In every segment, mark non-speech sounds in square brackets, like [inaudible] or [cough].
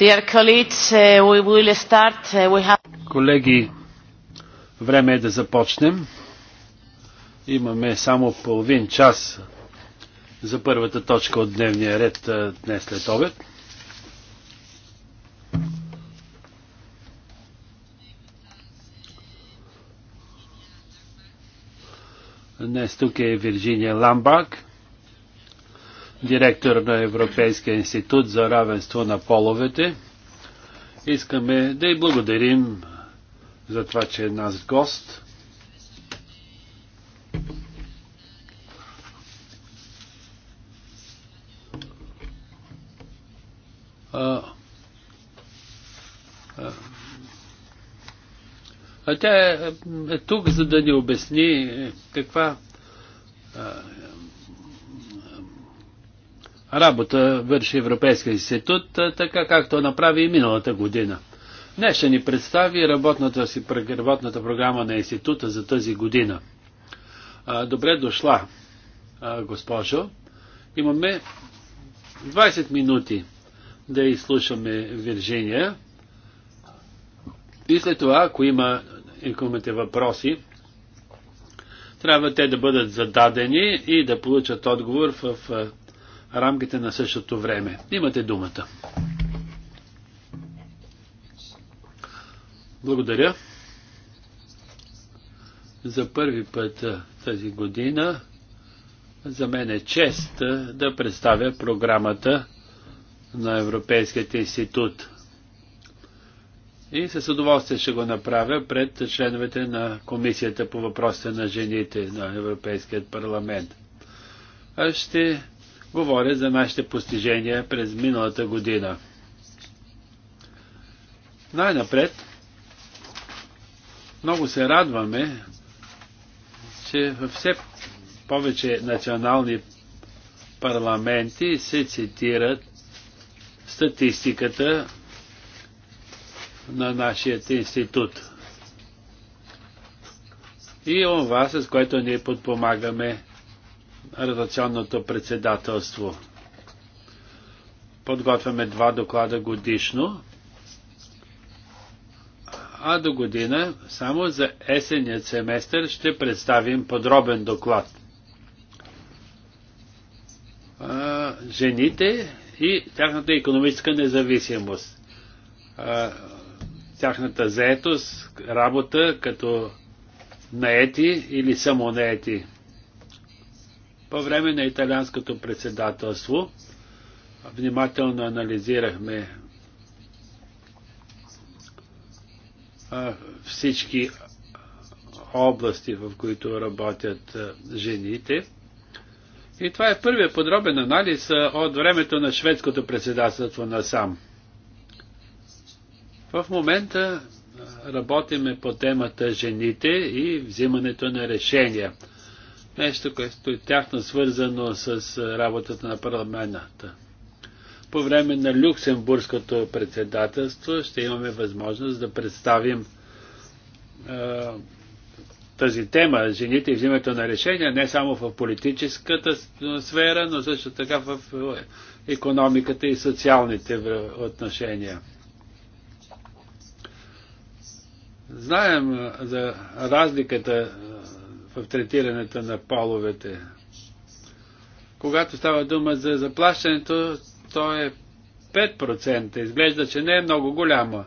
Uh, uh, Колеги, време е да започнем. Имаме само половин час за първата точка от дневния ред днес след обед. Днес тук е Вирджиния Ламбак директор на Европейския институт за равенство на половете. Искаме да й благодарим за това, че е нас гост. А, а, а тя е, е тук, за да ни обясни е, каква работа върши Европейския институт, така както направи и миналата година. Днес ще ни представи работната, си, работната програма на института за тази година. Добре дошла, госпожо. Имаме 20 минути да изслушаме Виржиния. И след това, ако има имате въпроси, трябва те да бъдат зададени и да получат отговор в рамките на същото време. Имате думата. Благодаря. За първи път тази година за мен е чест да представя програмата на Европейският институт. И с удоволствие ще го направя пред членовете на Комисията по въпросите на жените на Европейският парламент. Аз ще говоря за нашите постижения през миналата година. Най-напред, много се радваме, че във все повече национални парламенти се цитират статистиката на нашия институт. И онва, с което ние подпомагаме ротационното председателство. Подготвяме два доклада годишно, а до година само за есенният семестър ще представим подробен доклад. жените и тяхната економическа независимост. тяхната заетост, работа като наети или самонаети. По време на италианското председателство внимателно анализирахме всички области, в които работят жените. И това е първият подробен анализ от времето на шведското председателство насам. В момента работиме по темата жените и взимането на решения. Нещо, което е тяхно свързано с работата на парламента. По време на Люксембургското председателство ще имаме възможност да представим е, тази тема, жените и взимането на решения, не само в политическата сфера, но също така в економиката и социалните отношения. Знаем за разликата в третирането на половете. Когато става дума за заплащането, то е 5%. Изглежда, че не е много голяма.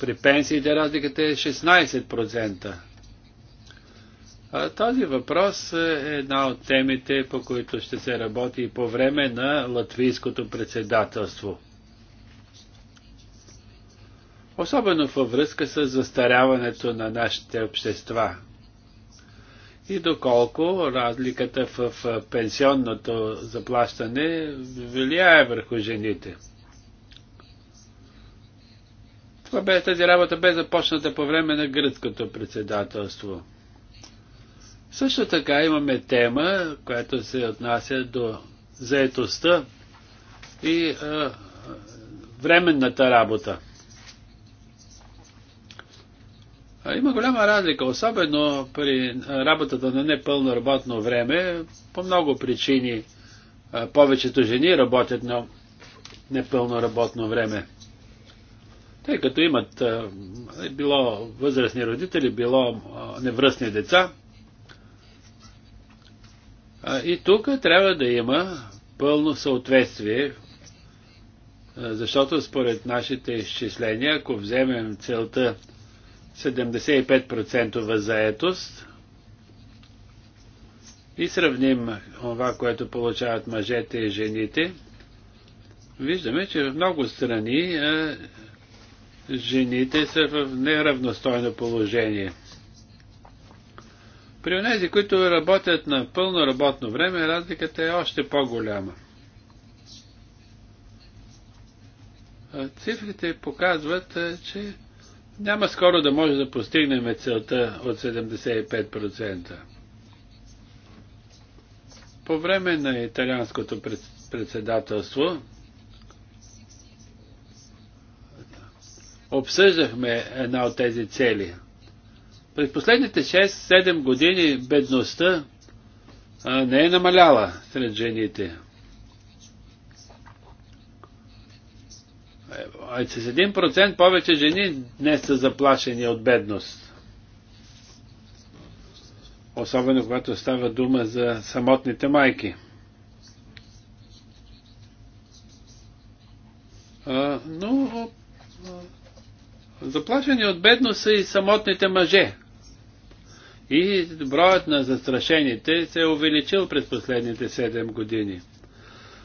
При пенсиите разликата е 16%. Този въпрос е една от темите, по които ще се работи и по време на латвийското председателство. Особено във връзка с застаряването на нашите общества, и доколко разликата в пенсионното заплащане влияе върху жените. Това бе, тази работа бе започната по време на гръцкото председателство. Също така имаме тема, която се отнася до заетостта и а, временната работа. Има голяма разлика, особено при работата на непълно работно време. По много причини повечето жени работят на непълно работно време. Тъй като имат било възрастни родители, било невръстни деца. И тук трябва да има пълно съответствие, защото според нашите изчисления, ако вземем целта 75% заетост и сравним това, което получават мъжете и жените, виждаме, че в много страни а, жените са в неравностойно положение. При тези, които работят на пълно работно време, разликата е още по-голяма. Цифрите показват, че няма скоро да може да постигнем целта от 75%. По време на италианското председателство обсъждахме една от тези цели. През последните 6-7 години бедността а, не е намаляла сред жените. с 1% повече жени днес са заплашени от бедност. Особено когато става дума за самотните майки. А, но заплашени от бедност са и самотните мъже. И броят на застрашените се е увеличил през последните 7 години.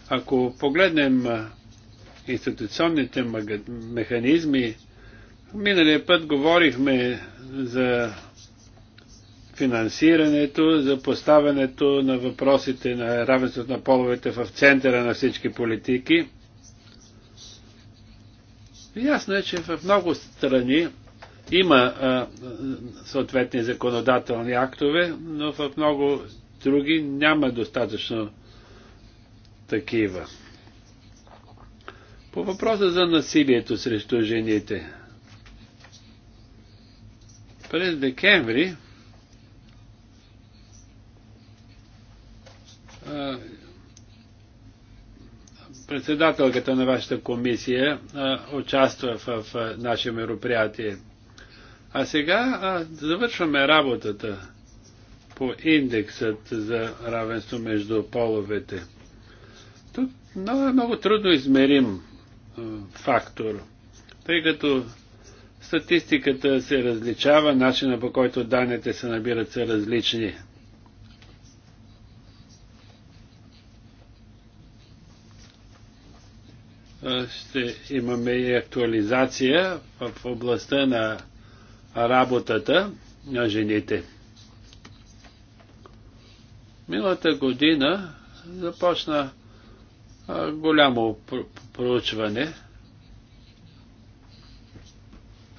Ако погледнем институционните механизми. Миналия път говорихме за финансирането, за поставянето на въпросите на равенството на половете в центъра на всички политики. Ясно е, че в много страни има а, съответни законодателни актове, но в много други няма достатъчно такива. По въпроса за насилието срещу жените. През декември председателката на вашата комисия участва в, наше мероприятие. А сега завършваме работата по индексът за равенство между половете. Тук много е много трудно измерим фактор. Тъй като статистиката се различава, начина по който данните се набират са различни. Ще имаме и актуализация в областта на работата на жените. Милата година започна голямо проучване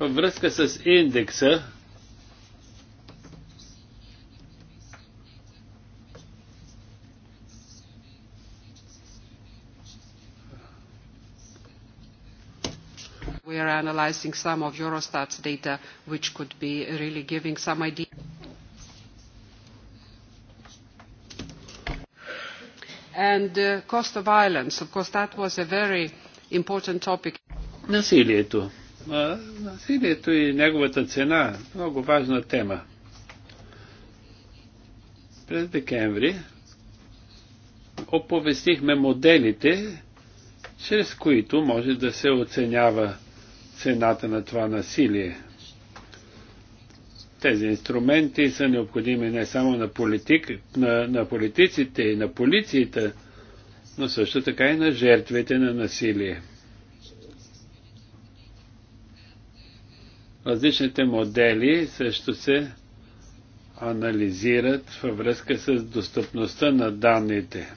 във връзка с индекса We are analyzing some of Eurostat's data, which could be really giving some idea. And the cost of violence, of course, that was a very important topic. Насилието. Насилието и неговата цена. Много важна тема. През декември оповестихме моделите, чрез които може да се оценява цената на това насилие. Тези инструменти са необходими не само на, политик, на, на политиците и на полицията, но също така и на жертвите на насилие. Различните модели също се анализират във връзка с достъпността на данните.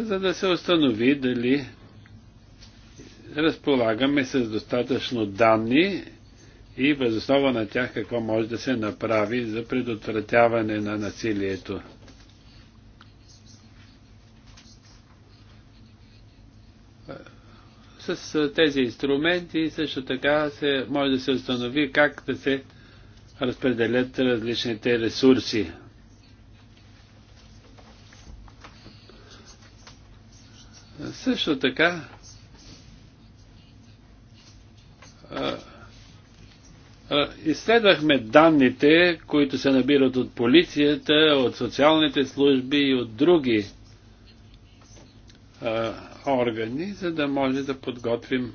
За да се установи дали разполагаме с достатъчно данни и възоснова на тях какво може да се направи за предотвратяване на насилието. С тези инструменти също така се, може да се установи как да се разпределят различните ресурси. Също така Изследвахме данните, които се набират от полицията, от социалните служби и от други а, органи, за да може да подготвим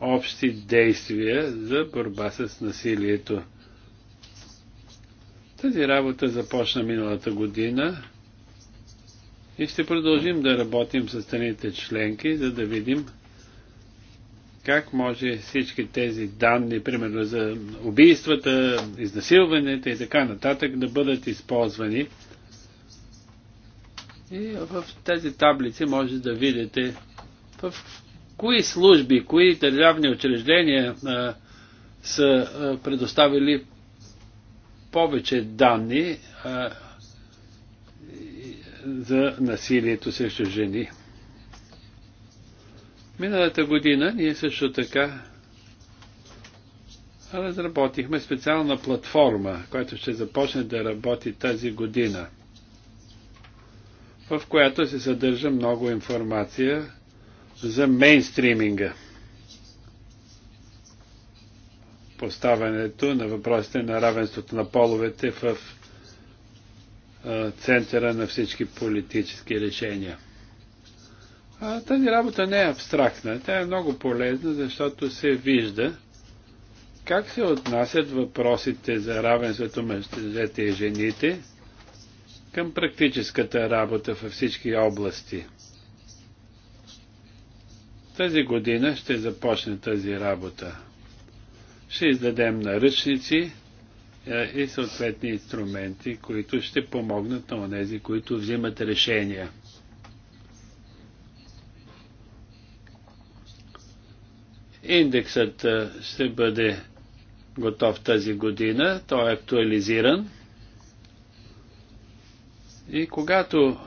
общи действия за борба с насилието. Тази работа започна миналата година и ще продължим да работим с страните членки, за да видим как може всички тези данни, примерно за убийствата, изнасилването и така нататък, да бъдат използвани. И в тези таблици може да видите в кои служби, кои държавни учреждения а, са а, предоставили повече данни а, за насилието срещу жени. Миналата година ние също така разработихме специална платформа, която ще започне да работи тази година, в която се съдържа много информация за мейнстриминга. Поставянето на въпросите на равенството на половете в центъра на всички политически решения. А, тази работа не е абстрактна, тя е много полезна, защото се вижда как се отнасят въпросите за равенството между жените и жените към практическата работа във всички области. Тази година ще започне тази работа. Ще издадем наръчници е, и съответни инструменти, които ще помогнат на тези, които взимат решения. Индексът ще бъде готов тази година, той е актуализиран. И когато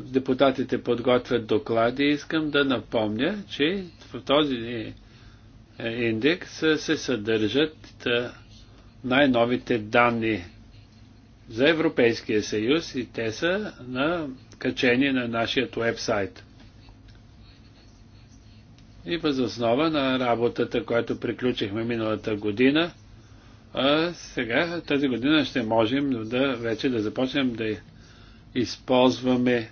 депутатите подготвят доклади, искам да напомня, че в този е, индекс се съдържат най-новите данни за Европейския съюз и те са на качение на нашия вебсайт. И възоснова на работата, която приключихме миналата година, а сега, тази година ще можем да вече да започнем да използваме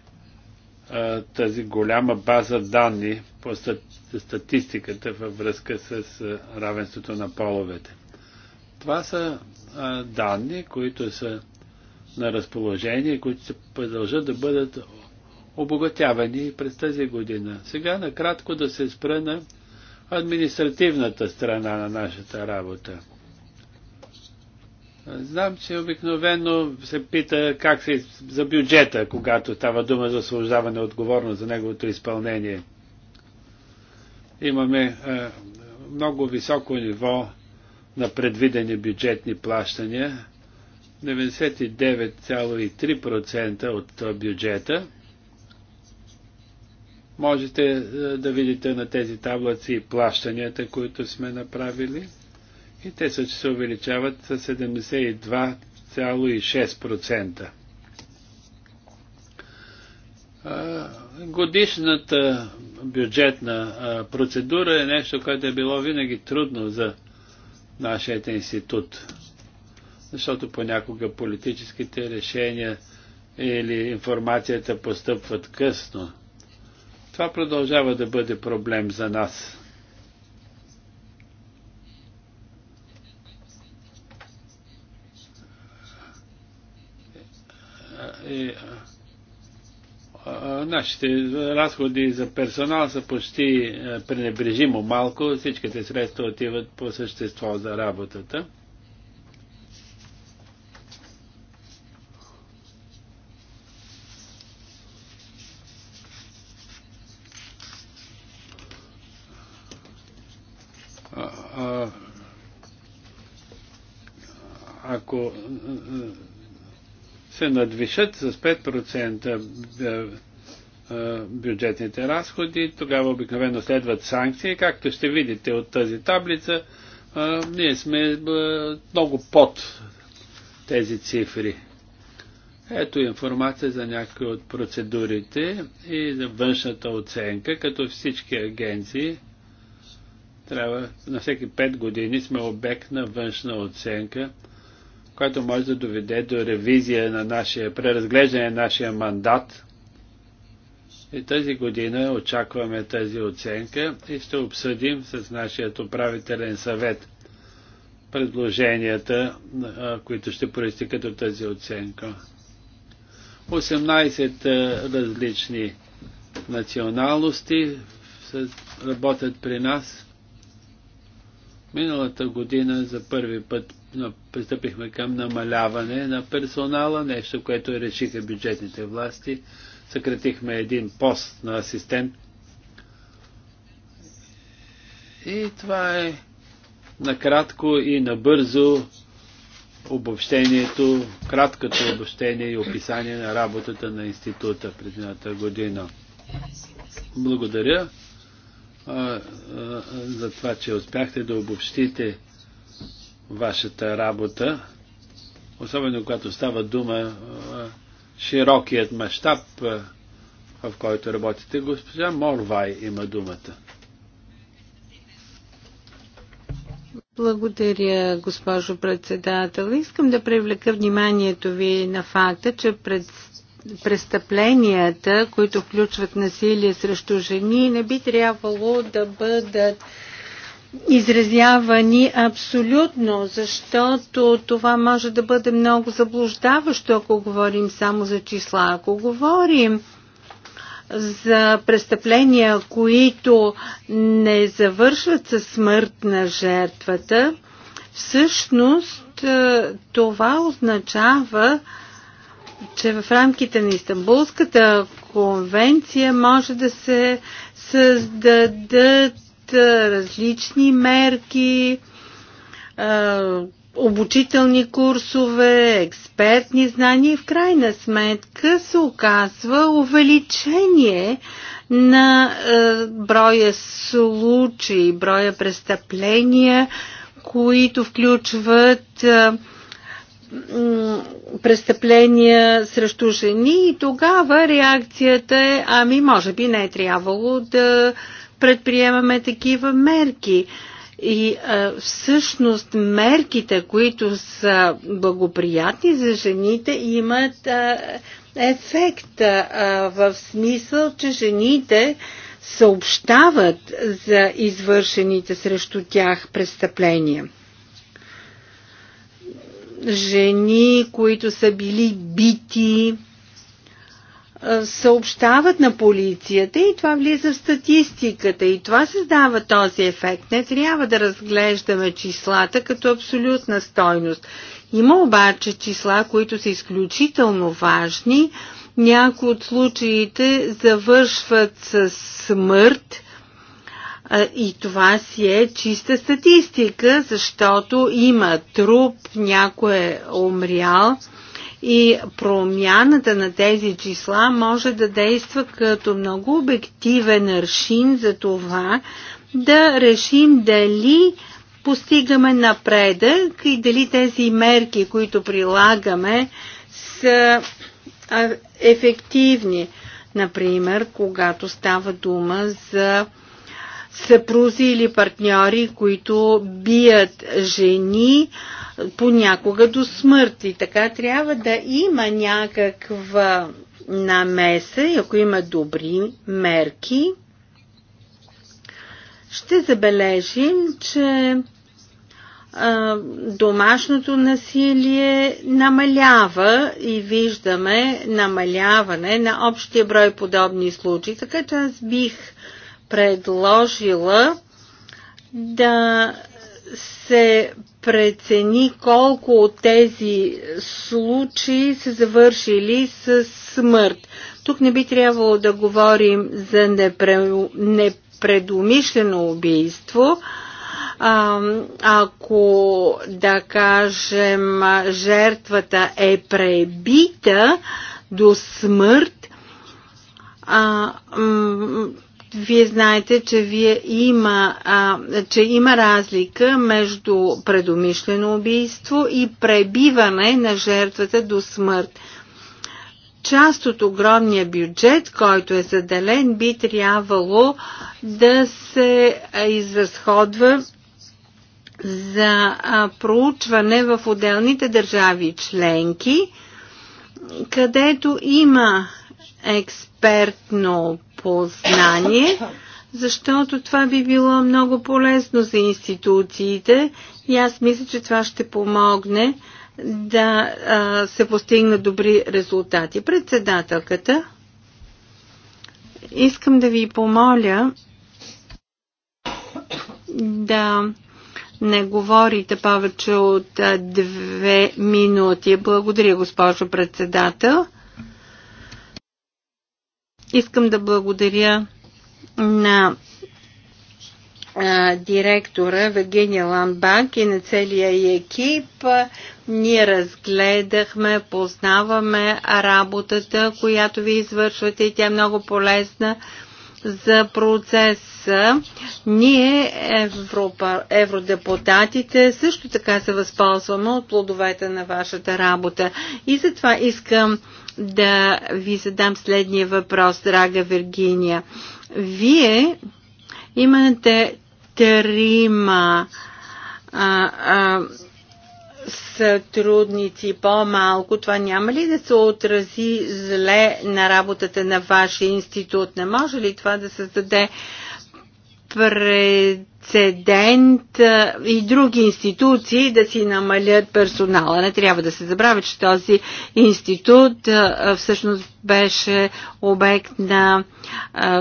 а, тази голяма база данни по статистиката във връзка с а, равенството на половете. Това са а, данни, които са на разположение, които се продължат да бъдат обогатявани през тази година. Сега накратко да се спра на административната страна на нашата работа. Знам, че обикновено се пита как се за бюджета, когато става дума за освобождаване отговорност за неговото изпълнение. Имаме е, много високо ниво на предвидени бюджетни плащания, 99,3% от бюджета. Можете е, да видите на тези таблаци плащанията, които сме направили. И те са, че се увеличават с 72,6%. Годишната бюджетна процедура е нещо, което е било винаги трудно за нашия институт, защото понякога политическите решения или информацията постъпват късно. Това продължава да бъде проблем за нас. И, е, а, нашите разходи за персонал са почти е, пренебрежимо малко. Всичките средства отиват по същество за работата. ако се надвишат с 5% е, е, бюджетните разходи, тогава обикновено следват санкции. Както ще видите от тази таблица, е, ние сме много под тези цифри. Ето информация за някои от процедурите и за външната оценка, като всички агенции трябва на всеки 5 години сме обект на външна оценка което може да доведе до ревизия на нашия, преразглеждане на нашия мандат. И тази година очакваме тази оценка и ще обсъдим с нашия управителен съвет предложенията, които ще проистикат от тази оценка. 18 различни националности работят при нас. Миналата година за първи път пристъпихме към намаляване на персонала, нещо, което решиха бюджетните власти. Съкратихме един пост на асистент. И това е накратко и набързо обобщението, краткото обобщение и описание на работата на института през едната година. Благодаря а, а, за това, че успяхте да обобщите вашата работа, особено когато става дума широкият мащаб, в който работите. Госпожа Морвай има думата. Благодаря, госпожо председател. Искам да привлека вниманието ви на факта, че пред престъпленията, които включват насилие срещу жени, не би трябвало да бъдат изразявани абсолютно, защото това може да бъде много заблуждаващо, ако говорим само за числа. Ако говорим за престъпления, които не завършват със смърт на жертвата, всъщност е, това означава, че в рамките на Истанбулската конвенция може да се създадат различни мерки, обучителни курсове, експертни знания и в крайна сметка се оказва увеличение на броя случаи, броя престъпления, които включват престъпления срещу жени и тогава реакцията е, ами може би не е трябвало да предприемаме такива мерки. И а, всъщност мерките, които са благоприятни за жените, имат а, ефект а, в смисъл, че жените съобщават за извършените срещу тях престъпления. Жени, които са били бити, съобщават на полицията и това влиза в статистиката и това създава този ефект. Не трябва да разглеждаме числата като абсолютна стойност. Има обаче числа, които са изключително важни. Някои от случаите завършват с смърт и това си е чиста статистика, защото има труп, някой е умрял и промяната на тези числа може да действа като много обективен аршин за това да решим дали постигаме напредък и дали тези мерки, които прилагаме, са ефективни. Например, когато става дума за съпрузи или партньори, които бият жени понякога до смърт. И така трябва да има някаква намеса, и ако има добри мерки, ще забележим, че домашното насилие намалява и виждаме намаляване на общия брой подобни случаи. Така че аз бих предложила да се прецени колко от тези случаи са завършили с смърт. Тук не би трябвало да говорим за непре, непредумишлено убийство. А, ако, да кажем, жертвата е пребита до смърт, а, вие знаете, че, вие има, а, че има разлика между предумишлено убийство и пребиване на жертвата до смърт. Част от огромния бюджет, който е заделен, би трябвало да се изразходва за проучване в отделните държави членки, където има експертно познание, защото това би било много полезно за институциите и аз мисля, че това ще помогне да а, се постигнат добри резултати. Председателката, искам да ви помоля да не говорите повече от две минути. Благодаря, госпожо председател. Искам да благодаря на директора Вегения Ламбак и на целия и екип. Ние разгледахме, познаваме работата, която ви извършвате и тя е много полезна за процеса. Ние, Европа, евродепутатите, също така се възползваме от плодовете на вашата работа. И затова искам да ви задам следния въпрос, драга Виргиния. Вие имате трима сътрудници по-малко, това няма ли да се отрази зле на работата на вашия институт? Не може ли това да създаде пред прецедент и други институции да си намалят персонала. Не трябва да се забравя, че този институт всъщност беше обект на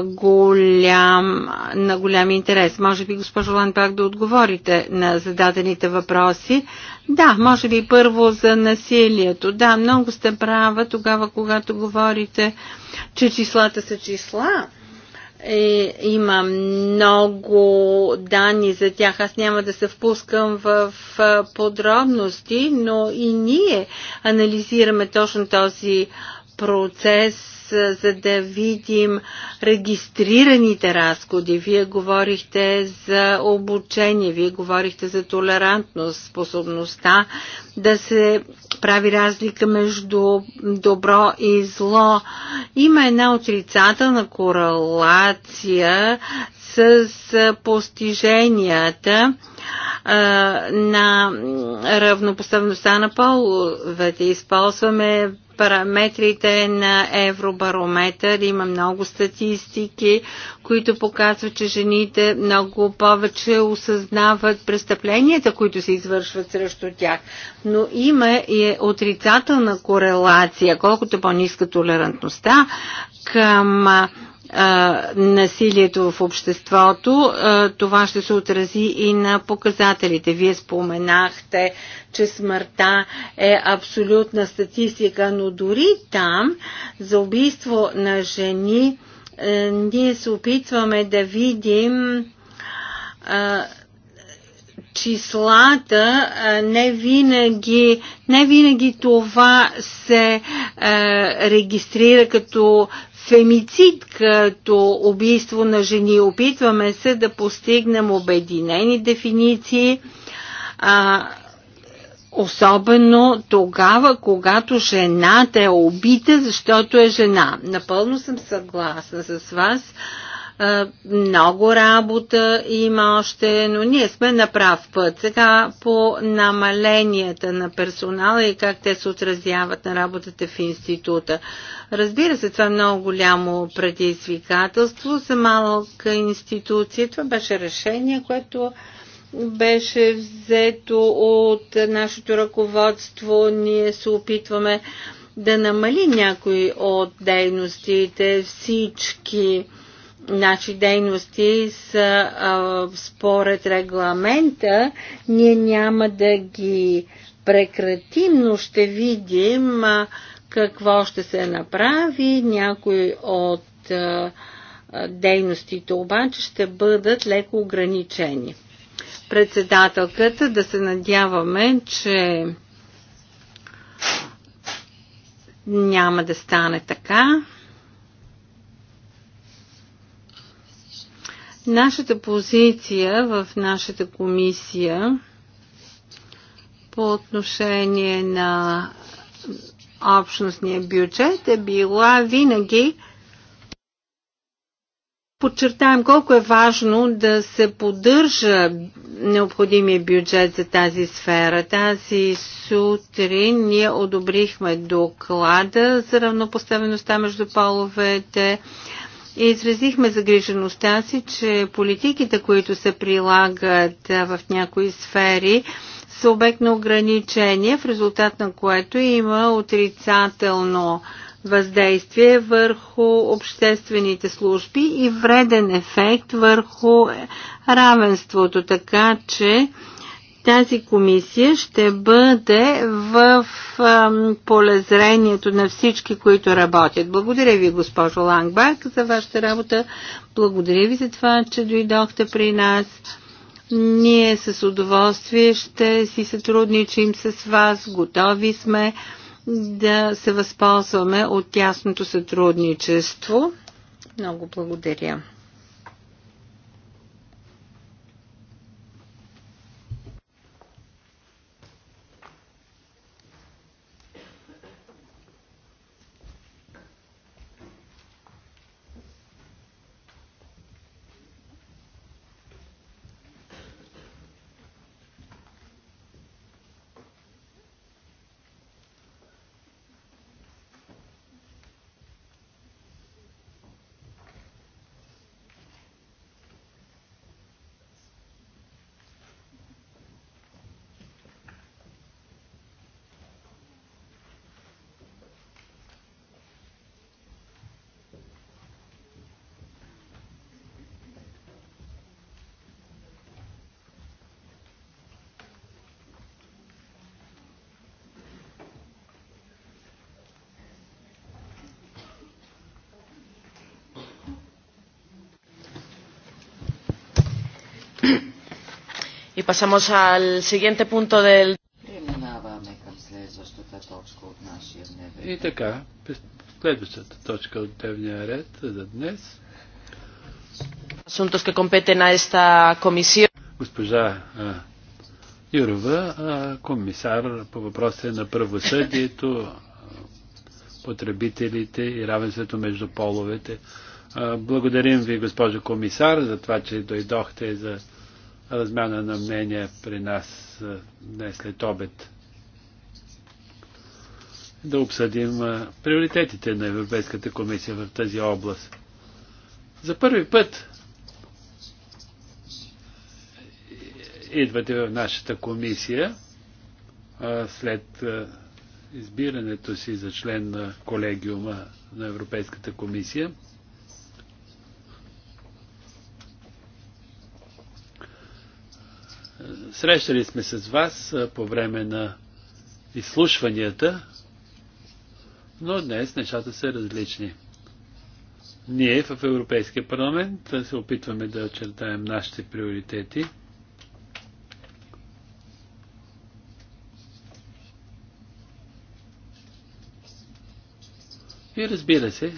голям, на голям интерес. Може би, госпожо Ланбак, да отговорите на зададените въпроси. Да, може би първо за насилието. Да, много сте права тогава, когато говорите, че числата са числа е, има много данни за тях. Аз няма да се впускам в, в подробности, но и ние анализираме точно този процес за да видим регистрираните разходи. Вие говорихте за обучение, вие говорихте за толерантност, способността да се прави разлика между добро и зло. Има една отрицателна корелация с постиженията на равнопоставеността на половете. Използваме параметрите на Евробарометър. Има много статистики, които показват, че жените много повече осъзнават престъпленията, които се извършват срещу тях. Но има и отрицателна корелация. Колкото по-ниска толерантността към насилието в обществото, това ще се отрази и на показателите. Вие споменахте, че смъртта е абсолютна статистика, но дори там за убийство на жени е, ние се опитваме да видим числата не винаги, не винаги това се е, регистрира като фемицид като убийство на жени. Опитваме се да постигнем обединени дефиниции, а, особено тогава, когато жената е убита, защото е жена. Напълно съм съгласна с вас. А, много работа има още, но ние сме на прав път. Сега по намаленията на персонала и как те се отразяват на работата в института. Разбира се, това е много голямо предизвикателство за малка институция. Това беше решение, което беше взето от нашето ръководство. Ние се опитваме да намали някои от дейностите, всички наши дейности са а, според регламента, ние няма да ги прекратим, но ще видим а, какво ще се направи. Някои от а, дейностите обаче ще бъдат леко ограничени. Председателката, да се надяваме, че няма да стане така. Нашата позиция в нашата комисия по отношение на общностния бюджет е била винаги подчертаем колко е важно да се поддържа необходимия бюджет за тази сфера. Тази сутрин ние одобрихме доклада за равнопоставеността между половете и изразихме загрижеността си, че политиките, които се прилагат в някои сфери, са обект на ограничение, в резултат на което има отрицателно въздействие върху обществените служби и вреден ефект върху равенството, така че тази комисия ще бъде в полезрението на всички, които работят. Благодаря ви, госпожо Лангбак, за вашата работа. Благодаря ви за това, че дойдохте при нас. Ние с удоволствие ще си сътрудничим с вас. Готови сме да се възползваме от тясното сътрудничество. Много благодаря. pasamos al siguiente punto del... Преминаваме И така, следващата точка от дневния ред за днес. Asuntos que competen a esta comisión. Госпожа а, Юрова, а, комисар по въпросите на правосъдието, потребителите и равенството между половете. Благодарим ви, госпожо комисар, за това, че дойдохте за размяна на мнения при нас днес след обед. Да обсъдим приоритетите на Европейската комисия в тази област. За първи път идвате в нашата комисия след избирането си за член на колегиума на Европейската комисия. Срещали сме с вас по време на изслушванията, но днес нещата са различни. Ние в Европейския парламент се опитваме да очертаем нашите приоритети. И разбира се,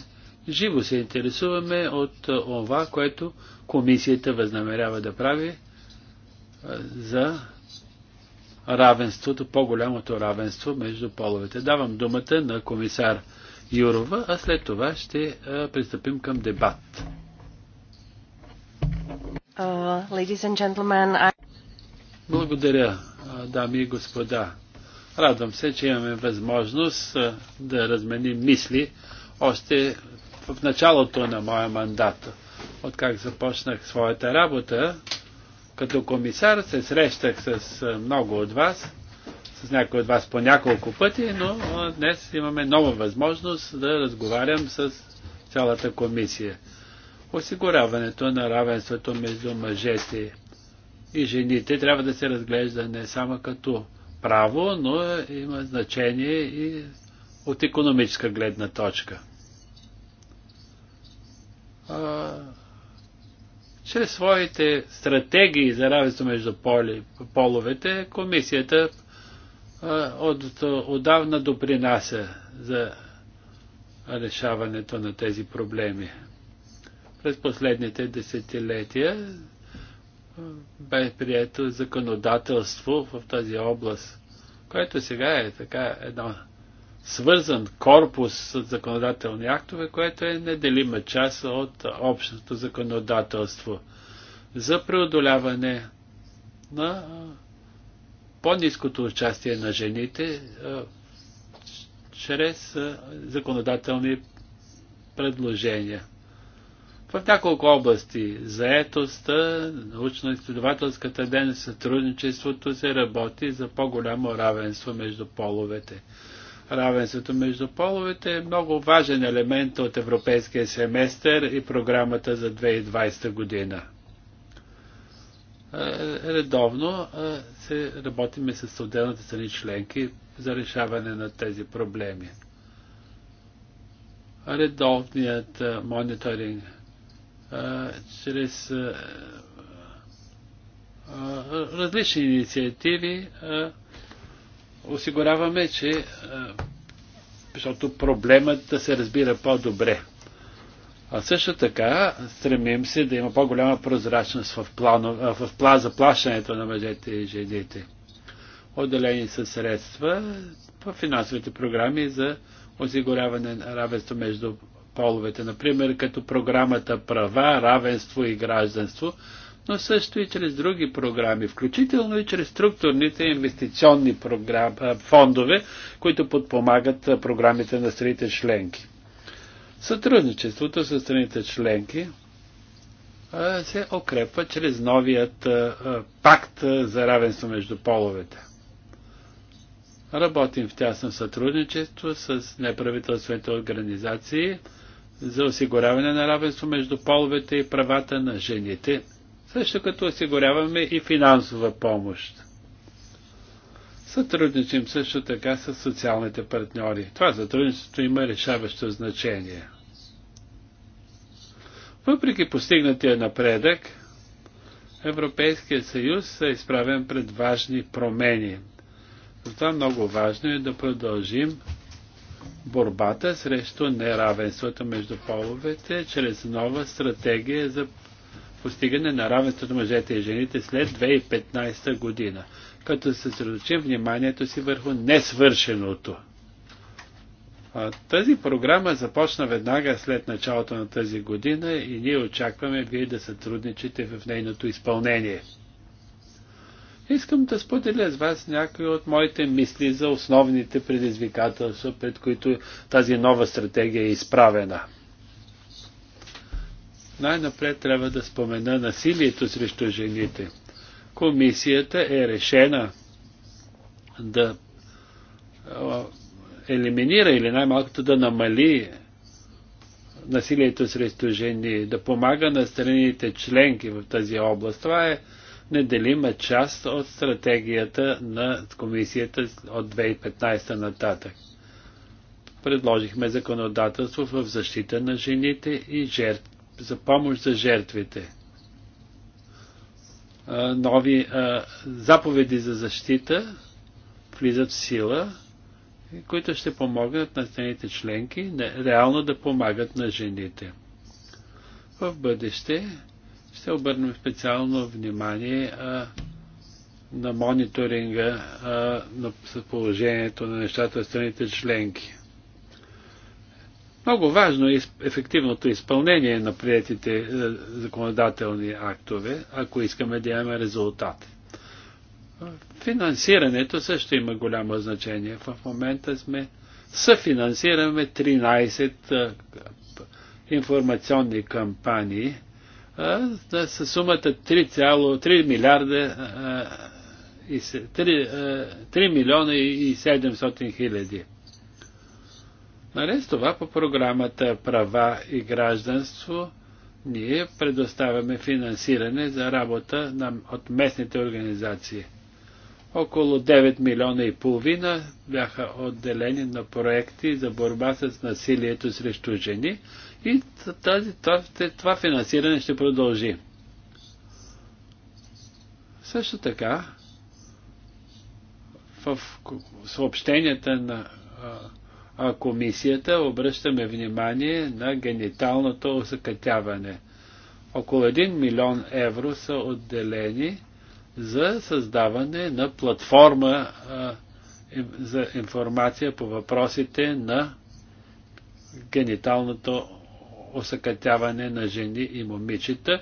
живо се интересуваме от това, което комисията възнамерява да прави за равенството, по-голямото равенство между половете. Давам думата на комисар Юрова, а след това ще пристъпим към дебат. Uh, I... Благодаря, дами и господа. Радвам се, че имаме възможност да разменим мисли още в началото на моя мандат. Откак започнах своята работа, като комисар се срещах с много от вас, с някои от вас по няколко пъти, но днес имаме нова възможност да разговарям с цялата комисия. Осигуряването на равенството между мъжете и жените трябва да се разглежда не само като право, но има значение и от економическа гледна точка. Чрез своите стратегии за равенство между поли, половете, комисията от, отдавна допринася за решаването на тези проблеми. През последните десетилетия бе прието законодателство в тази област, което сега е така едно свързан корпус с законодателни актове, което е неделима част от общото законодателство за преодоляване на по-низкото участие на жените чрез законодателни предложения. В няколко области заетостта, научно-изследователската ден, сътрудничеството се работи за по-голямо равенство между половете равенството между половете е много важен елемент от европейския семестър и програмата за 2020 година. Е, редовно е, се работиме с отделните страни членки за решаване на тези проблеми. Редовният е, мониторинг чрез различни инициативи осигуряваме, че защото проблемът да се разбира по-добре. А също така стремим се да има по-голяма прозрачност в, планов, в пла, за плащането на мъжете и жените. Отделени са средства в финансовите програми за осигуряване на равенство между половете. Например, като програмата Права, равенство и гражданство – но също и чрез други програми, включително и чрез структурните инвестиционни програм, фондове, които подпомагат програмите на страните членки. Сътрудничеството с страните членки се окрепва чрез новият пакт за равенство между половете. Работим в тясно сътрудничество с неправителствените организации за осигуряване на равенство между половете и правата на жените също като осигуряваме и финансова помощ. Сътрудничим също така с социалните партньори. Това сътрудничество има решаващо значение. Въпреки постигнатия напредък, Европейският съюз е изправен пред важни промени. Затова много важно е да продължим борбата срещу неравенството между половете чрез нова стратегия за постигане на равенството на мъжете и жените след 2015 година, като се съсредоточим вниманието си върху несвършеното. Тази програма започна веднага след началото на тази година и ние очакваме вие да сътрудничите в нейното изпълнение. Искам да споделя с вас някои от моите мисли за основните предизвикателства, пред които тази нова стратегия е изправена – най-напред трябва да спомена насилието срещу жените. Комисията е решена да елиминира или най-малкото да намали насилието срещу жени, да помага на страните членки в тази област. Това е неделима част от стратегията на комисията от 2015 нататък. Предложихме законодателство в защита на жените и жертвите за помощ за жертвите, нови заповеди за защита влизат в сила, които ще помогнат на страните членки реално да помагат на жените. В бъдеще ще обърнем специално внимание на мониторинга на положението на нещата в страните членки. Много важно е ефективното изпълнение на приятите е, законодателни актове, ако искаме да имаме резултати. Финансирането също има голямо значение. В момента сме съфинансираме 13 е, информационни кампании е, с сумата 3,3 милиарда 3 милиона и 700 хиляди. Наред нали? с това по програмата Права и гражданство ние предоставяме финансиране за работа на, от местните организации. Около 9 милиона и половина бяха отделени на проекти за борба с насилието срещу жени и тази, това, това финансиране ще продължи. Също така, в съобщенията на комисията обръщаме внимание на гениталното осъкътяване. Около 1 милион евро са отделени за създаване на платформа а, за информация по въпросите на гениталното осъкътяване на жени и момичета,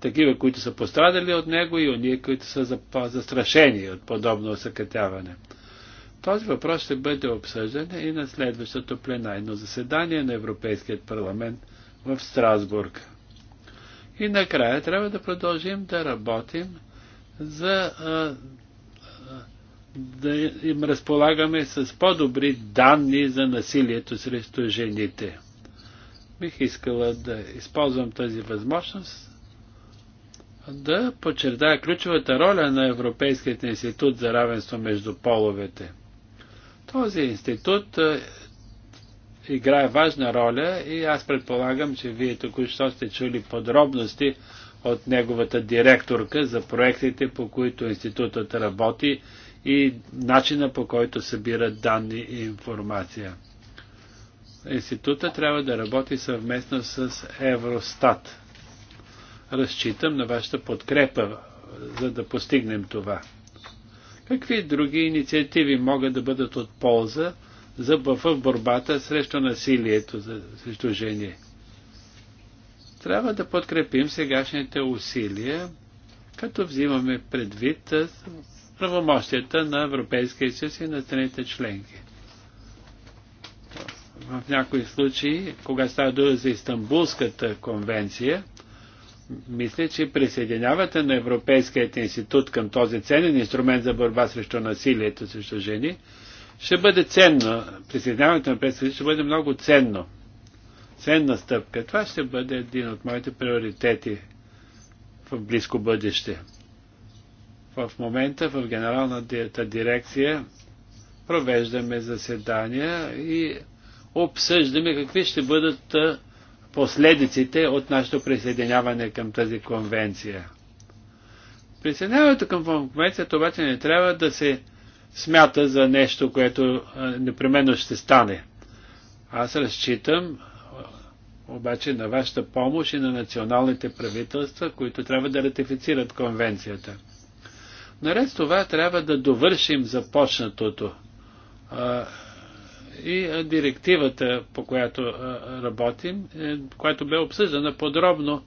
такива, които са пострадали от него и оние, които са застрашени от подобно осъкътяване. Този въпрос ще бъде обсъждан и на следващото пленайно заседание на Европейският парламент в Страсбург. И накрая трябва да продължим да работим за а, да им разполагаме с по-добри данни за насилието срещу жените. Бих искала да използвам тази възможност да подчертая ключовата роля на Европейският институт за равенство между половете – този институт е, играе важна роля и аз предполагам, че вие току-що сте чули подробности от неговата директорка за проектите, по които институтът работи и начина по който събира данни и информация. Института трябва да работи съвместно с Евростат. Разчитам на вашата подкрепа, за да постигнем това. Какви други инициативи могат да бъдат от полза за в борбата срещу насилието срещу жени? Трябва да подкрепим сегашните усилия, като взимаме предвид правомощията на Европейския съюз и на страните членки. В някои случаи, когато става дума за Истанбулската конвенция, мисля, че присъединяването на Европейският институт към този ценен инструмент за борба срещу насилието срещу жени ще бъде ценно. Присъединяването на Европейския ще бъде много ценно. Ценна стъпка. Това ще бъде един от моите приоритети в близко бъдеще. В момента в Генералната дирекция провеждаме заседания и обсъждаме какви ще бъдат последиците от нашето присъединяване към тази конвенция. Присъединяването към конвенцията обаче не трябва да се смята за нещо, което непременно ще стане. Аз разчитам обаче на вашата помощ и на националните правителства, които трябва да ратифицират конвенцията. Наред с това трябва да довършим започнатото и директивата, по която работим, е, която бе обсъждана подробно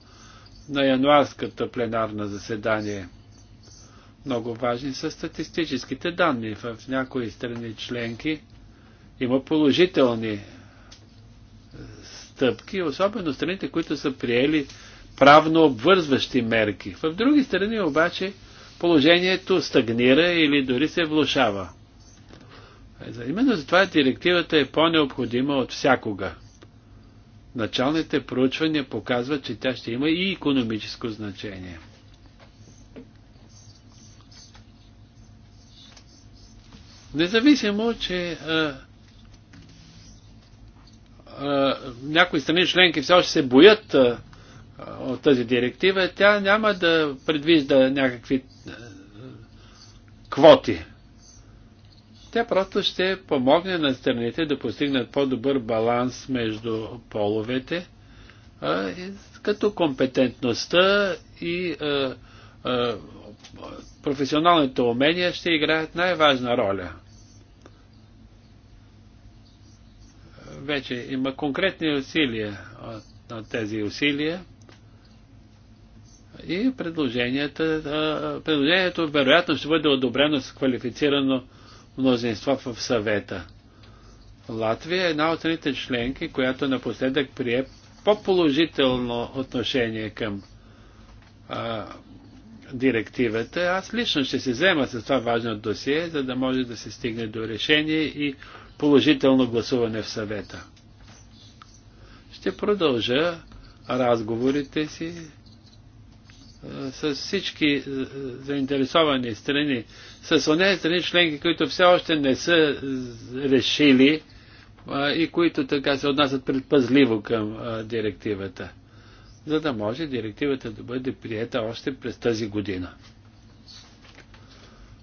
на януарската пленарна заседание. Много важни са статистическите данни. В някои страни членки има положителни е, стъпки, особено страните, които са приели правно обвързващи мерки. В други страни обаче положението стагнира или дори се влушава. Е, именно затова директивата е по-необходима от всякога. Началните проучвания показват, че тя ще има и економическо значение. Независимо, че а, а, някои страни членки все още се боят а, от тази директива, тя няма да предвижда някакви а, квоти тя просто ще помогне на страните да постигнат по-добър баланс между половете, а, като компетентността и а, а, професионалните умения ще играят най-важна роля. Вече има конкретни усилия на тези усилия и предложението вероятно ще бъде одобрено с квалифицирано мнозинство в съвета. Латвия е една от трите членки, която напоследък прие по-положително отношение към а, директивата. Аз лично ще се взема с това важно досие, за да може да се стигне до решение и положително гласуване в съвета. Ще продължа разговорите си с всички е, е, заинтересовани страни, с онези страни членки, които все още не са е, решили и които така се отнасят предпазливо към директивата, за да може директивата да бъде приета още през тази година.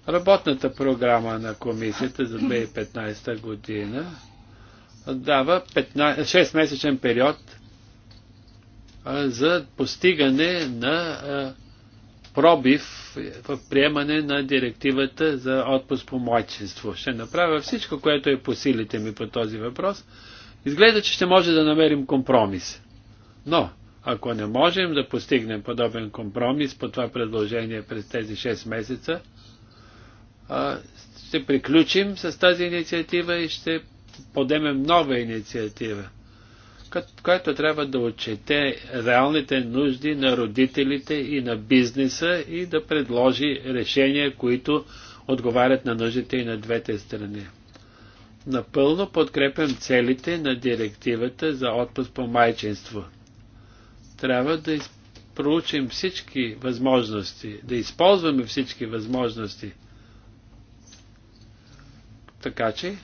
Работната програма на комисията за 2015 година дава 15, 6-месечен период за постигане на пробив в приемане на директивата за отпуск по младшинство. Ще направя всичко, което е по силите ми по този въпрос. Изглежда, че ще може да намерим компромис. Но, ако не можем да постигнем подобен компромис по това предложение през тези 6 месеца, ще приключим с тази инициатива и ще подемем нова инициатива. Която трябва да отчете реалните нужди на родителите и на бизнеса и да предложи решения, които отговарят на нуждите и на двете страни. Напълно подкрепям целите на директивата за отпуск по майчинство. Трябва да проучим всички възможности, да използваме всички възможности, така че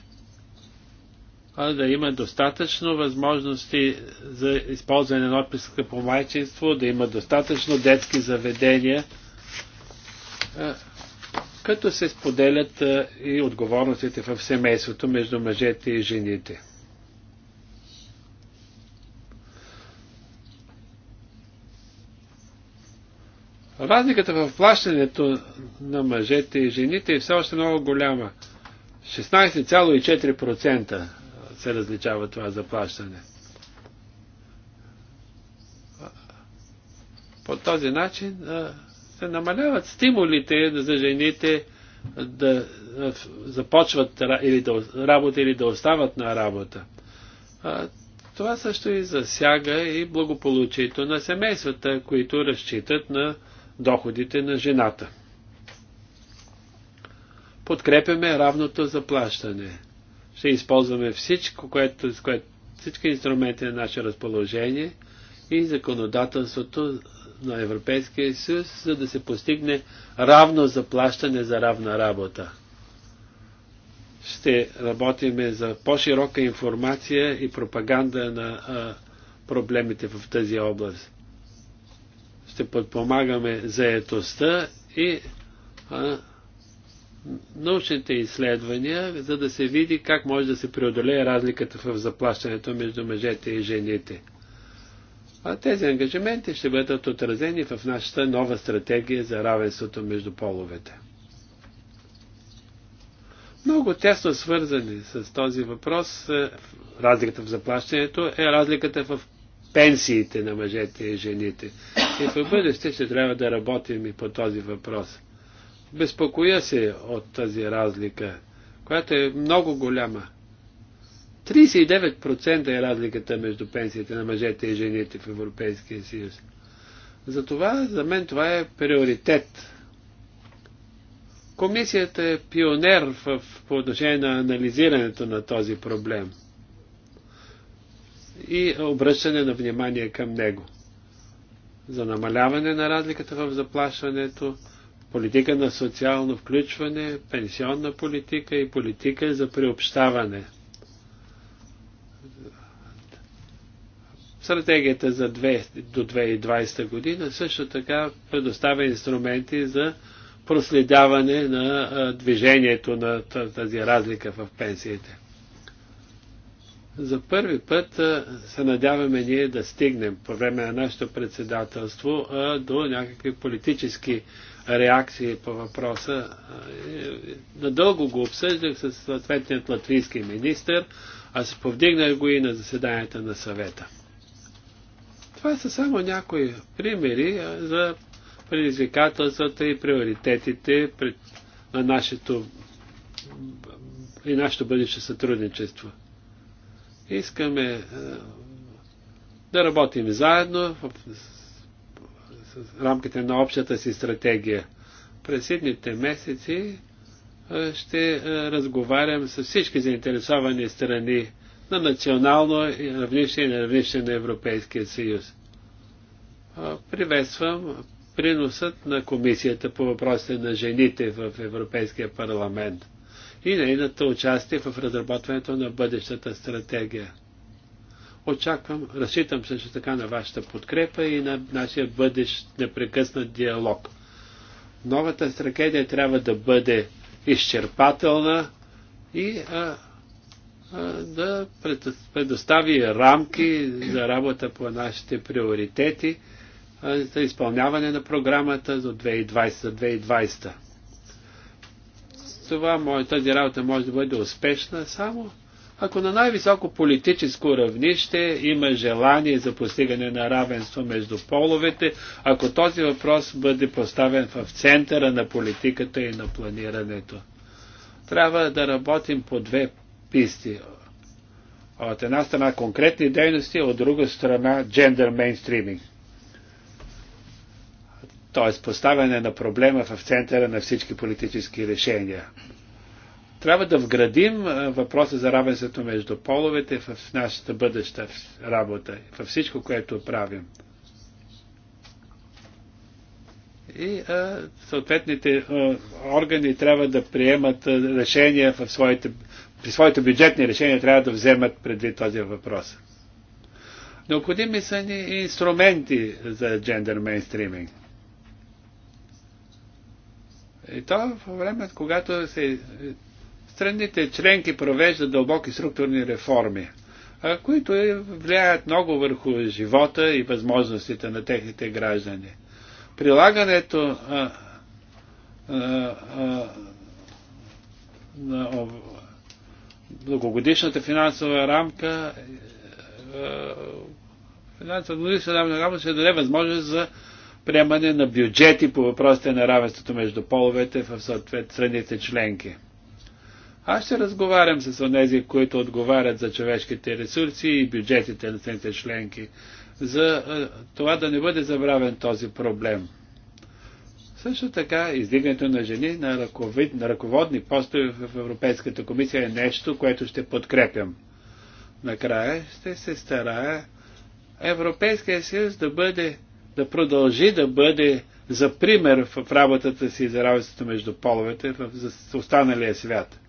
да има достатъчно възможности за използване на отписка по майчинство, да има достатъчно детски заведения, като се споделят и отговорностите в семейството между мъжете и жените. Разликата в плащането на мъжете и жените е все още много голяма. 16,4% се различава това заплащане. По този начин се намаляват стимулите за жените да започват или да, работа или да остават на работа. Това също и засяга и благополучието на семействата, които разчитат на доходите на жената. Подкрепяме равното заплащане ще използваме всичко, което, което, всички инструменти на наше разположение и законодателството на Европейския съюз, за да се постигне равно заплащане за равна работа. Ще работиме за по-широка информация и пропаганда на а, проблемите в тази област. Ще подпомагаме заетостта и а, научните изследвания, за да се види как може да се преодолее разликата в заплащането между мъжете и жените. А тези ангажименти ще бъдат отразени в нашата нова стратегия за равенството между половете. Много тесно свързани с този въпрос, е, разликата в заплащането е разликата в пенсиите на мъжете и жените. И в бъдеще ще трябва да работим и по този въпрос – Безпокоя се от тази разлика, която е много голяма. 39% е разликата между пенсиите на мъжете и жените в Европейския съюз. Затова, за мен това е приоритет. Комисията е пионер в, по отношение на анализирането на този проблем и обръщане на внимание към него. За намаляване на разликата в заплащането, политика на социално включване, пенсионна политика и политика за приобщаване. Стратегията за 2, до 2020 година също така предоставя инструменти за проследяване на движението на тази разлика в пенсиите. За първи път се надяваме ние да стигнем по време на нашето председателство до някакви политически реакции по въпроса. Надълго го обсъждах с съответният латвийски министр, а се повдигнах го и на заседанията на съвета. Това са само някои примери за предизвикателствата и приоритетите на нашето и нашето бъдеще сътрудничество. Искаме е, да работим заедно в рамките на общата си стратегия. През следните месеци е, ще е, разговарям с всички заинтересовани страни на национално равнище и на равнище на Европейския съюз. Приветствам приносът на Комисията по въпросите на жените в Европейския парламент и нейното участие в разработването на бъдещата стратегия. Очаквам, разчитам също така на вашата подкрепа и на нашия бъдещ непрекъснат диалог. Новата стратегия трябва да бъде изчерпателна и а, а, да предостави рамки за работа по нашите приоритети за изпълняване на програмата до 2020. 2020. Това, тази работа може да бъде успешна само ако на най-високо политическо равнище има желание за постигане на равенство между половете, ако този въпрос бъде поставен в центъра на политиката и на планирането. Трябва да работим по две писти. От една страна конкретни дейности, от друга страна джендър мейнстриминг т.е. поставяне на проблема в центъра на всички политически решения. Трябва да вградим въпроса за равенството между половете в нашата бъдеща работа, във всичко, което правим. И а, съответните а, органи трябва да приемат решения в своите, при своите бюджетни решения трябва да вземат предвид този въпрос. Необходими са ни инструменти за джендър мейнстриминг. И то във време, когато се е, страните членки провеждат дълбоки структурни реформи, които е, влияят много върху живота и възможностите на техните граждани. Прилагането на многогодишната финансова рамка е, финансова рамка ще даде възможност за приемане на бюджети по въпросите на равенството между половете в страните членки. Аз ще разговарям с онези, които отговарят за човешките ресурси и бюджетите на страните членки, за това да не бъде забравен този проблем. Също така, издигането на жени на, ръковид, на ръководни постове в Европейската комисия е нещо, което ще подкрепям. Накрая ще се старая Европейския съюз да бъде да продължи да бъде за пример в работата си за работата между половете в останалия свят.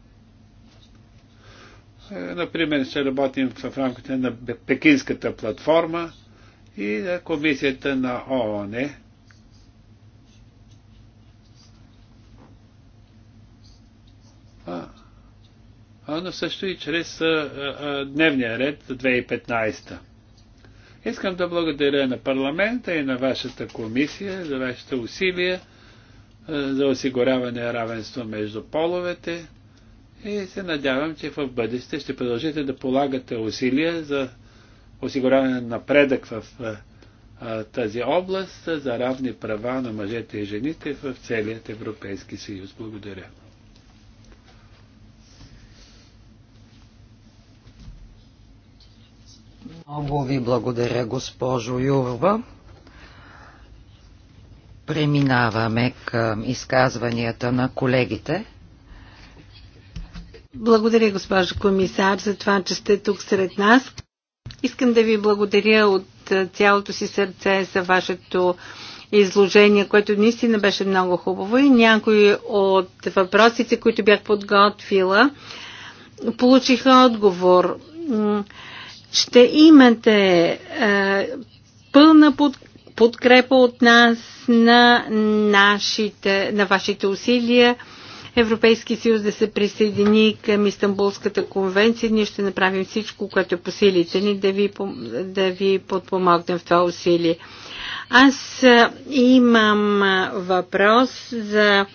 Е, например, ще работим в рамките на Пекинската платформа и на комисията на ООН. А, а но също и чрез а, а, дневния ред 2015. Искам да благодаря на парламента и на вашата комисия за вашите усилия е, за осигуряване на равенство между половете и се надявам, че в бъдеще ще продължите да полагате усилия за осигуряване на напредък в е, е, тази област за равни права на мъжете и жените в целият Европейски съюз. Благодаря. Много ви благодаря, госпожо Юрва. Преминаваме към изказванията на колегите. Благодаря, госпожо комисар, за това, че сте тук сред нас. Искам да ви благодаря от цялото си сърце за вашето изложение, което наистина беше много хубаво и някои от въпросите, които бях подготвила, получиха отговор. Ще имате е, пълна под, подкрепа от нас на, нашите, на вашите усилия. Европейски съюз да се присъедини към Истанбулската конвенция. Ние ще направим всичко, което е по силите ни, да ви, да ви подпомогнем в това усилие. Аз е, имам е, въпрос за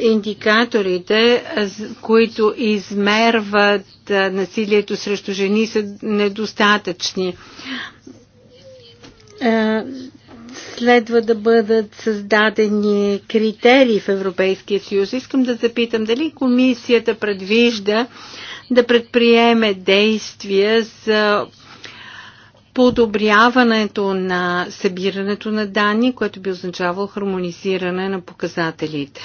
индикаторите, които измерват насилието срещу жени, са недостатъчни. Следва да бъдат създадени критерии в Европейския съюз. Искам да запитам дали комисията предвижда да предприеме действия за подобряването на събирането на данни, което би означавало хармонизиране на показателите.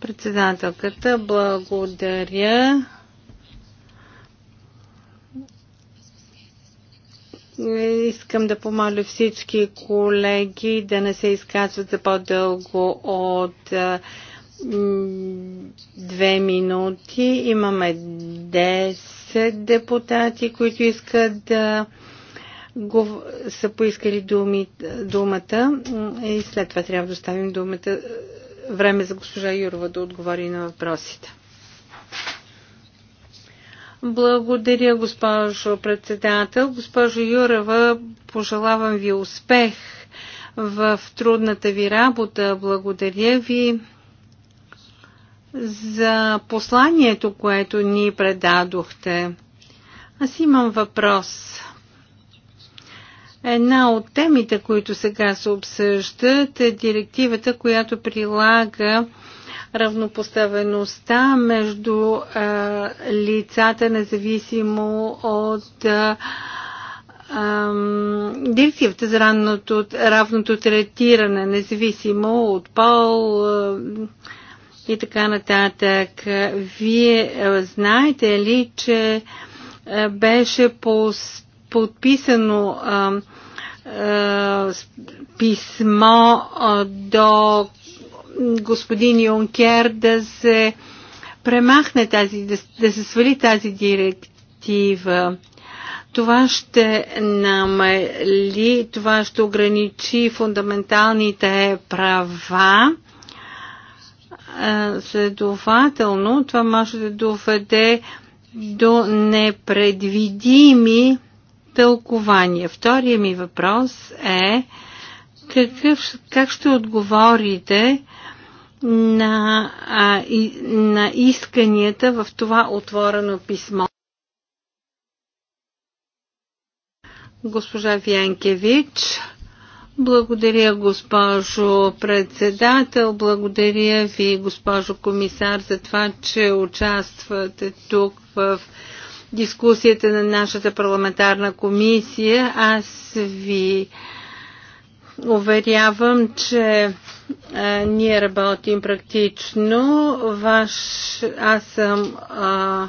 Председателката, благодаря. Искам да помоля всички колеги да не се изказват за по-дълго от две минути. Имаме 10 депутати, които искат да са поискали думи, думата и след това трябва да оставим думата време за госпожа Юрова да отговори на въпросите. Благодаря, госпожо председател. Госпожо Юрова, пожелавам ви успех в трудната ви работа. Благодаря ви за посланието, което ни предадохте. Аз имам въпрос. Една от темите, които сега се обсъждат, е директивата, която прилага равнопоставеността между а, лицата, независимо от а, а, директивата за равното, равното третиране, независимо от пол. А, и така нататък. Вие знаете ли, че беше по подписано а, а, писмо а, до господин Юнкер да се премахне тази, да, да се свали тази директива. Това ще намали, това ще ограничи фундаменталните права. Следователно, това може да доведе до непредвидими тълкование. Втория ми въпрос е какъв, как ще отговорите на, а, и, на исканията в това отворено писмо. Госпожа Вянкевич, благодаря госпожо председател, благодаря ви госпожо комисар за това, че участвате тук в дискусията на нашата парламентарна комисия. Аз ви уверявам, че а, е, ние работим практично. Ваш, аз съм а,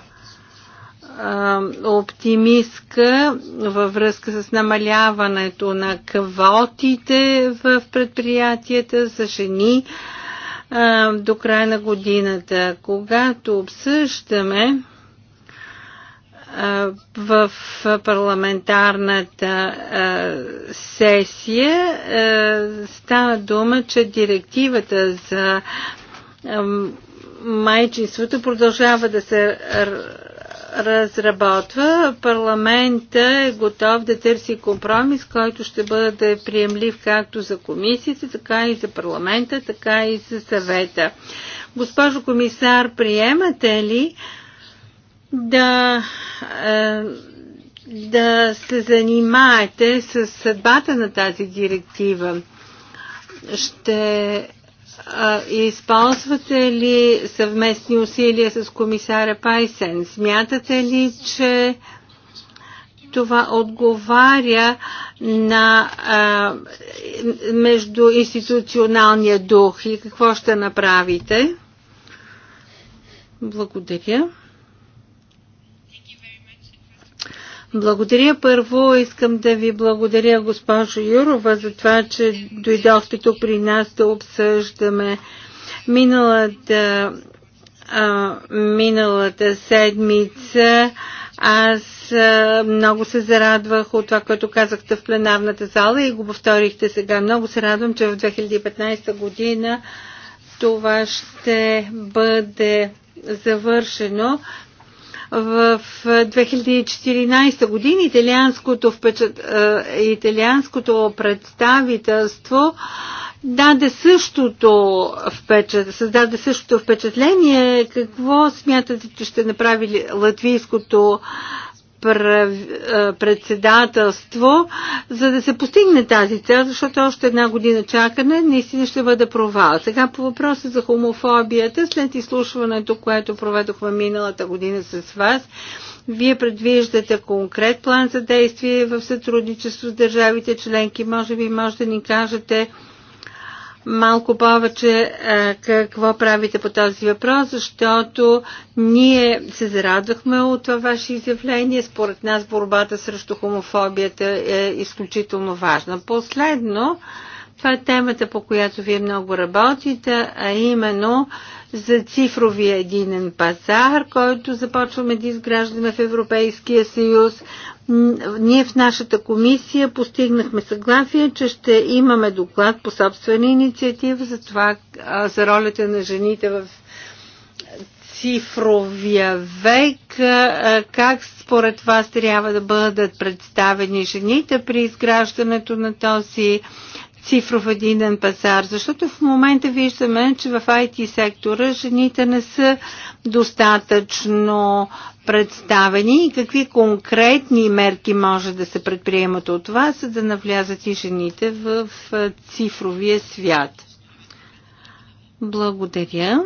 оптимистка във връзка с намаляването на квотите в предприятията за жени до края на годината. Когато обсъждаме в парламентарната сесия стана дума, че директивата за майчинството продължава да се разработва. Парламента е готов да търси компромис, който ще бъде да е приемлив както за комисията, така и за парламента, така и за съвета. Госпожо комисар, приемате ли да, е, да се занимаете с съдбата на тази директива. Ще е, използвате ли съвместни усилия с комисаря Пайсен? Смятате ли, че това отговаря на а, е, междуинституционалния дух и какво ще направите? Благодаря. Благодаря. Първо искам да ви благодаря, госпожо Юрова, за това, че дойдохте тук при нас да обсъждаме миналата, а, миналата седмица. Аз а, много се зарадвах от това, което казахте в пленарната зала и го повторихте сега. Много се радвам, че в 2015 година това ще бъде завършено. В 2014 е, година италианското, впечат... Е, италианското представителство даде същото впечат... създаде същото впечатление. Какво смятате, че ще направи латвийското председателство, за да се постигне тази цел, защото още една година чакане наистина ще бъде провал. Сега по въпроса за хомофобията, след изслушването, което проведохме миналата година с вас, вие предвиждате конкрет план за действие в сътрудничество с държавите членки. Може би може да ни кажете малко повече е, какво правите по този въпрос, защото ние се зарадвахме от това ваше изявление. Според нас борбата срещу хомофобията е изключително важна. Последно, това е темата, по която вие много работите, а именно за цифровия единен пазар, който започваме да изграждаме в Европейския съюз ние в нашата комисия постигнахме съгласие, че ще имаме доклад по собствена инициатива за това, за ролята на жените в цифровия век, как според вас трябва да бъдат представени жените при изграждането на този цифров единен пазар, защото в момента виждаме, че в IT сектора жените не са достатъчно представени и какви конкретни мерки може да се предприемат от това, за да навлязат и жените в цифровия свят. Благодаря.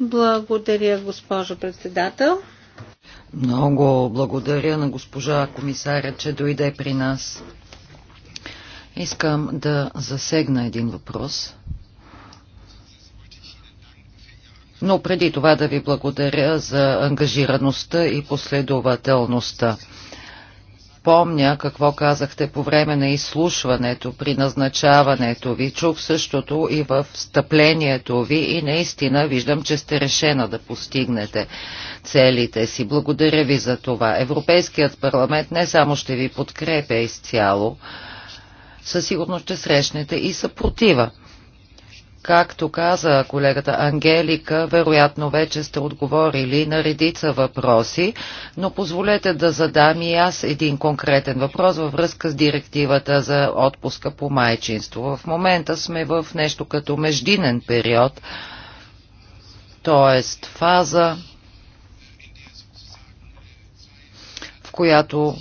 Благодаря, госпожо председател. Много благодаря на госпожа комисаря, че дойде при нас. Искам да засегна един въпрос, Но преди това да ви благодаря за ангажираността и последователността. Помня какво казахте по време на изслушването, при назначаването ви. Чух същото и в встъплението ви и наистина виждам, че сте решена да постигнете целите си. Благодаря ви за това. Европейският парламент не само ще ви подкрепя изцяло, със сигурност ще срещнете и съпротива. Както каза колегата Ангелика, вероятно вече сте отговорили на редица въпроси, но позволете да задам и аз един конкретен въпрос във връзка с директивата за отпуска по майчинство. В момента сме в нещо като междинен период, т.е. фаза, в която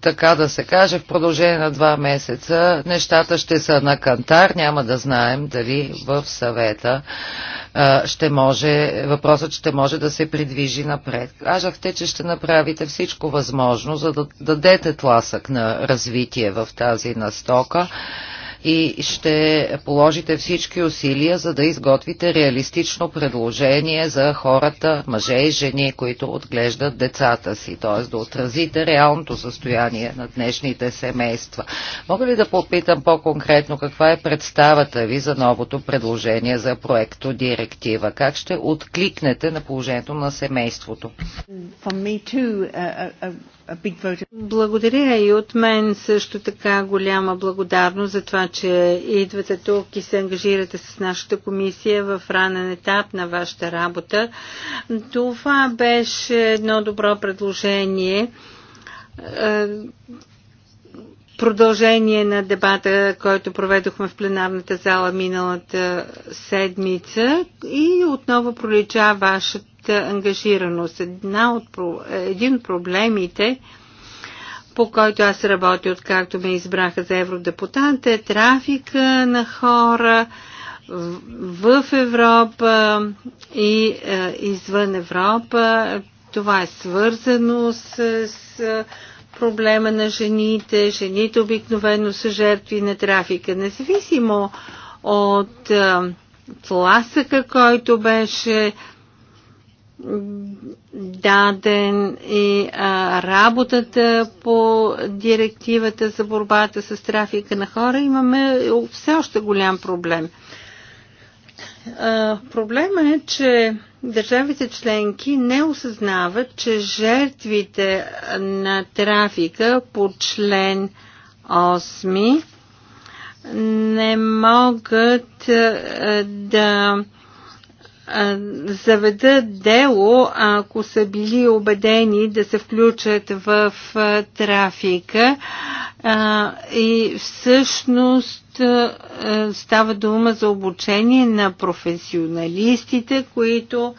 така да се каже, в продължение на два месеца нещата ще са на кантар, няма да знаем дали в съвета ще може, въпросът ще може да се придвижи напред. Кажахте, че ще направите всичко възможно, за да дадете тласък на развитие в тази настока и ще положите всички усилия, за да изготвите реалистично предложение за хората, мъже и жени, които отглеждат децата си, т.е. да отразите реалното състояние на днешните семейства. Мога ли да попитам по-конкретно каква е представата ви за новото предложение за проекто директива? Как ще откликнете на положението на семейството? Благодаря и от мен също така голяма благодарност за това, че идвате тук и се ангажирате с нашата комисия в ранен етап на вашата работа. Това беше едно добро предложение е, продължение на дебата, който проведохме в пленарната зала миналата седмица и отново пролича вашата ангажираност. Една от, един от проблемите, по който аз работя, откакто ме избраха за евродепутант, е трафика на хора в Европа и е, извън Европа. Това е свързано с, с проблема на жените. Жените обикновено са жертви на трафика, независимо от е, тласъка, който беше даден и а, работата по директивата за борбата с трафика на хора, имаме все още голям проблем. А, проблема е, че държавите членки не осъзнават, че жертвите на трафика по член 8 не могат да заведат дело, ако са били убедени да се включат в трафика и всъщност става дума за обучение на професионалистите, които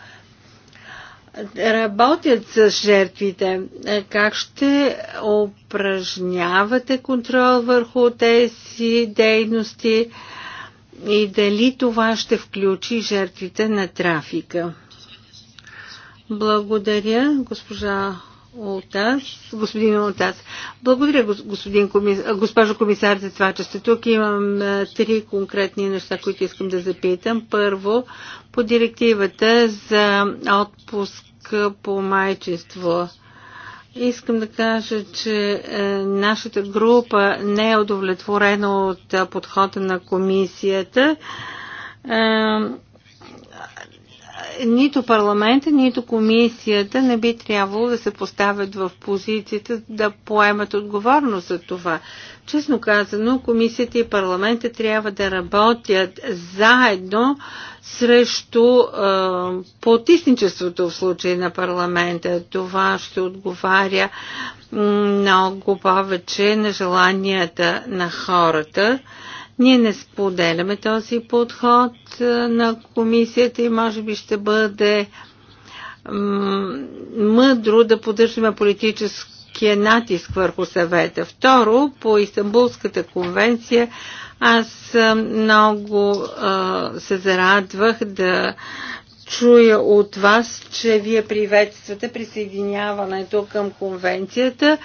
работят с жертвите. Как ще упражнявате контрол върху тези дейности? и дали това ще включи жертвите на трафика. Благодаря, госпожа Олтас, господин Олтас. Благодаря, господин комисар, госпожо комисар, за това, че сте тук. Имам е, три конкретни неща, които искам да запитам. Първо, по директивата за отпуск по майчество. Искам да кажа, че е, нашата група не е удовлетворена от е, подхода на комисията. Е, нито парламента, нито комисията не би трябвало да се поставят в позицията да поемат отговорност за това. Честно казано, комисията и парламента трябва да работят заедно срещу е, потисничеството в случай на парламента. Това ще отговаря много повече на желанията на хората. Ние не споделяме този подход на комисията и може би ще бъде мъдро да поддържаме политическо политическия натиск върху съвета. Второ, по Истанбулската конвенция аз много а, се зарадвах да чуя от вас, че вие приветствате присъединяването към конвенцията.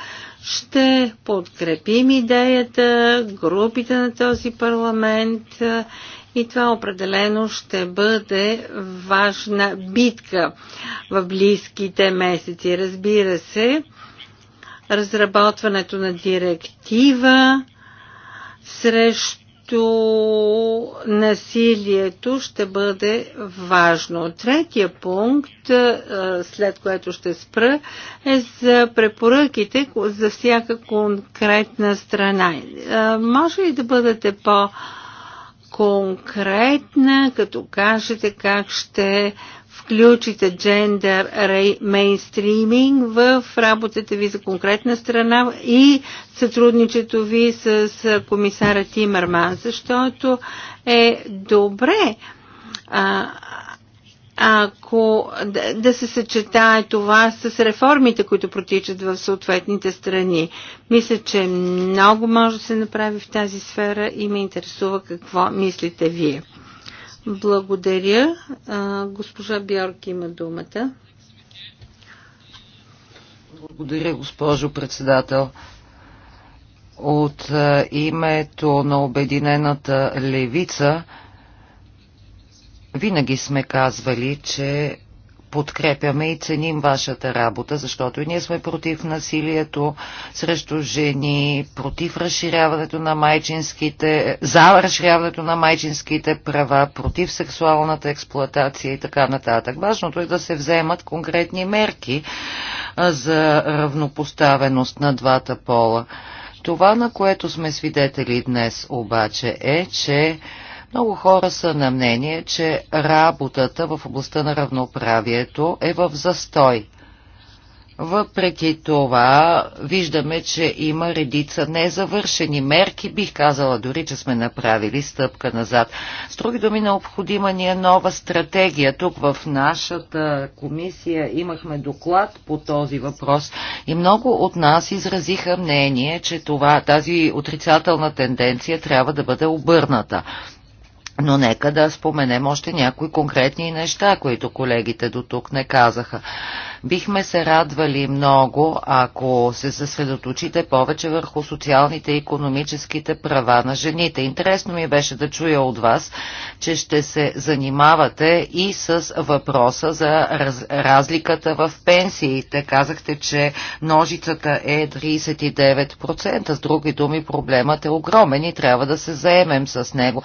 Ще подкрепим идеята, групите на този парламент и това определено ще бъде важна битка в близките месеци. Разбира се, разработването на директива срещу насилието ще бъде важно. Третия пункт, след което ще спра, е за препоръките за всяка конкретна страна. Може ли да бъдете по- конкретна, като кажете как ще включите джендър мейнстриминг в работата ви за конкретна страна и сътрудничето ви с комисара Тимърман, защото е добре а, ако да, да се съчетае това с реформите, които протичат в съответните страни. Мисля, че много може да се направи в тази сфера и ме интересува какво мислите вие. Благодаря. Госпожа Бьорк има думата. Благодаря, госпожо председател. От името на Обединената левица винаги сме казвали, че подкрепяме и ценим вашата работа, защото и ние сме против насилието срещу жени, против разширяването на майчинските, за разширяването на майчинските права, против сексуалната експлоатация и така нататък. Важното е да се вземат конкретни мерки за равнопоставеност на двата пола. Това, на което сме свидетели днес обаче е, че много хора са на мнение, че работата в областта на равноправието е в застой. Въпреки това, виждаме, че има редица незавършени мерки, бих казала дори, че сме направили стъпка назад. С други думи, необходима ни е нова стратегия. Тук в нашата комисия имахме доклад по този въпрос и много от нас изразиха мнение, че това, тази отрицателна тенденция трябва да бъде обърната. Но нека да споменем още някои конкретни неща, които колегите до тук не казаха. Бихме се радвали много, ако се съсредоточите повече върху социалните и економическите права на жените. Интересно ми беше да чуя от вас, че ще се занимавате и с въпроса за раз, разликата в пенсиите. Казахте, че ножицата е 39%. С други думи, проблемът е огромен и трябва да се заемем с него.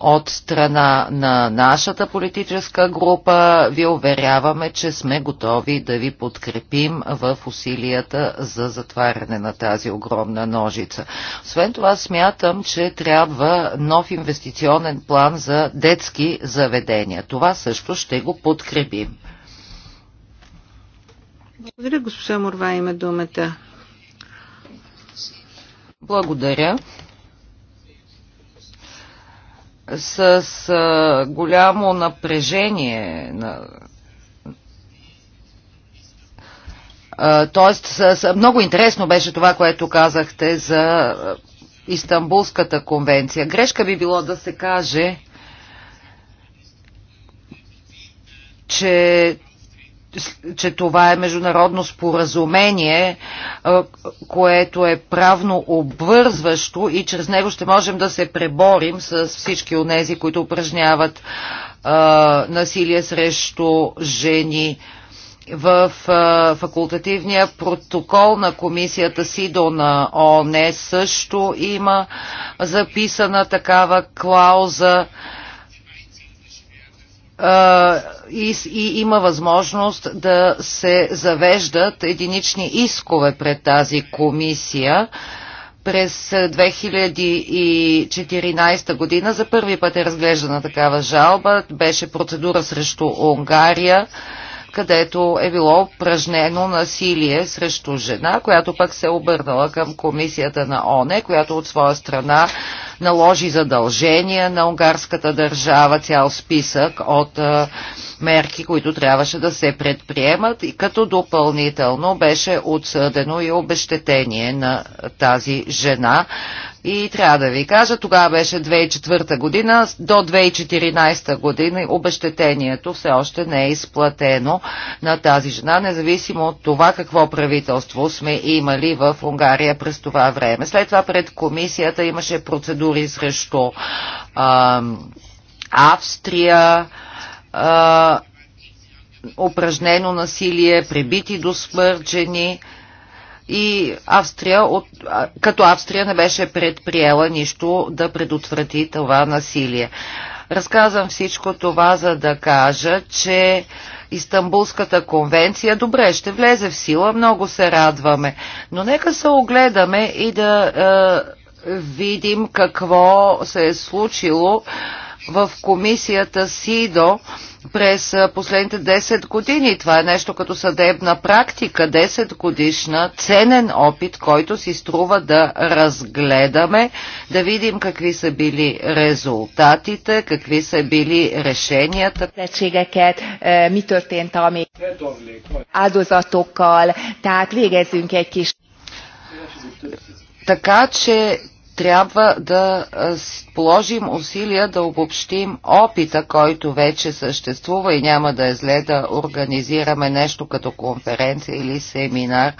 От страна на нашата политическа група ви уверяваме, че сме готови да ви подкрепим в усилията за затваряне на тази огромна ножица. Освен това смятам, че трябва нов инвестиционен план за детски заведения. Това също ще го подкрепим. Благодаря, госпожа Морва, има думата. Благодаря с а, голямо напрежение на Тоест, с, с, много интересно беше това, което казахте за Истанбулската конвенция. Грешка би било да се каже, че че това е международно споразумение, е, което е правно обвързващо и чрез него ще можем да се преборим с всички от тези, които упражняват е, насилие срещу жени в е, факултативния протокол на комисията СИДО на ОНЕ също има записана такава клауза и, и има възможност да се завеждат единични искове пред тази комисия. През 2014 година за първи път е разглеждана такава жалба. Беше процедура срещу Унгария където е било упражнено насилие срещу жена, която пък се е обърнала към комисията на ОНЕ, която от своя страна наложи задължения на унгарската държава, цял списък от а, е, мерки, които трябваше да се предприемат и като допълнително беше отсъдено и обещетение на тази жена. И трябва да ви кажа, тогава беше 2004 година, до 2014 година обещетението все още не е изплатено на тази жена, независимо от това какво правителство сме имали в Унгария през това време. След това пред комисията имаше процедури срещу а, Австрия, а, упражнено насилие, пребити до смърт жени и Австрия, от, като Австрия не беше предприела нищо да предотврати това насилие. Разказвам всичко това, за да кажа, че Истанбулската конвенция, добре, ще влезе в сила, много се радваме, но нека се огледаме и да е, видим какво се е случило е, в комисията СИДО през последните 10 години. Това е нещо като съдебна практика, 10 годишна, ценен опит, който си струва да разгледаме, да видим какви са били резултатите, какви са били решенията. Е, történt egy kis... Така че трябва да положим усилия да обобщим опита, който вече съществува и няма да е зле да организираме нещо като конференция или семинар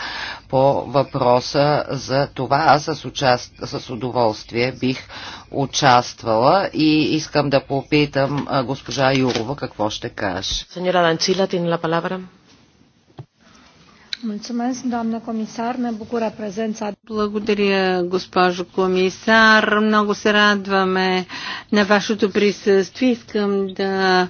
по въпроса за това. Аз с, участ... с удоволствие бих участвала и искам да попитам госпожа Юрова какво ще каже. Сеньора Данчила, ти палавра. Doamnă comisar, bucură prezența. Благодаря, госпожо комисар. Много се радваме на вашето присъствие. Искам да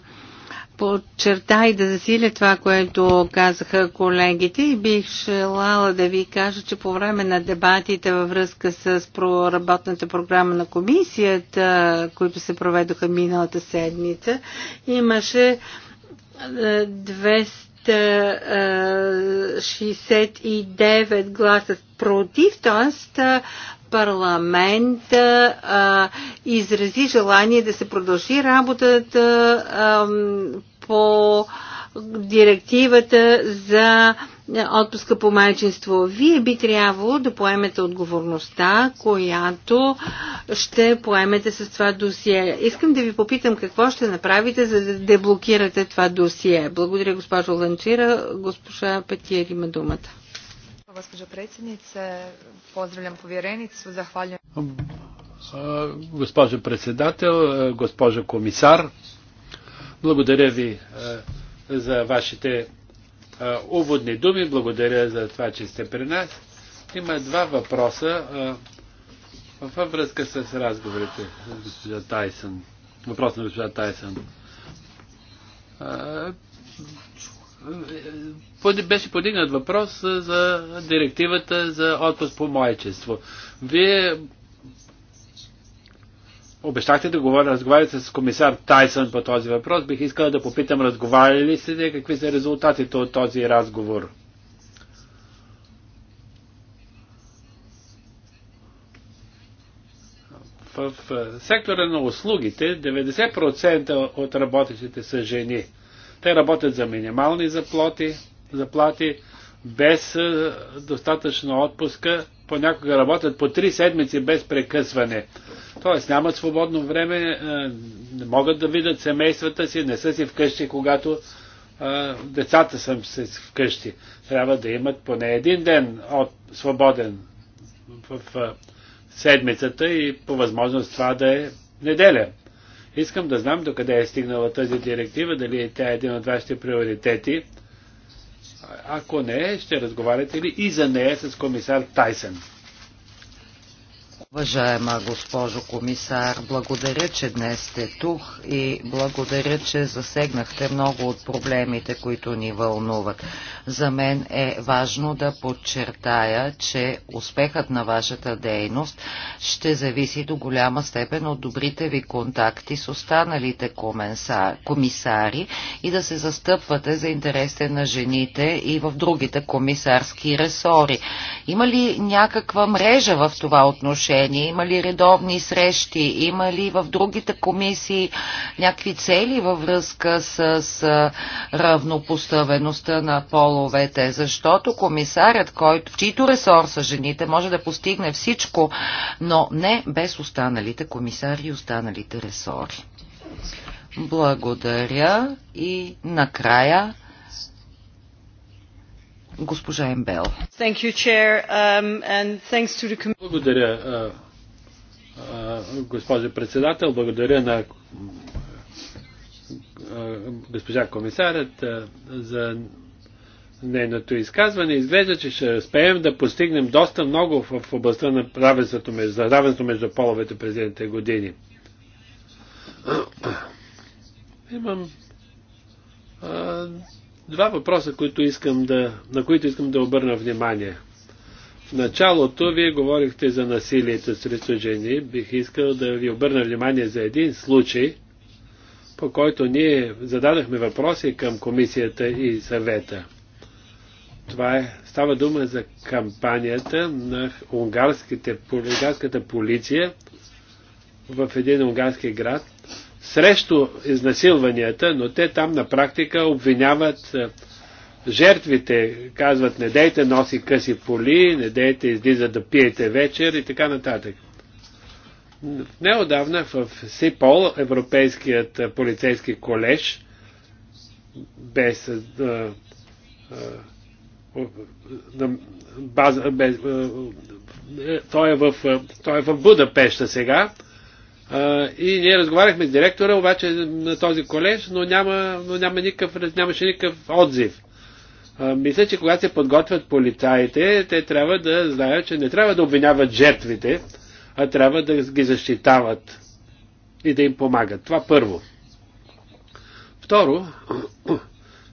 подчерта и да засиля това, което казаха колегите и бих желала да ви кажа, че по време на дебатите във връзка с проработната програма на комисията, които се проведоха миналата седмица, имаше 200 е, 369 гласа против, т.е. парламент а, изрази желание да се продължи работата а, по директивата за е, отпуска по майчинство. Вие би трябвало да поемете отговорността, която ще поемете с това досие. Искам да ви попитам какво ще направите, за да деблокирате това досие. Благодаря, госпожо Ланчира. Госпожа Петиер има думата. Госпожа председница, поздравям повереницу, захвалям. Госпожо председател, госпожо комисар, благодаря ви за вашите уводни думи. Благодаря за това, че сте при нас. Има два въпроса във връзка с разговорите с госпожа Тайсън. Въпрос на госпожа Тайсън. беше подигнат въпрос за директивата за отпуск по майчество. Вие обещахте да говоря, разговаряте с комисар Тайсън по този въпрос. Бих искал да попитам, разговаряли ли сте, какви са резултатите от този разговор? В сектора на услугите 90% от работещите са жени. Те работят за минимални заплати, заплати без е, достатъчно отпуска понякога работят по три седмици без прекъсване. Тоест нямат свободно време, е, не могат да видят семействата си, не са си вкъщи, когато е, децата са си вкъщи. Трябва да имат поне един ден от, свободен в е, седмицата и по възможност това да е неделя. Искам да знам докъде е стигнала тази директива, дали тя е един от вашите приоритети ако не, ще разговаряте ли и за нея с комисар Тайсен? Уважаема госпожо комисар, благодаря, че днес сте тук и благодаря, че засегнахте много от проблемите, които ни вълнуват. За мен е важно да подчертая, че успехът на вашата дейност ще зависи до голяма степен от добрите ви контакти с останалите комисари и да се застъпвате за интересите на жените и в другите комисарски ресори. Има ли някаква мрежа в това отношение? решения? Има ли редовни срещи? Има ли в другите комисии някакви цели във връзка с, с равнопоставеността на половете? Защото комисарят, който, в чийто ресор са жените, може да постигне всичко, но не без останалите комисари и останалите ресори. Благодаря и накрая госпожа Ембел. Um, Благодаря, госпожа председател. Благодаря на госпожа комисарят за нейното изказване. Изглежда, че ще успеем да постигнем доста много в областта на равенството между, равенството между половете през едните години. Имам Два въпроса, които искам да, на които искам да обърна внимание. В началото вие говорихте за насилието срещу жени. Бих искал да ви обърна внимание за един случай, по който ние зададахме въпроси към комисията и съвета. Това е, става дума за кампанията на унгарската полиция в един унгарски град, срещу изнасилванията, но те там на практика обвиняват е, жертвите, казват не дейте носи къси поли, не дейте излиза да пиете вечер и така нататък. Неодавна в СИПОЛ, Европейският полицейски колеж, е, е, а, а, база, без, а, той, е в, той е в Будапешта сега, и ние разговаряхме с директора, обаче на този колеж, но, няма, но няма никакъв, нямаше никакъв отзив. Мисля, че когато се подготвят полицаите, те трябва да знаят, че не трябва да обвиняват жертвите, а трябва да ги защитават и да им помагат. Това първо. Второ, [clears throat]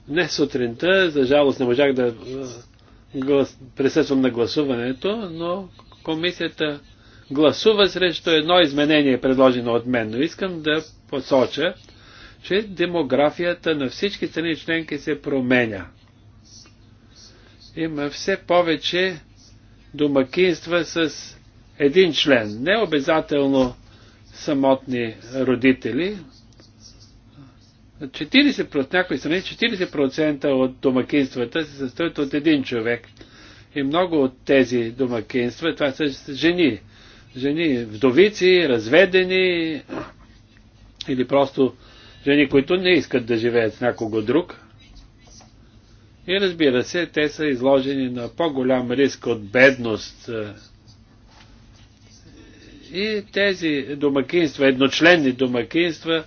днес сутринта, за жалост не можах да присъствам на гласуването, но комисията гласува срещу едно изменение, предложено от мен, но искам да посоча, че демографията на всички страни членки се променя. Има все повече домакинства с един член, не обязателно самотни родители. 40%, от някои страни 40% от домакинствата се състоят от един човек. И много от тези домакинства, това са жени, жени вдовици, разведени или просто жени, които не искат да живеят с някого друг. И разбира се, те са изложени на по-голям риск от бедност. И тези домакинства, едночленни домакинства,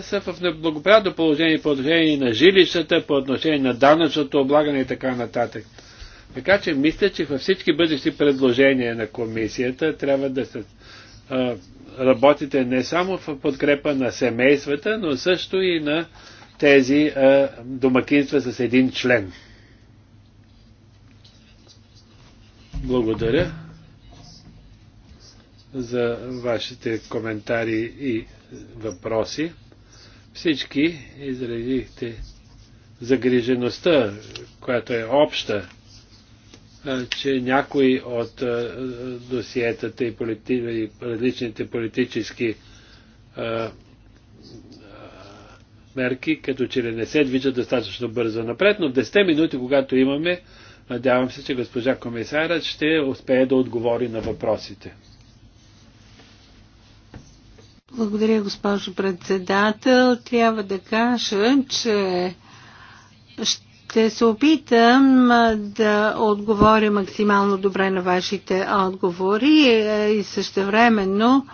са в неблагоприятно положение по отношение на жилищата, по отношение на данъчното облагане и така нататък. Така че мисля, че във всички бъдещи предложения на комисията трябва да се работите не само в подкрепа на семействата, но също и на тези а, домакинства с един член. Благодаря за вашите коментари и въпроси. Всички изразихте загрижеността, която е обща че някои от досиетата и, полити... и различните политически мерки, като че ли не се движат достатъчно бързо напред, но в 10 минути, когато имаме, надявам се, че госпожа комисарът ще успее да отговори на въпросите. Благодаря, госпожо председател. Трябва да кажа, че ще ще се опитам да отговоря максимално добре на вашите отговори е, и същевременно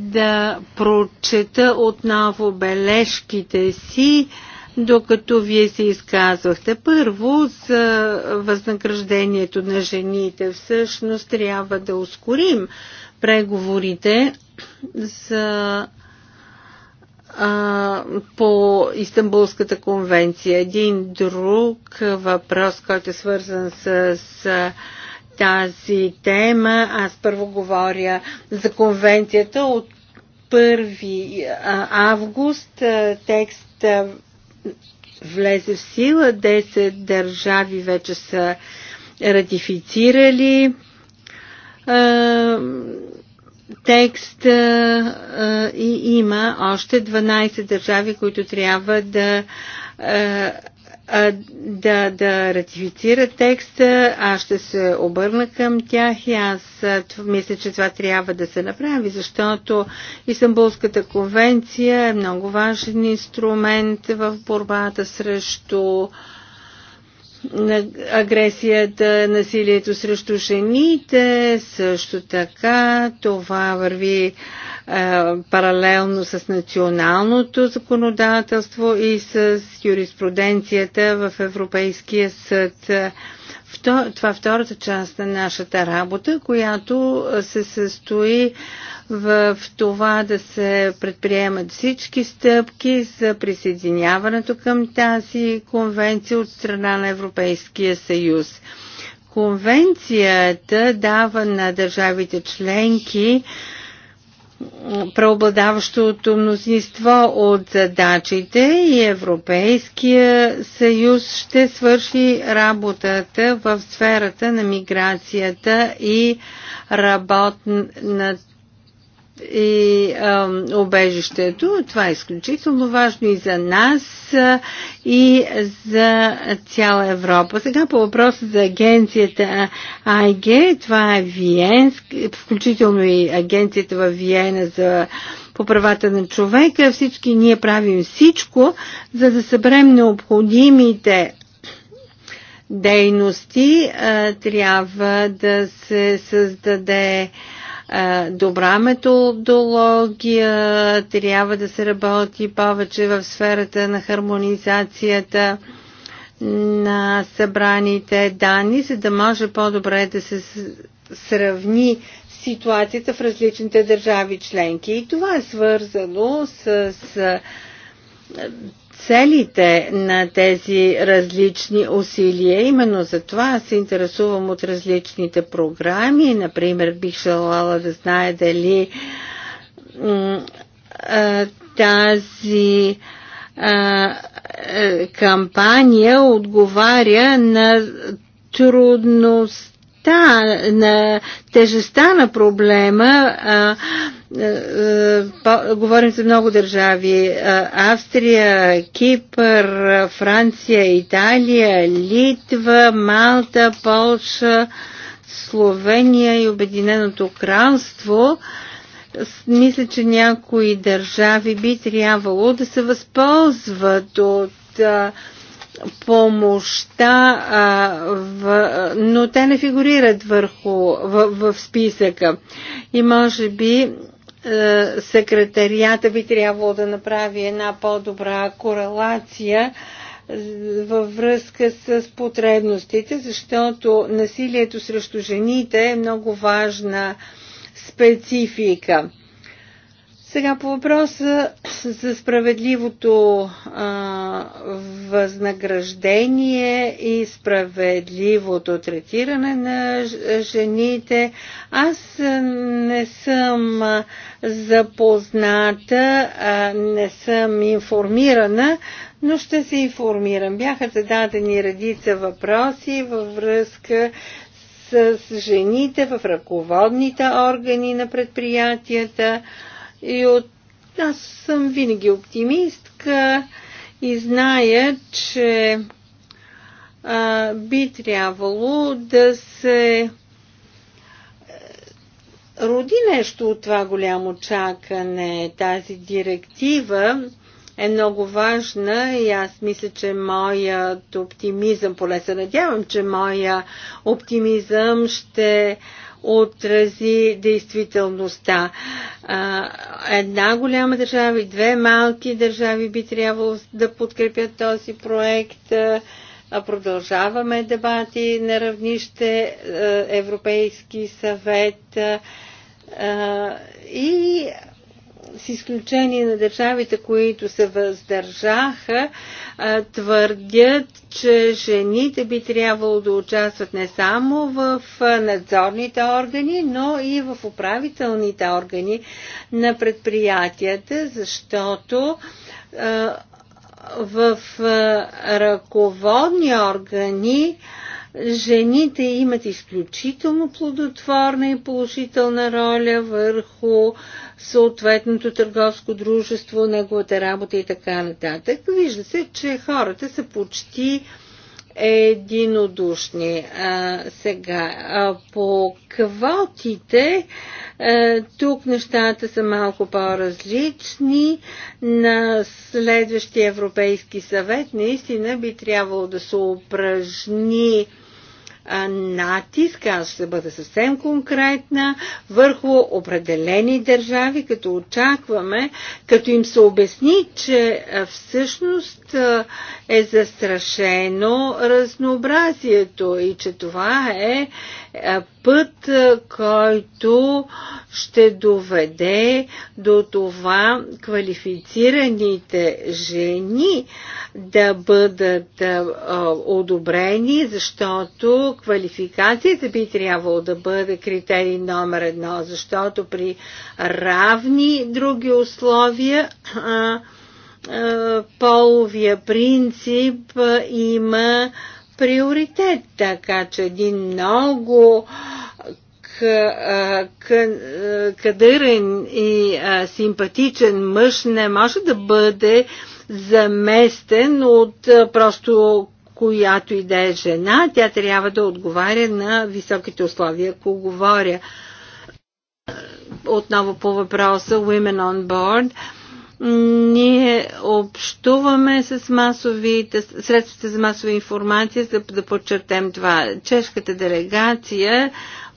да прочета отново бележките си, докато вие се изказвахте. Първо за възнаграждението на жените. Всъщност трябва да ускорим преговорите за по Истанбулската конвенция. Един друг въпрос, който е свързан с, с тази тема. Аз първо говоря за конвенцията от 1 август. Текст влезе в сила. 10 държави вече са ратифицирали текст а, и има още 12 държави, които трябва да, а, да, да ратифицират текста. Аз ще се обърна към тях и аз мисля, че това трябва да се направи, защото Истанбулската конвенция е много важен инструмент в борбата срещу на агресията, насилието срещу жените, също така това върви е, паралелно с националното законодателство и с юриспруденцията в Европейския съд. Това е втората част на нашата работа, която се състои в това да се предприемат всички стъпки за присъединяването към тази конвенция от страна на Европейския съюз. Конвенцията дава на държавите членки преобладаващото мнозинство от задачите и Европейския съюз ще свърши работата в сферата на миграцията и работната и а, обежището. Това е изключително важно и за нас, а, и за цяла Европа. Сега по въпроса за агенцията АГ, това е Виенск, включително и агенцията в Виена за по правата на човека. Всички ние правим всичко, за да съберем необходимите дейности. А, трябва да се създаде а, е, добра методология, трябва да се работи повече в сферата на хармонизацията на събраните данни, за да може по-добре да се сравни ситуацията в различните държави членки. И това е свързано с, с целите на тези различни усилия. Именно за това се интересувам от различните програми. Например, бих желала да знае дали тази е, кампания отговаря на трудност тежестта на, тежестта на проблема. А, говорим за много държави. Австрия, Кипър, Франция, Италия, Литва, Малта, Полша, Словения и Обединеното кралство. Мисля, че някои държави би трябвало да се възползват от помощта, а, в, но те не фигурират върху, в, в списъка. И може би е, секретарията би трябвало да направи една по-добра корелация е, във връзка с потребностите, защото насилието срещу жените е много важна специфика. Сега по въпроса за справедливото а, възнаграждение и справедливото третиране на жените. Аз не съм запозната, а, не съм информирана, но ще се информирам. Бяха зададени редица въпроси във връзка с жените в ръководните органи на предприятията. И от... аз съм винаги оптимистка и зная, че а, би трябвало да се е, роди нещо от това голямо чакане. Тази директива е много важна и аз мисля, че моят оптимизъм, поле се надявам, че моя оптимизъм ще отрази действителността. Една голяма държава и две малки държави би трябвало да подкрепят този проект. Продължаваме дебати на равнище Европейски съвет и с изключение на държавите, които се въздържаха, твърдят, че жените би трябвало да участват не само в надзорните органи, но и в управителните органи на предприятията, защото в ръководни органи жените имат изключително плодотворна и положителна роля върху съответното търговско дружество, неговата работа и така нататък. Вижда се, че хората са почти единодушни. А, сега, а, по квотите, а, тук нещата са малко по-различни. На следващия Европейски съвет наистина би трябвало да се упражни а, натиск, аз ще бъда съвсем конкретна, върху определени държави, като очакваме, като им се обясни, че всъщност е застрашено разнообразието и че това е е, път, е, който ще доведе до това квалифицираните жени да бъдат е, одобрени, защото квалификацията би трябвало да бъде критерий номер едно, защото при равни други условия половия принцип има приоритет, така че един много кадърен и симпатичен мъж не може да бъде заместен от просто която и да е жена, тя трябва да отговаря на високите условия. Ако говоря отново по въпроса Women on Board, ние общуваме с масовите, средствата за масова информация, за да подчертем това. Чешката делегация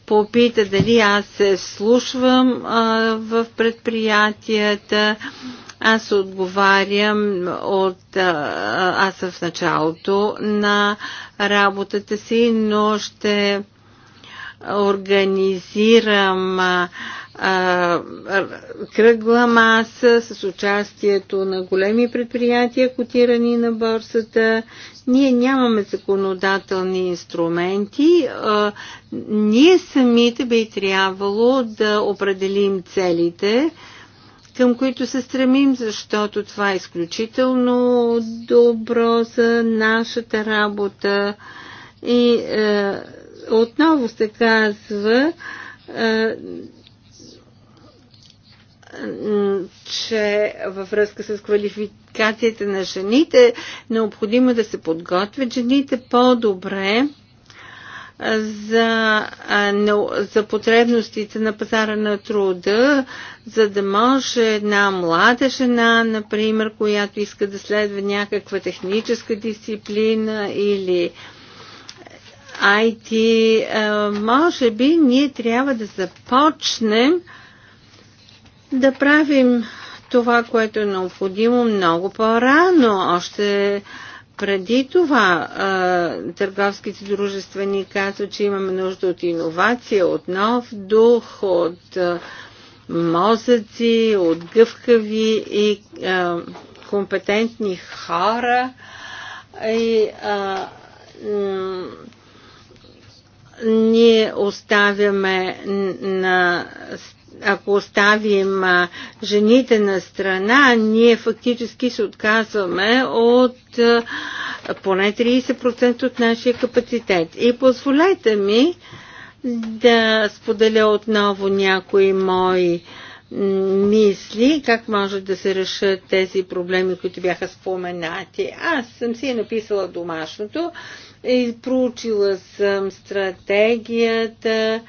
попита дали аз се слушвам а, в предприятията. Аз отговарям от... А, аз в началото на работата си, но ще организирам а, а, кръгла маса с участието на големи предприятия, котирани на борсата. Ние нямаме законодателни инструменти. А, ние самите би трябвало да определим целите към които се стремим, защото това е изключително добро за нашата работа. И а, е, отново се казва, а, е, че във връзка с квалификацията на жените необходимо е да се подготвят жените по-добре за, за потребностите на пазара на труда, за да може една млада жена, например, която иска да следва някаква техническа дисциплина или IT, може би ние трябва да започнем да правим това, което е необходимо много по-рано, още преди това а, търговските дружества ни казват, че имаме нужда от иновация, от нов дух, от а, мозъци, от гъвкави и а, компетентни хора. И, а, ние оставяме на ако оставим жените на страна, ние фактически се отказваме от поне 30% от нашия капацитет. И позволете ми да споделя отново някои мои мисли, как може да се решат тези проблеми, които бяха споменати. Аз съм си написала домашното и проучила съм стратегията,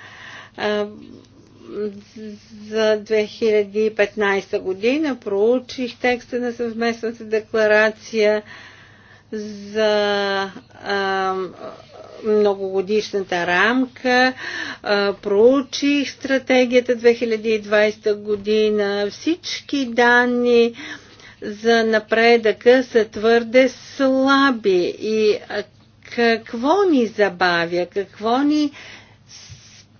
за 2015 година. Проучих текста на съвместната декларация за а, многогодишната рамка, а, проучих стратегията 2020 година, всички данни за напредъка са твърде слаби и какво ни забавя, какво ни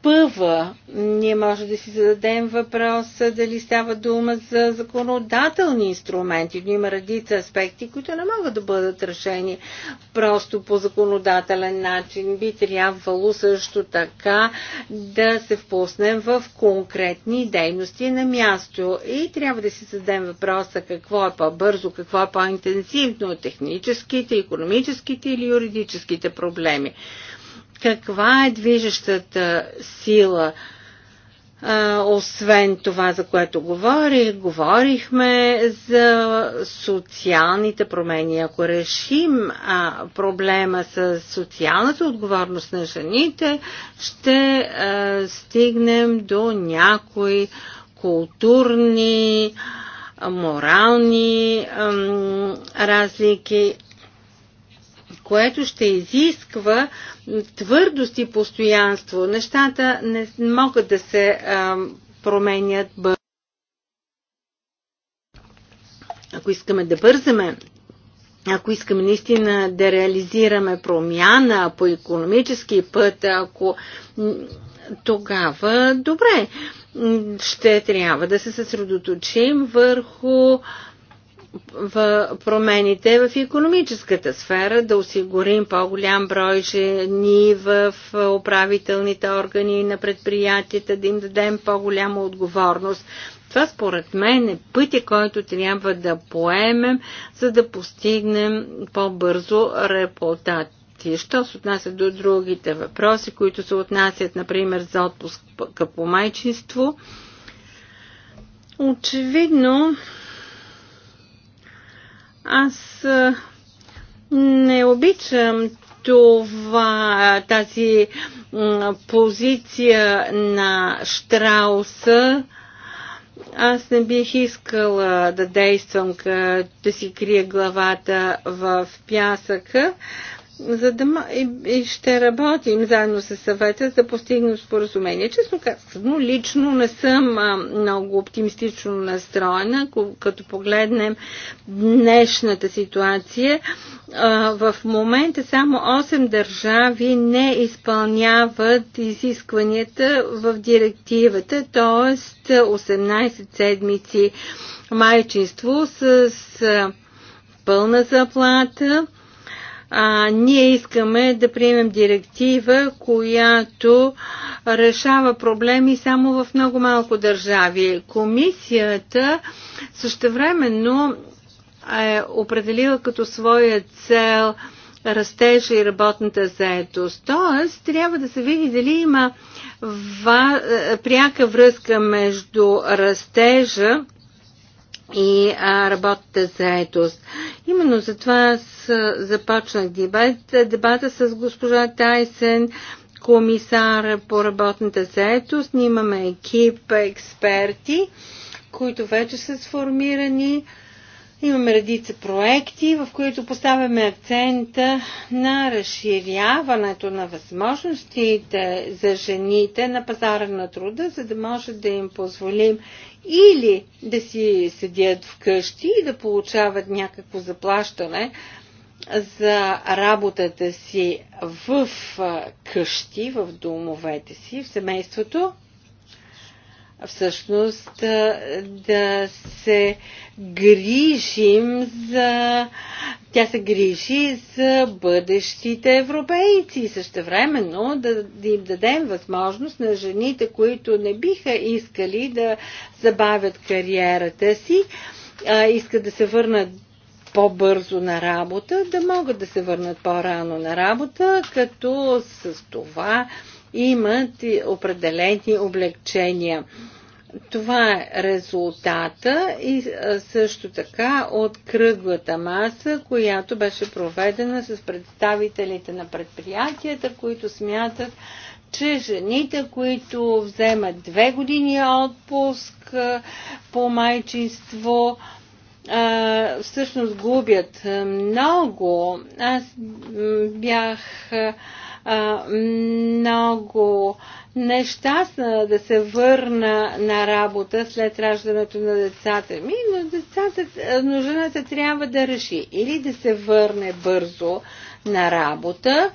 пъва. Ние може да си зададем въпроса дали става дума за законодателни инструменти. Но има редица аспекти, които не могат да бъдат решени просто по законодателен начин. Би трябвало също така да се впуснем в конкретни дейности на място. И трябва да си зададем въпроса какво е по-бързо, какво е по-интенсивно, техническите, економическите или юридическите проблеми каква е движещата сила. А, освен това, за което говорих, говорихме за социалните промени. Ако решим а, проблема с социалната отговорност на жените, ще а, стигнем до някои културни, морални а, разлики което ще изисква твърдост и постоянство. Нещата не могат да се променят бързо. Ако искаме да бързаме, ако искаме наистина да реализираме промяна по економически път, ако тогава добре, ще трябва да се съсредоточим върху в промените в економическата сфера, да осигурим по-голям брой жени в управителните органи на предприятията, да им дадем по-голяма отговорност. Това според мен е пътя, който трябва да поемем, за да постигнем по-бързо репутат Що се отнася до другите въпроси, които се отнасят, например, за отпуск по майчинство, очевидно аз не обичам това, тази позиция на Штрауса. Аз не бих искала да действам, да си крия главата в пясъка за да, и, и ще работим заедно с съвета за постигнат постигнем споразумение. Честно казано, лично не съм а, много оптимистично настроена, като погледнем днешната ситуация. А, в момента само 8 държави не изпълняват изискванията в директивата, т.е. 18 седмици майчинство с, с пълна заплата а, ние искаме да приемем директива, която решава проблеми само в много малко държави. Комисията същевременно е определила като своя цел растежа и работната заетост. Тоест, трябва да се види дали има ва, е, пряка връзка между растежа и а, работата заетост. Именно за това аз започнах дебат, дебата с госпожа Тайсен, комисар по работната заетост. Ние имаме екип експерти, които вече са сформирани Имаме редица проекти, в които поставяме акцента на разширяването на възможностите за жените на пазара на труда, за да може да им позволим или да си седят вкъщи и да получават някакво заплащане за работата си в къщи, в домовете си, в семейството, всъщност да се грижим за... Тя се грижи за бъдещите европейци и същевременно да, да им дадем възможност на жените, които не биха искали да забавят кариерата си, а, искат да се върнат по-бързо на работа, да могат да се върнат по-рано на работа, като с това имат определени облегчения. Това е резултата и също така от кръглата маса, която беше проведена с представителите на предприятията, които смятат, че жените, които вземат две години отпуск по майчинство, всъщност губят много. Аз бях а, много нещастна да се върна на работа след раждането на децата ми, но, децата, но жената трябва да реши или да се върне бързо на работа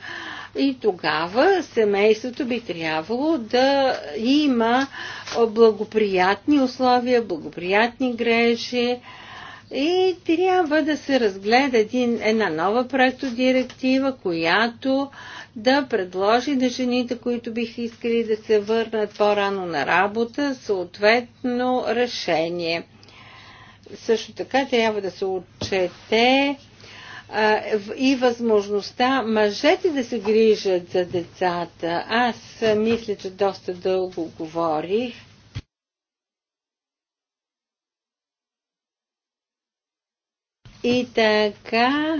и тогава семейството би трябвало да има благоприятни условия, благоприятни грежи, и трябва да се разгледа един, една нова проектодиректива, която да предложи на жените, които биха искали да се върнат по-рано на работа, съответно решение. Също така трябва да се отчете и възможността мъжете да се грижат за децата. Аз мисля, че доста дълго говорих. И така,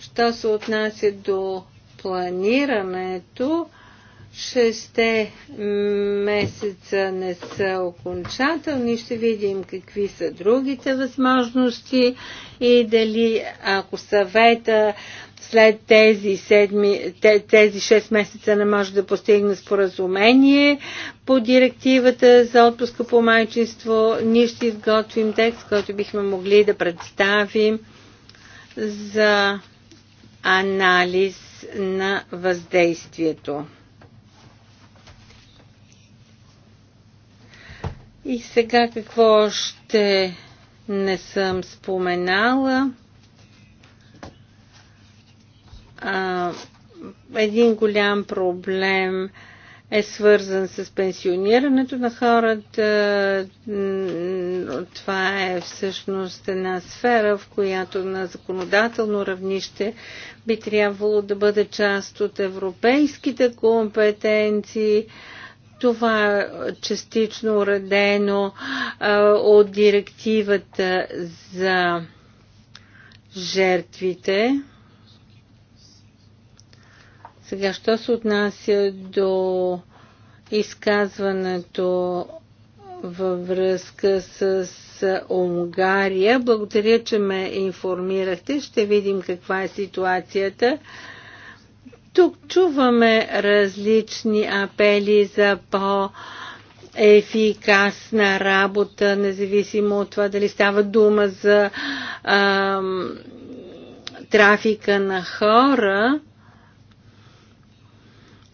що се отнася до планирането. Шесте месеца не са окончателни. Ще видим какви са другите възможности и дали ако съвета след тези, седми, тези 6 месеца не може да постигне споразумение по директивата за отпуска по майчинство, ние ще изготвим текст, който бихме могли да представим за анализ на въздействието. И сега какво още не съм споменала? А, един голям проблем е свързан с пенсионирането на хората. Това е всъщност една сфера, в която на законодателно равнище би трябвало да бъде част от европейските компетенции. Това е частично уредено от директивата за жертвите сега, що се отнася до изказването във връзка с Унгария. Благодаря, че ме информирахте. Ще видим каква е ситуацията. Тук чуваме различни апели за по- ефикасна работа, независимо от това дали става дума за ам, трафика на хора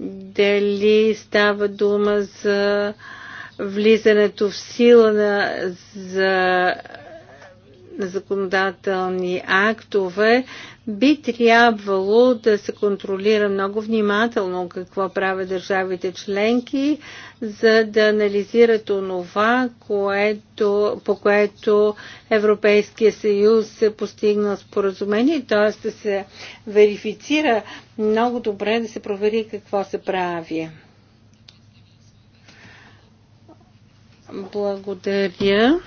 дали става дума за влизането в сила на, за законодателни актове, би трябвало да се контролира много внимателно какво правят държавите членки, за да анализират онова, което, по което Европейския съюз е постигнал споразумение, т.е. да се верифицира много добре, да се провери какво се прави. Благодаря.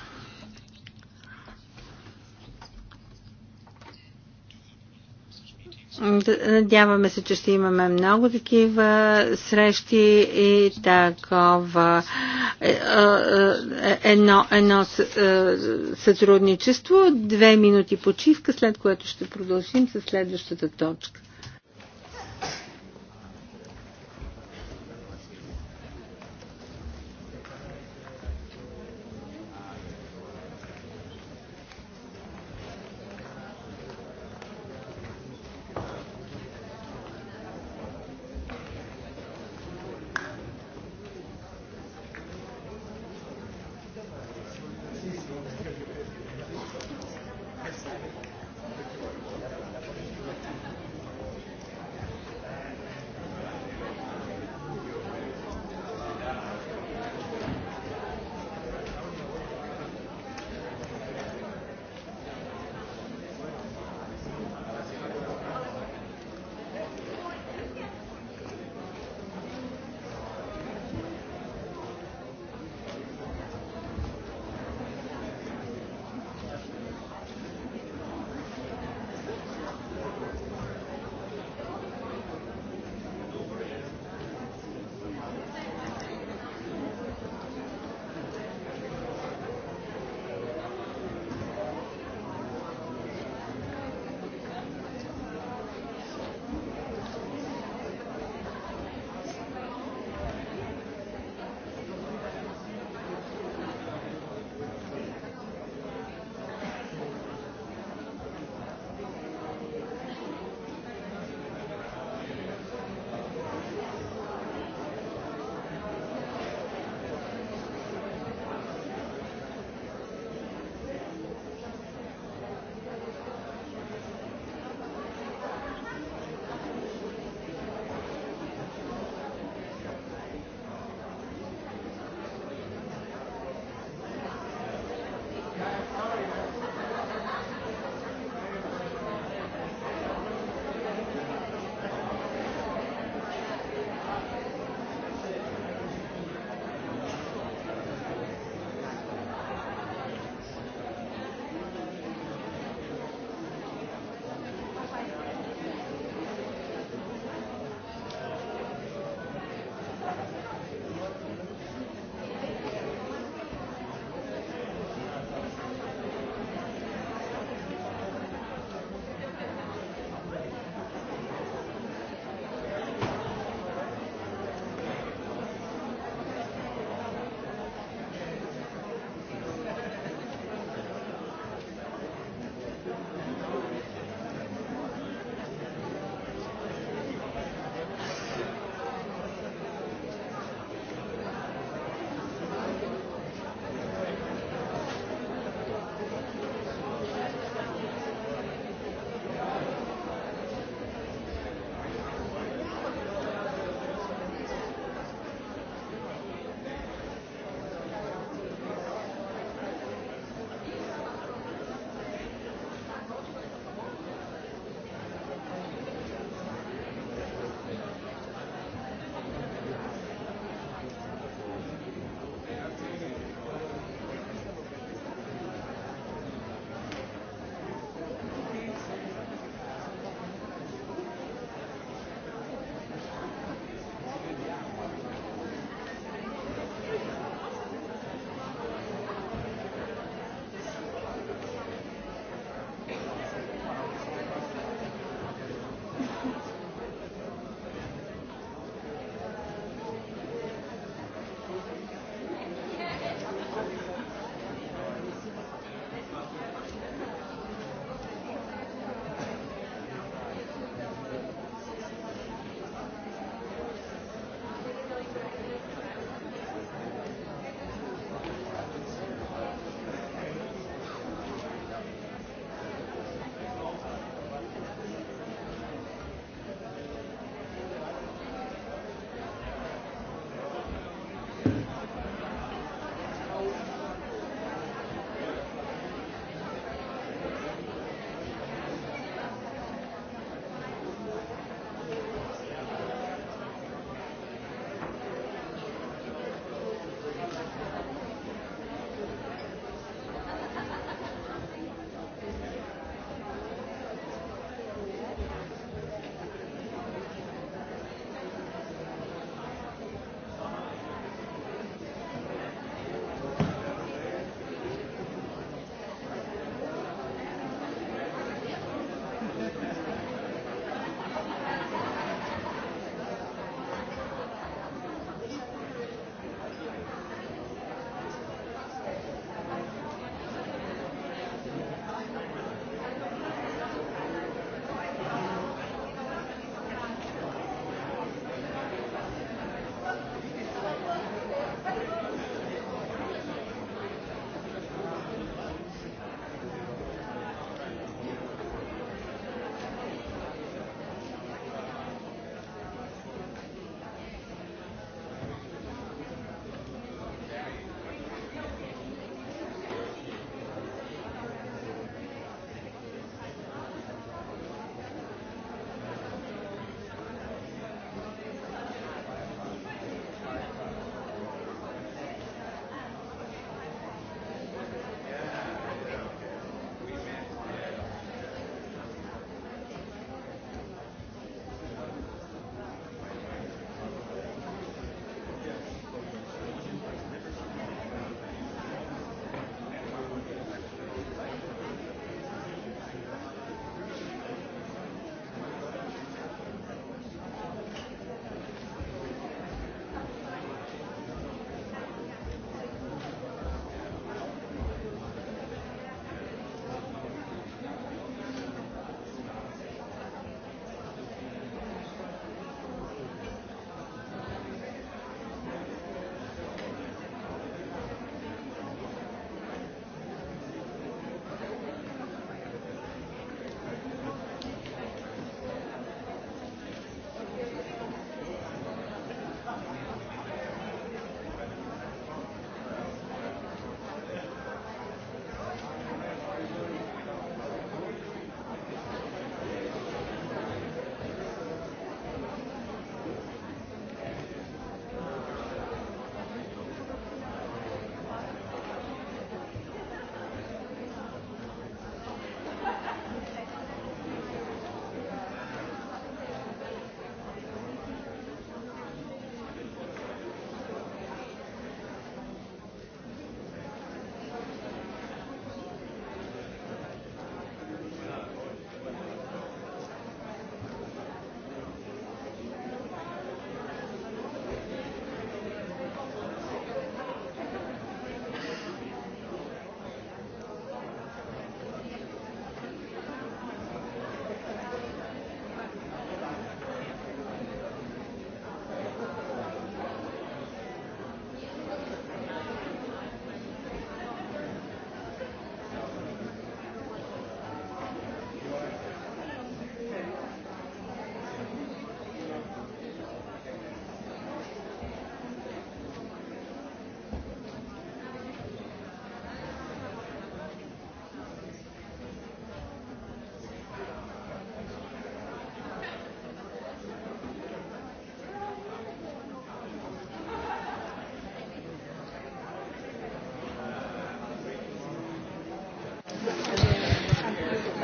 Надяваме се, че ще имаме много такива срещи и такова е, е, е, едно, едно сътрудничество. Две минути почивка, след което ще продължим с следващата точка.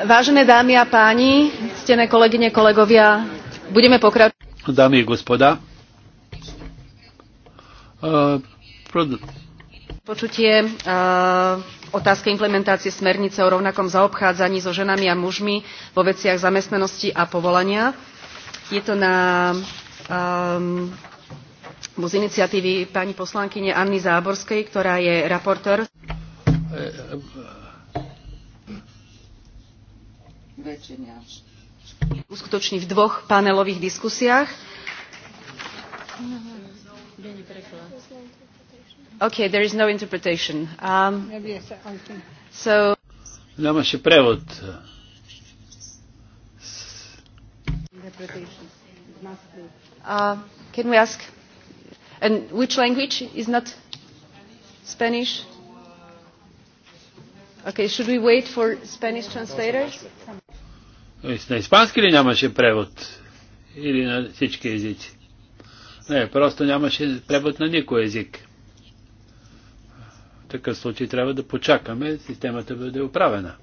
Vážené dámy a páni, ctené kolegyne, kolegovia, budeme pokračovať. Dámy a gospoda, Počutie otázky implementácie smernice o rovnakom zaobchádzaní so ženami a mužmi vo veciach zamestnanosti a povolania. Je to na z iniciatívy pani poslankyne Anny Záborskej, ktorá je raportér. uskutoční v dvoch panelových diskusiách. Okay, there is no interpretation. Um, so... Нямаше превод. Uh, can we ask? And which language is not Spanish? Okay, should we wait for Spanish translators? На испански ли нямаше превод? Или на всички езици? Не, просто нямаше превод на никой език. В такъв случай трябва да почакаме системата бъде оправена.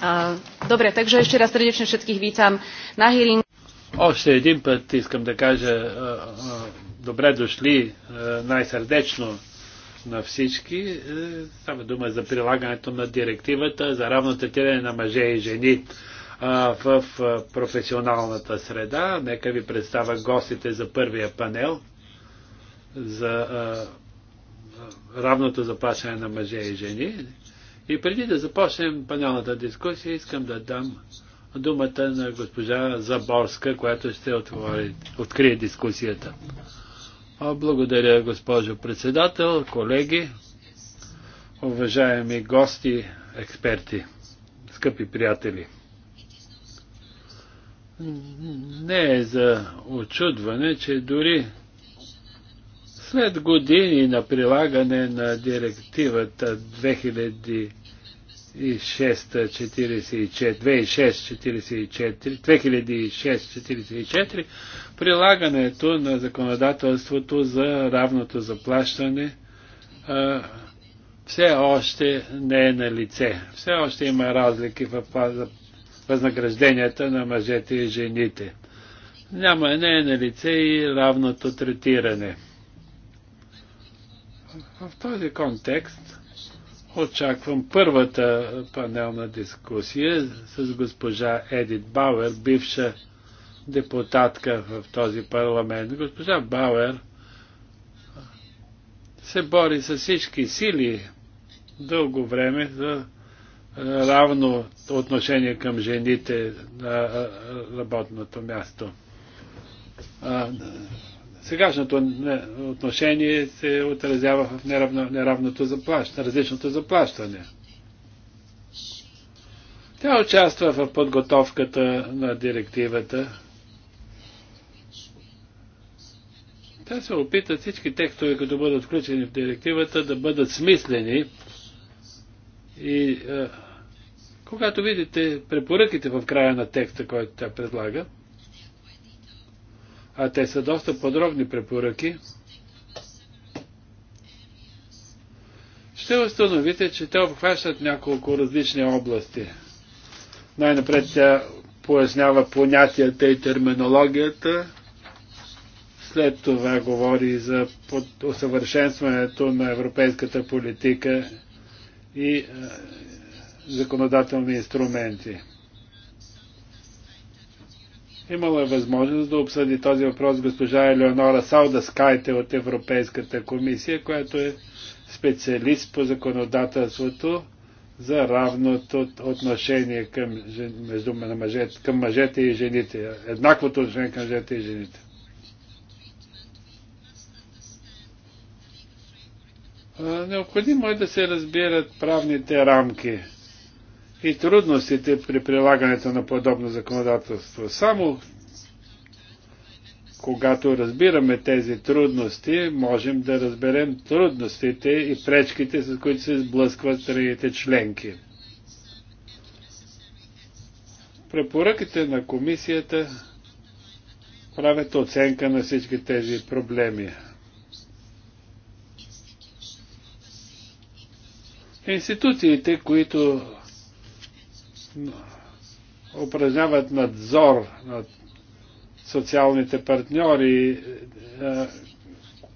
А, добре, же още раз традично всички vítam на hearing. Още един път искам да кажа добре дошли най-сърдечно на всички. Е, става дума за прилагането на директивата за равно третиране на мъже и жени в професионалната среда. Нека ви представя гостите за първия панел за равното заплащане на мъже и жени. И преди да започнем панелната дискусия, искам да дам думата на госпожа Заборска, която ще отвори, открие дискусията. Благодаря, госпожо председател, колеги, уважаеми гости, експерти, скъпи приятели не е за очудване, че дори след години на прилагане на директивата 2006-44, прилагането на законодателството за равното заплащане а, все още не е на лице. Все още има разлики в възнагражденията на мъжете и жените. Няма, не е на лице и равното третиране. В този контекст очаквам първата панелна дискусия с госпожа Едит Бауер, бивша депутатка в този парламент. Госпожа Бауер се бори с всички сили дълго време за равно отношение към жените на работното място. Сегашното отношение се отразява в неравно, неравното заплащане, различното заплащане. Тя участва в подготовката на директивата. Тя се опитат всички текстове, които бъдат включени в директивата, да бъдат смислени и е, когато видите препоръките в края на текста, който тя предлага, а те са доста подробни препоръки, ще установите, че те обхващат няколко различни области. Най-напред тя пояснява понятията и терминологията, след това говори за усъвършенстването на европейската политика и е, законодателни инструменти. Имало е възможност да обсъди този въпрос госпожа Елеонора Саудаскайте от Европейската комисия, която е специалист по законодателството за равното отношение към, между мъжете, към мъжете и жените, еднаквото отношение към мъжете и жените. Необходимо е да се разбират правните рамки и трудностите при прилагането на подобно законодателство. Само когато разбираме тези трудности, можем да разберем трудностите и пречките, с които се сблъскват страните членки. Препоръките на комисията правят оценка на всички тези проблеми. Институциите, които упражняват надзор над социалните партньори, е,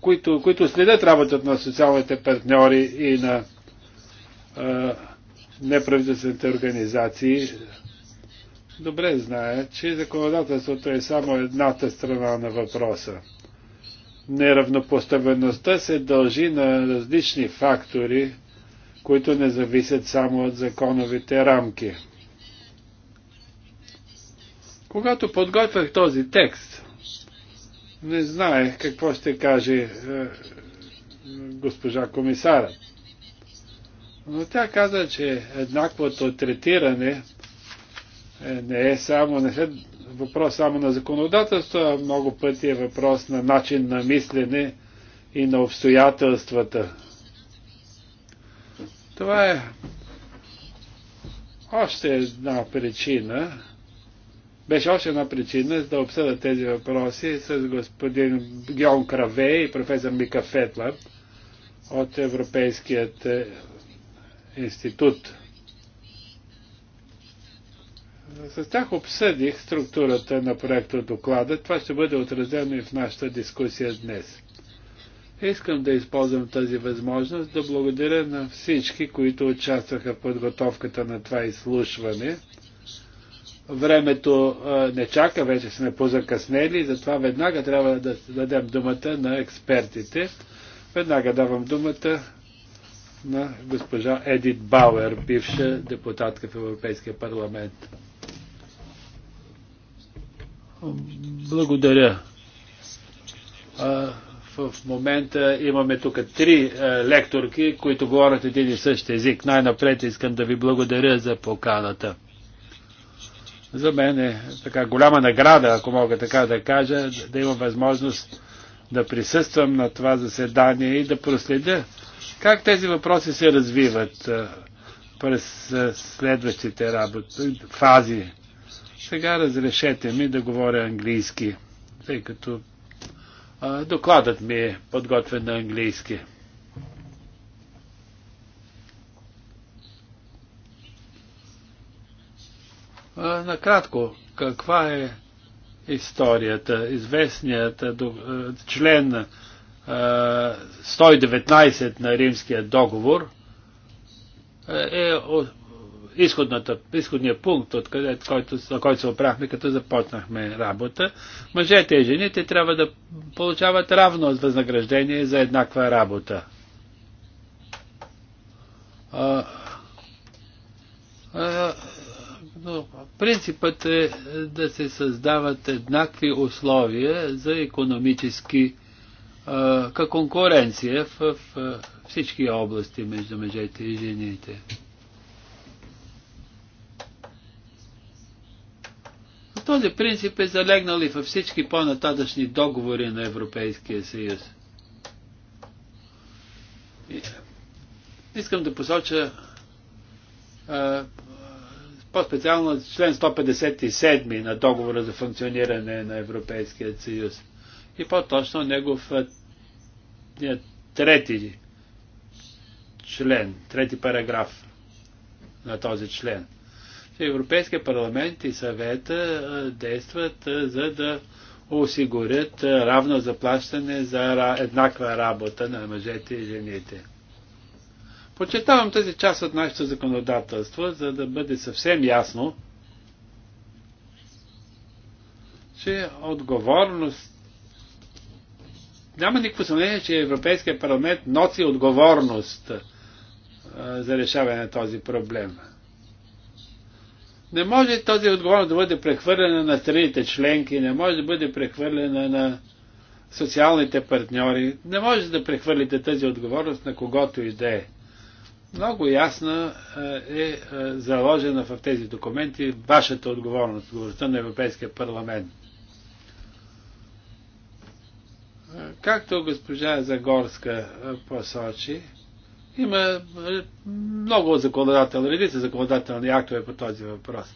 които, които следят работата на социалните партньори и на е, неправителствените организации, добре знаят, че законодателството е само едната страна на въпроса. Неравнопоставеността се дължи на различни фактори, които не зависят само от законовите рамки. Когато подготвях този текст, не знаех какво ще каже е, госпожа комисара. Но тя каза, че еднаквото третиране е, не е само не е въпрос само на законодателство, а много пъти е въпрос на начин на мислене и на обстоятелствата. Това е още една причина, беше още една причина да обсъда тези въпроси с господин Геон Краве и професор Мика Фетла от Европейският е, институт. С тях обсъдих структурата на проекта доклада. Това ще бъде отразено и в нашата дискусия днес. Искам да използвам тази възможност да благодаря на всички, които участваха в подготовката на това изслушване. Времето а, не чака, вече сме позакъснели, затова веднага трябва да дадем думата на експертите. Веднага давам думата на госпожа Едит Бауер, бивша депутатка в Европейския парламент. Благодаря. А, в момента имаме тук три е, лекторки, които говорят един и същ език. Най-напред искам да ви благодаря за поканата. За мен е така голяма награда, ако мога така да кажа, да имам възможност да присъствам на това заседание и да проследя как тези въпроси се развиват е, през е, следващите работи, фази. Сега разрешете ми да говоря английски, тъй като Докладът ми е подготвен на английски. Накратко, каква е историята? Известният член 119 на Римския договор е изходната, изходния пункт, от къде, който, на който се опрахме, като започнахме работа. Мъжете и жените трябва да получават равно възнаграждение за еднаква работа. А, а, но принципът е да се създават еднакви условия за економически а, конкуренция в, в всички области между мъжете и жените. Този принцип е залегнал и във всички по-нататъчни договори на Европейския съюз. Искам да посоча по-специално член 157 на договора за функциониране на Европейския съюз и по-точно негов трети член, трети параграф на този член. Европейския парламент и съвета действат за да осигурят равно заплащане за еднаква работа на мъжете и жените. Почетавам тази част от нашето законодателство, за да бъде съвсем ясно, че отговорност няма никакво съмнение, че Европейския парламент носи отговорност за решаване на този проблем. Не може този отговорност да бъде прехвърлена на страните членки, не може да бъде прехвърлена на социалните партньори. Не може да прехвърлите тази отговорност на когото и да е. Много ясна е, е заложена в тези документи вашата отговорност, отговорността на Европейския парламент. Както госпожа Загорска посочи, има е, много законодателни, редица законодателни актове по този въпрос.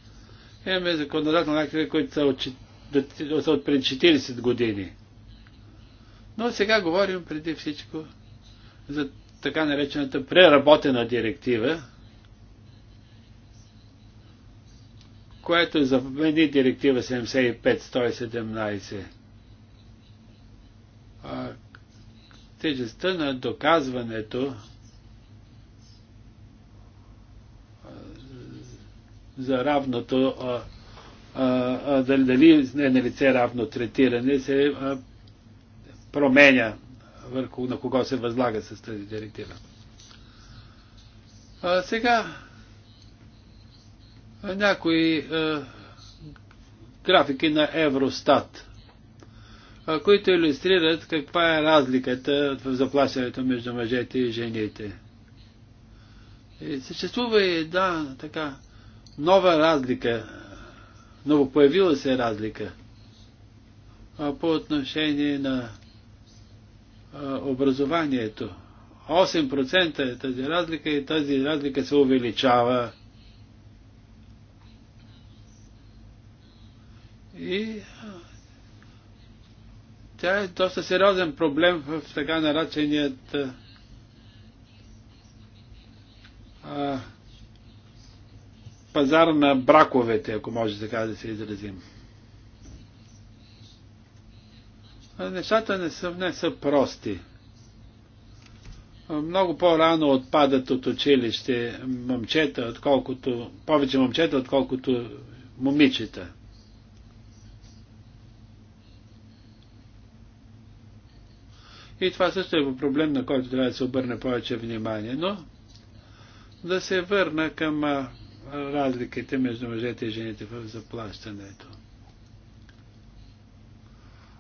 Имаме законодателни актове, които са от, са от пред 40 години. Но сега говорим преди всичко за така наречената преработена директива, което е замени директива 75-117. Тежестта на доказването за равното, дали, дали не е на лице равно третиране, се променя върху на кого се възлага с тази директива. А, сега някои а, графики на Евростат, а, които иллюстрират каква е разликата в заплащането между мъжете и жените. И съществува и да, така, нова разлика, появила се разлика по отношение на образованието. 8% е тази разлика и тази разлика се увеличава. И тя е доста сериозен проблем в така нареченият а, пазар на браковете, ако може така да се изразим. Нещата не са, не са прости. Много по-рано отпадат от училище момчета, отколкото, повече момчета, отколкото момичета. И това също е проблем, на който трябва да се обърне повече внимание. Но да се върна към разликите между мъжете и жените в заплащането.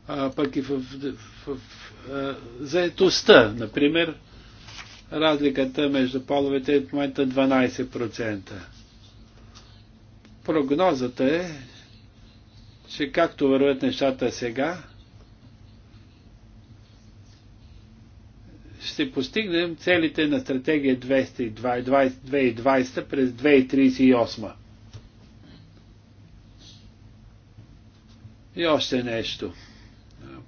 А, пък и в, в, в, в заетостта, например, разликата между половете е в момента 12%. Прогнозата е, че както върват нещата сега, ще постигнем целите на стратегия 220, 2020 през 2038. И още нещо,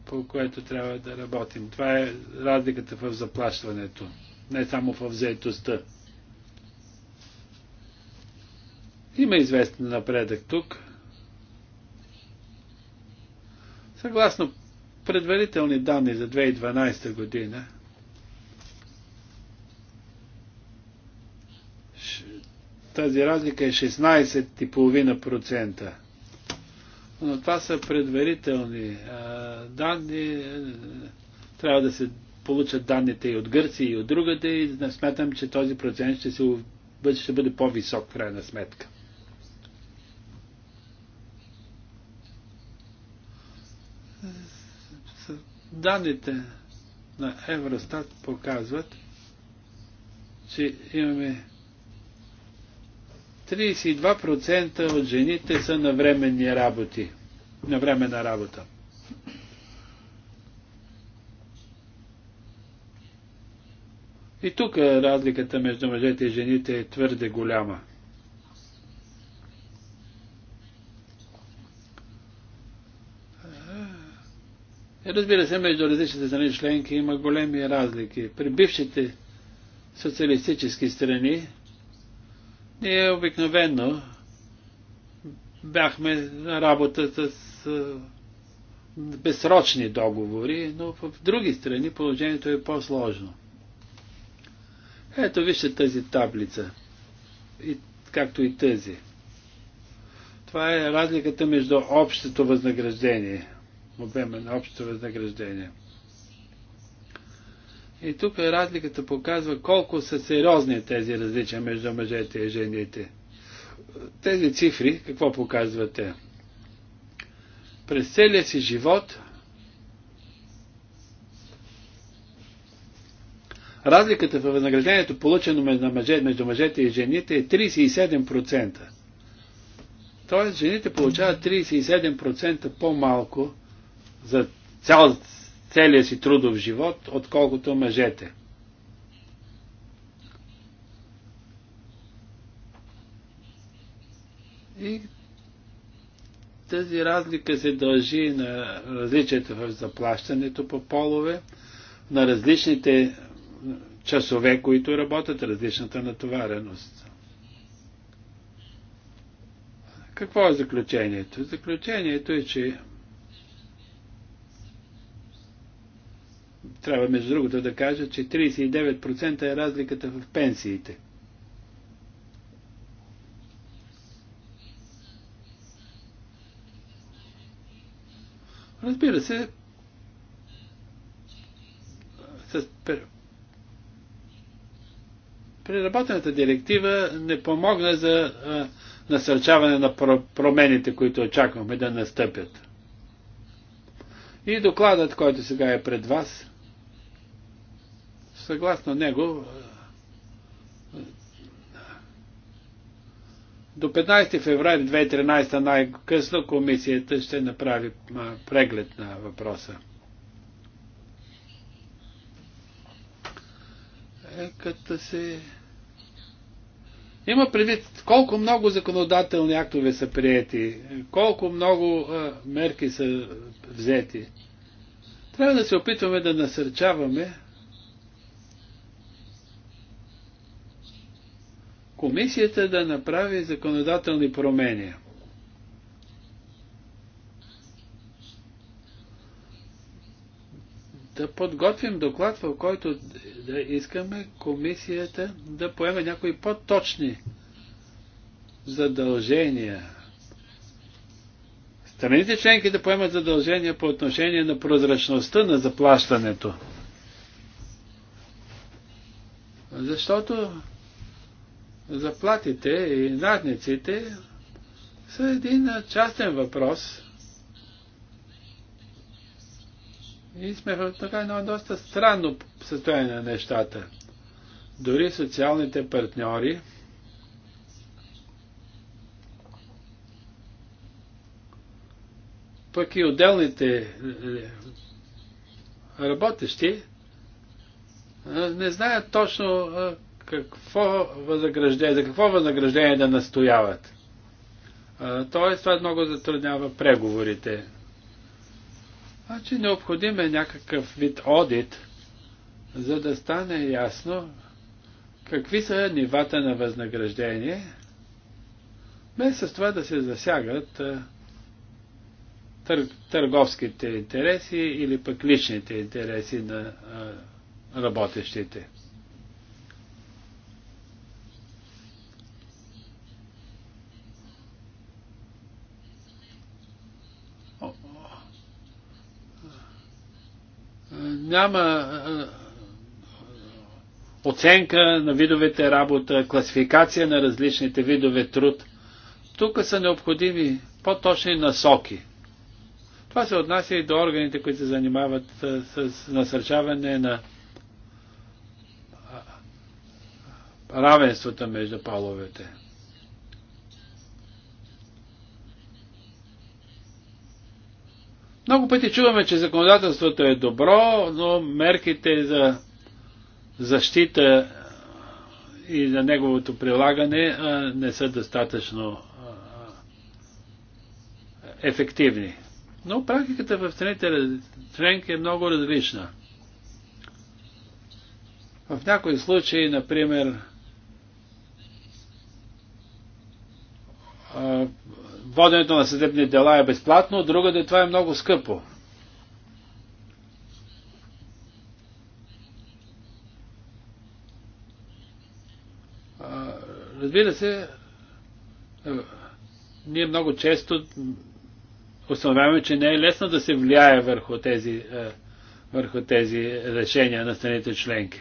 по което трябва да работим. Това е разликата в заплащането, не само в заетостта. Има известен напредък тук. Съгласно предварителни данни за 2012 година, Тази разлика е 16,5%. Но това са предварителни данни. Трябва да се получат данните и от Гърция, и от другата и не смятам, че този процент ще, се, ще бъде по-висок в крайна сметка. Данните на Евростат показват, че имаме 32% от жените са на временни работи, на временна работа. И тук разликата между мъжете и жените е твърде голяма. Разбира се, между различните страни членки има големи разлики. При бившите социалистически страни ние обикновено бяхме на работата с безсрочни договори, но в други страни положението е по-сложно. Ето вижте тази таблица, и, както и тази. Това е разликата между общото възнаграждение, обема на общото възнаграждение – и тук разликата показва колко са сериозни е тези различия между мъжете и жените. Тези цифри, какво показвате? През целия си живот разликата в възнаграждението, получено между мъжете и жените, е 37%. Тоест, жените получават 37% по-малко за цял, целия си трудов живот, отколкото мъжете. И тази разлика се дължи на различията в заплащането по полове, на различните часове, които работят, различната натовареност. Какво е заключението? Заключението е, че Трябва, между другото, да кажа, че 39% е разликата в пенсиите. Разбира се, с преработената директива не помогна за насърчаване на промените, които очакваме да настъпят. И докладът, който сега е пред вас, Съгласно него, до 15 феврари 2013 най-късно комисията ще направи преглед на въпроса. Е, като се... Има предвид колко много законодателни актове са приети, колко много а, мерки са взети. Трябва да се опитваме да насърчаваме комисията да направи законодателни промени. Да подготвим доклад, в който да искаме комисията да поеме някои по-точни задължения. Страните членки да поемат задължения по отношение на прозрачността на заплащането. Защото заплатите и задниците са един частен въпрос. И сме в така едно доста странно състояние на нещата. Дори социалните партньори пък и отделните е, работещи е, не знаят точно е, какво възнаграждение, за какво възнаграждение да настояват. Тоест, това много затруднява преговорите. Значи необходим е някакъв вид одит, за да стане ясно какви са нивата на възнаграждение, без с това да се засягат тър, търговските интереси или пък личните интереси на работещите. няма оценка на видовете работа, класификация на различните видове труд. Тук са необходими по-точни насоки. Това се отнася и до органите, които се занимават с насърчаване на равенството между половете. Много пъти чуваме, че законодателството е добро, но мерките за защита и за неговото прилагане не са достатъчно ефективни. Но практиката в страните членки е много различна. В някои случаи, например, воденето на съдебни дела е безплатно, другаде това е много скъпо. Разбира се, е, ние много често установяваме, че не е лесно да се влияе върху тези, е, върху тези решения на страните членки.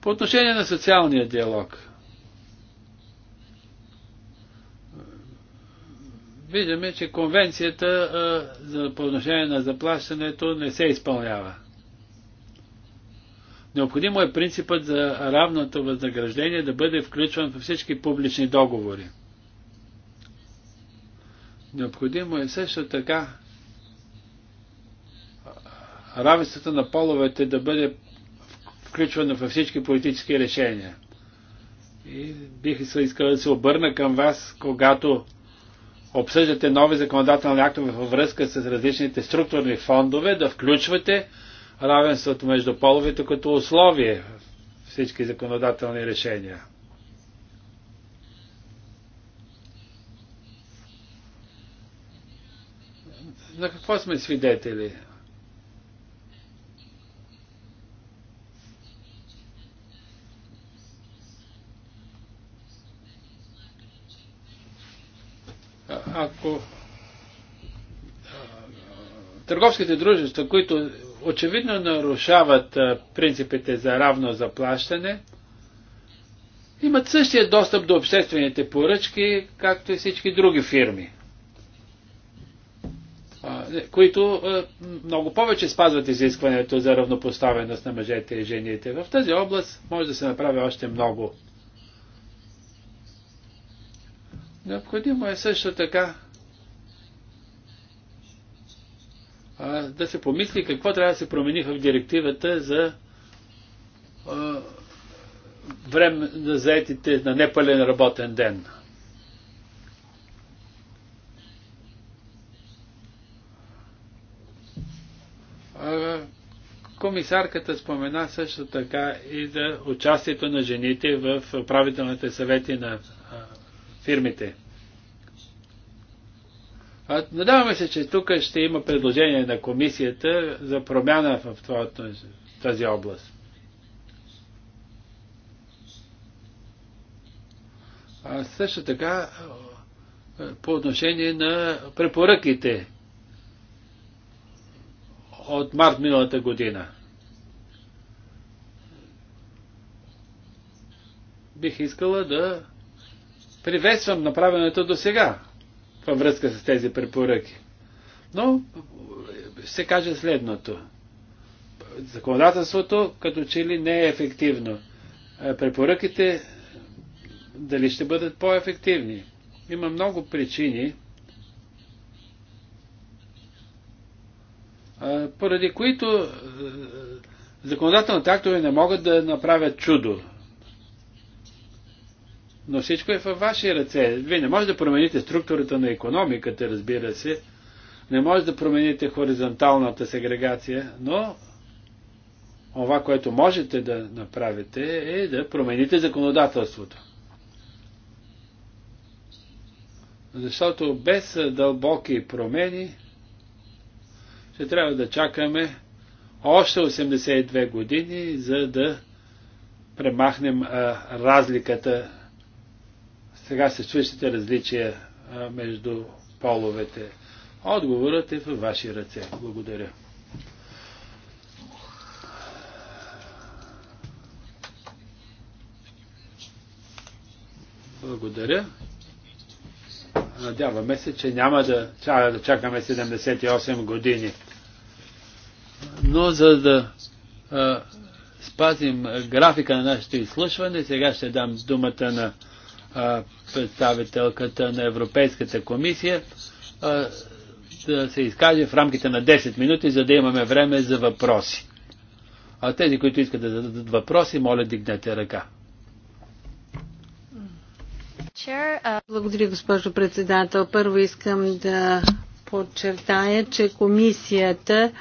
По отношение на социалния диалог – виждаме, че конвенцията за отношение на заплащането не се изпълнява. Необходимо е принципът за равното възнаграждение да бъде включван във всички публични договори. Необходимо е също така равенството на половете да бъде включвано във всички политически решения. И бих искал да се обърна към вас, когато обсъждате нови законодателни актове във връзка с различните структурни фондове, да включвате равенството между половите като условие всички законодателни решения. На какво сме свидетели? Ако търговските дружества, които очевидно нарушават принципите за равно заплащане, имат същия достъп до обществените поръчки, както и всички други фирми, които много повече спазват изискването за равнопоставеност на мъжете и жените. В тази област може да се направи още много. Необходимо е също така а, да се помисли какво трябва да се промени в директивата за а, време на заетите на непълен работен ден. А, комисарката спомена също така и за участието на жените в правителните съвети на фирмите. Надаваме се, че тук ще има предложение на комисията за промяна в това, тази област. А също така по отношение на препоръките от март миналата година. Бих искала да Приветствам направеното до сега във връзка с тези препоръки. Но се каже следното. Законодателството като че ли не е ефективно. Е, препоръките дали ще бъдат по-ефективни? Има много причини, е, поради които е, законодателните актове не могат да направят чудо. Но всичко е във ваши ръце. Вие не можете да промените структурата на економиката, разбира се. Не можете да промените хоризонталната сегрегация, но това, което можете да направите, е да промените законодателството. Защото без дълбоки промени ще трябва да чакаме още 82 години, за да премахнем а, разликата сега се чувствате различия между половете. Отговорът е във ваши ръце. Благодаря. Благодаря. Надяваме се, че няма да, чака, да чакаме 78 години. Но за да а, спазим графика на нашето изслушване, сега ще дам думата на представителката на Европейската комисия да се изкаже в рамките на 10 минути, за да имаме време за въпроси. А тези, които искат да зададат въпроси, моля дигнете ръка. Благодаря, госпожо председател. Първо искам да подчертая, че комисията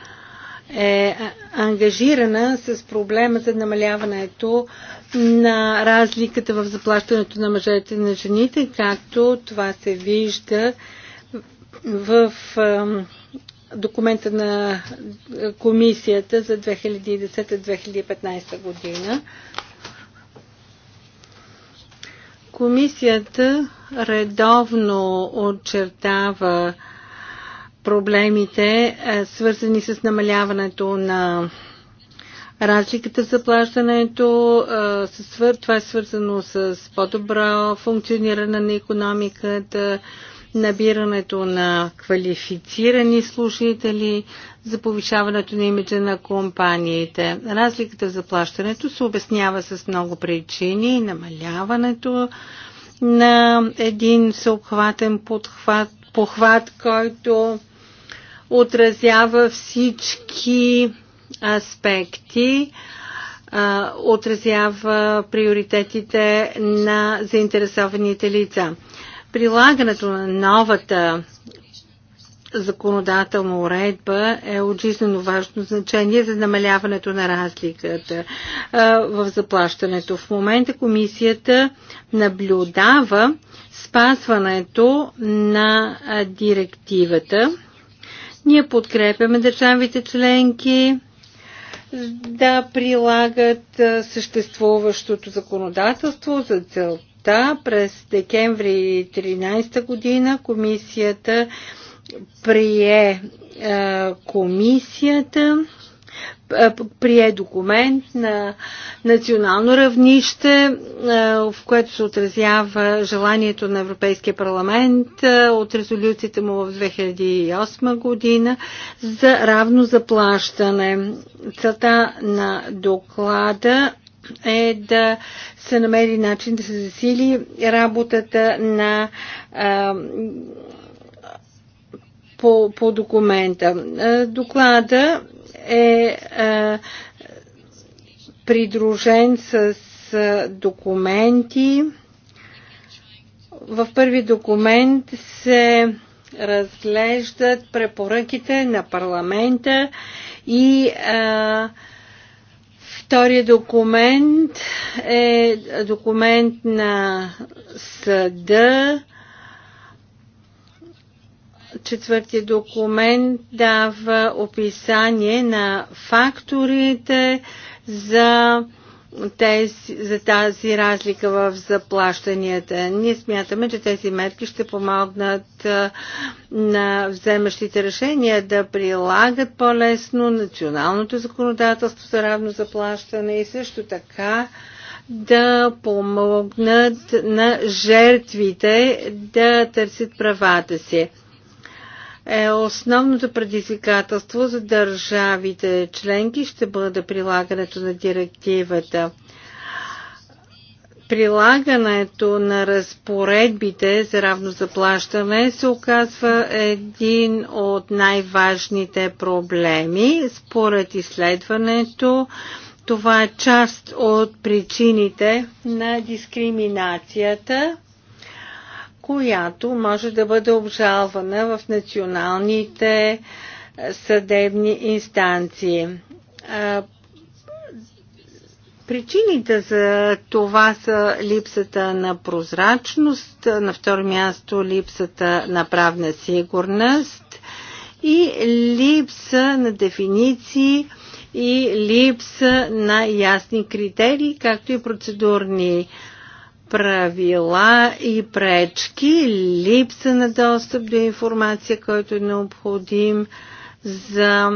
е, е ангажирана с проблема за намаляването на разликата в заплащането на мъжете и на жените, както това се вижда в е, документа на комисията за 2010-2015 година. Комисията редовно очертава проблемите, е, свързани с намаляването на разликата в заплащането. Е, това е свързано с по-добро функциониране на економиката, набирането на квалифицирани служители, за повишаването на имиджа на компаниите. Разликата в заплащането се обяснява с много причини. Намаляването на един съобхватен подхват, похват, който отразява всички аспекти, отразява приоритетите на заинтересованите лица. Прилагането на новата законодателна уредба е от жизненно важно значение за намаляването на разликата в заплащането. В момента комисията наблюдава спазването на директивата ние подкрепяме държавите членки да прилагат съществуващото законодателство за целта. През декември 2013 година комисията прие комисията е, прие документ на национално равнище, е, в което се отразява желанието на Европейския парламент е, от резолюцията му в 2008 година за равно заплащане. Целта на доклада е да се намери начин да се засили работата на по, по документа. Доклада е, е придружен с е, документи. В първи документ се разглеждат препоръките на парламента и а, е, втория документ е документ на съда Четвъртия документ дава описание на факторите за тези, за тази разлика в заплащанията. Ние смятаме, че тези мерки ще помогнат на вземащите решения да прилагат по-лесно националното законодателство за равно заплащане и също така да помогнат на жертвите да търсят правата си е основното предизвикателство за държавите членки ще бъде прилагането на директивата. Прилагането на разпоредбите за равно заплащане се оказва един от най-важните проблеми. Според изследването, това е част от причините на дискриминацията която може да бъде обжалвана в националните е, съдебни инстанции. Причините за това са липсата на прозрачност, на второ място липсата на правна сигурност и липса на дефиниции и липса на ясни критерии, както и процедурни правила и пречки, липса на достъп до информация, който е необходим за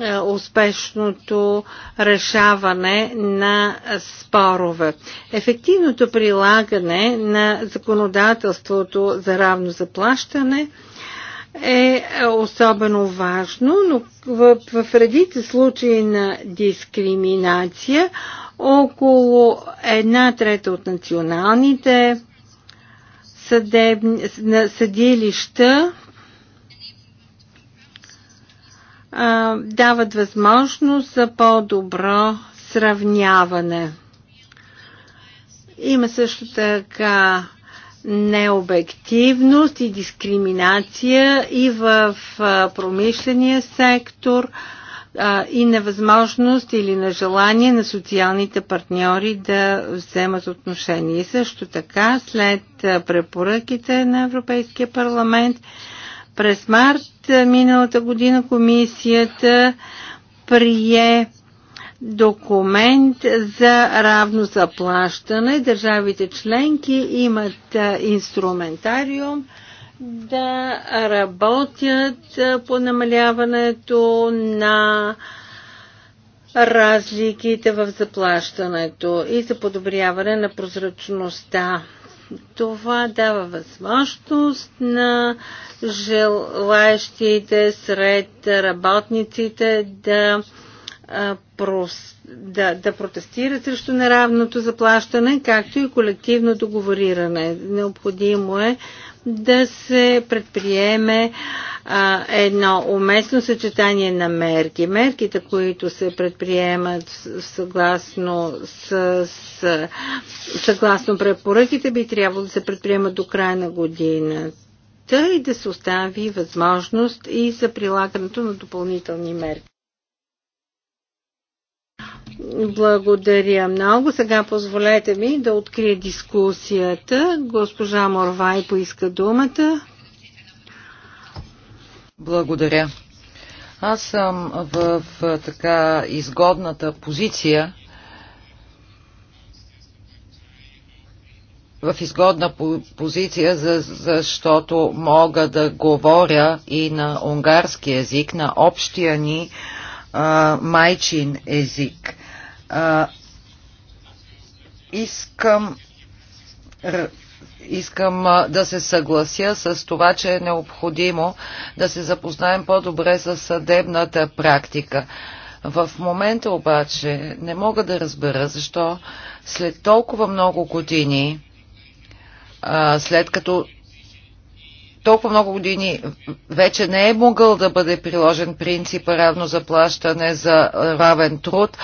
е, успешното решаване на спорове. Ефективното прилагане на законодателството за равно заплащане е, е особено важно, но в, в редите случаи на дискриминация около една трета от националните съдебни, съдилища а, дават възможност за по-добро сравняване. Има също така необективност и дискриминация и в промишления сектор – а, и невъзможност или нежелание на социалните партньори да вземат отношение. И също така, след препоръките на Европейския парламент, през март миналата година комисията прие документ за равно заплащане. Държавите членки имат инструментариум да работят по намаляването на разликите в заплащането и за подобряване на прозрачността. Това дава възможност на желаящите сред работниците да, да, да протестират срещу неравното заплащане, както и колективно договориране. Необходимо е да се предприеме а, едно уместно съчетание на мерки. Мерките, които се предприемат съгласно, с, с, съгласно препоръките, би трябвало да се предприемат до края на годината и да се остави възможност и за прилагането на допълнителни мерки. Благодаря много. Сега позволете ми да открия дискусията. Госпожа Морвай поиска думата. Благодаря. Аз съм в така изгодната позиция, в изгодна позиция, за, защото мога да говоря и на унгарски язик, на общия ни а, майчин език. А, искам искам да се съглася с това, че е необходимо да се запознаем по-добре с съдебната практика. В момента обаче не мога да разбера защо след толкова много години, след като толкова много години вече не е могъл да бъде приложен принцип равно заплащане за равен труд.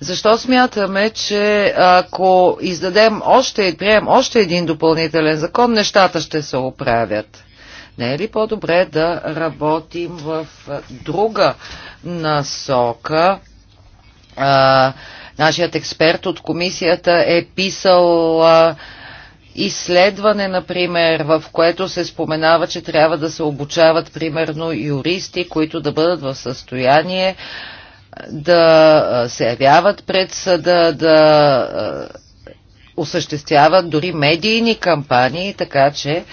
Защо смятаме, че ако издадем още и прием още един допълнителен закон, нещата ще се оправят? Не е ли по-добре да работим в друга насока? А, нашият експерт от комисията е писал а, изследване, например, в което се споменава, че трябва да се обучават, примерно, юристи, които да бъдат в състояние да се явяват пред съда, да осъществяват дори медийни кампании, така че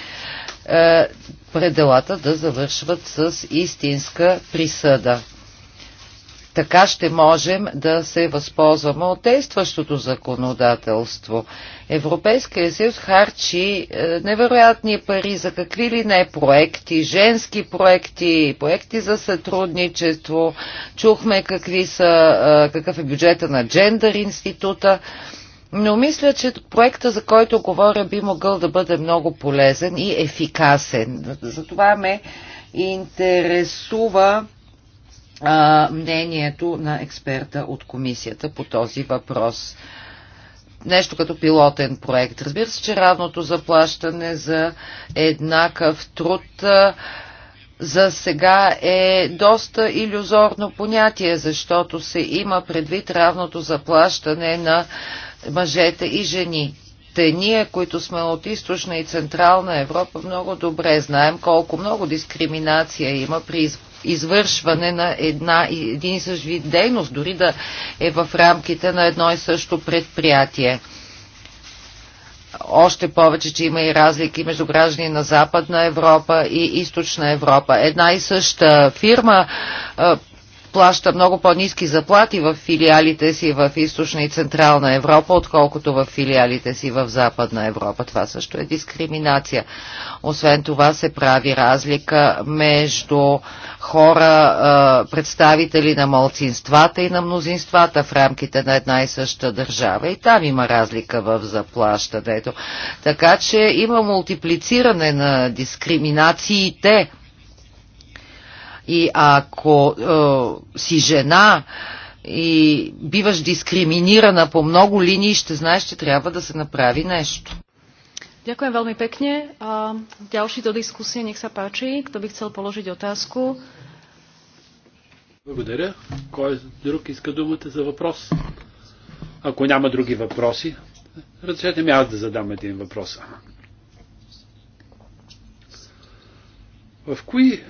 пределата да завършват с истинска присъда. Така ще можем да се възползваме от действащото законодателство. Европейския съюз харчи е, невероятни пари за какви ли не проекти, женски проекти, проекти за сътрудничество. Чухме какви са, е, какъв е бюджета на Джендър института. Но мисля, че проекта, за който говоря, би могъл да бъде много полезен и ефикасен. Затова ме интересува а, мнението на експерта от комисията по този въпрос. Нещо като пилотен проект. Разбира се, че равното заплащане за еднакъв труд за сега е доста иллюзорно понятие, защото се има предвид равното заплащане на мъжете и жени. Те ние, които сме от източна и централна Европа, много добре знаем колко много дискриминация има при извършване на една, един и същ вид дейност, дори да е в рамките на едно и също предприятие. Още повече, че има и разлики между граждани на Западна Европа и Източна Европа. Една и съща фирма плаща много по-низки заплати в филиалите си в източна и централна Европа, отколкото в филиалите си в западна Европа. Това също е дискриминация. Освен това се прави разлика между хора, представители на малцинствата и на мнозинствата в рамките на една и съща държава. И там има разлика в заплащането. Така че има мултиплициране на дискриминациите и ако е, си жена и биваш дискриминирана по много линии, ще знаеш, че трябва да се направи нещо. Ďakujem veľmi pekne. A ďalší do diskusie, nech sa páči, kto by chcel položiť otázku. Благодаря. Кой друг иска думата за въпрос? Ако няма други въпроси, разрешете ми аз да задам един въпрос. В кои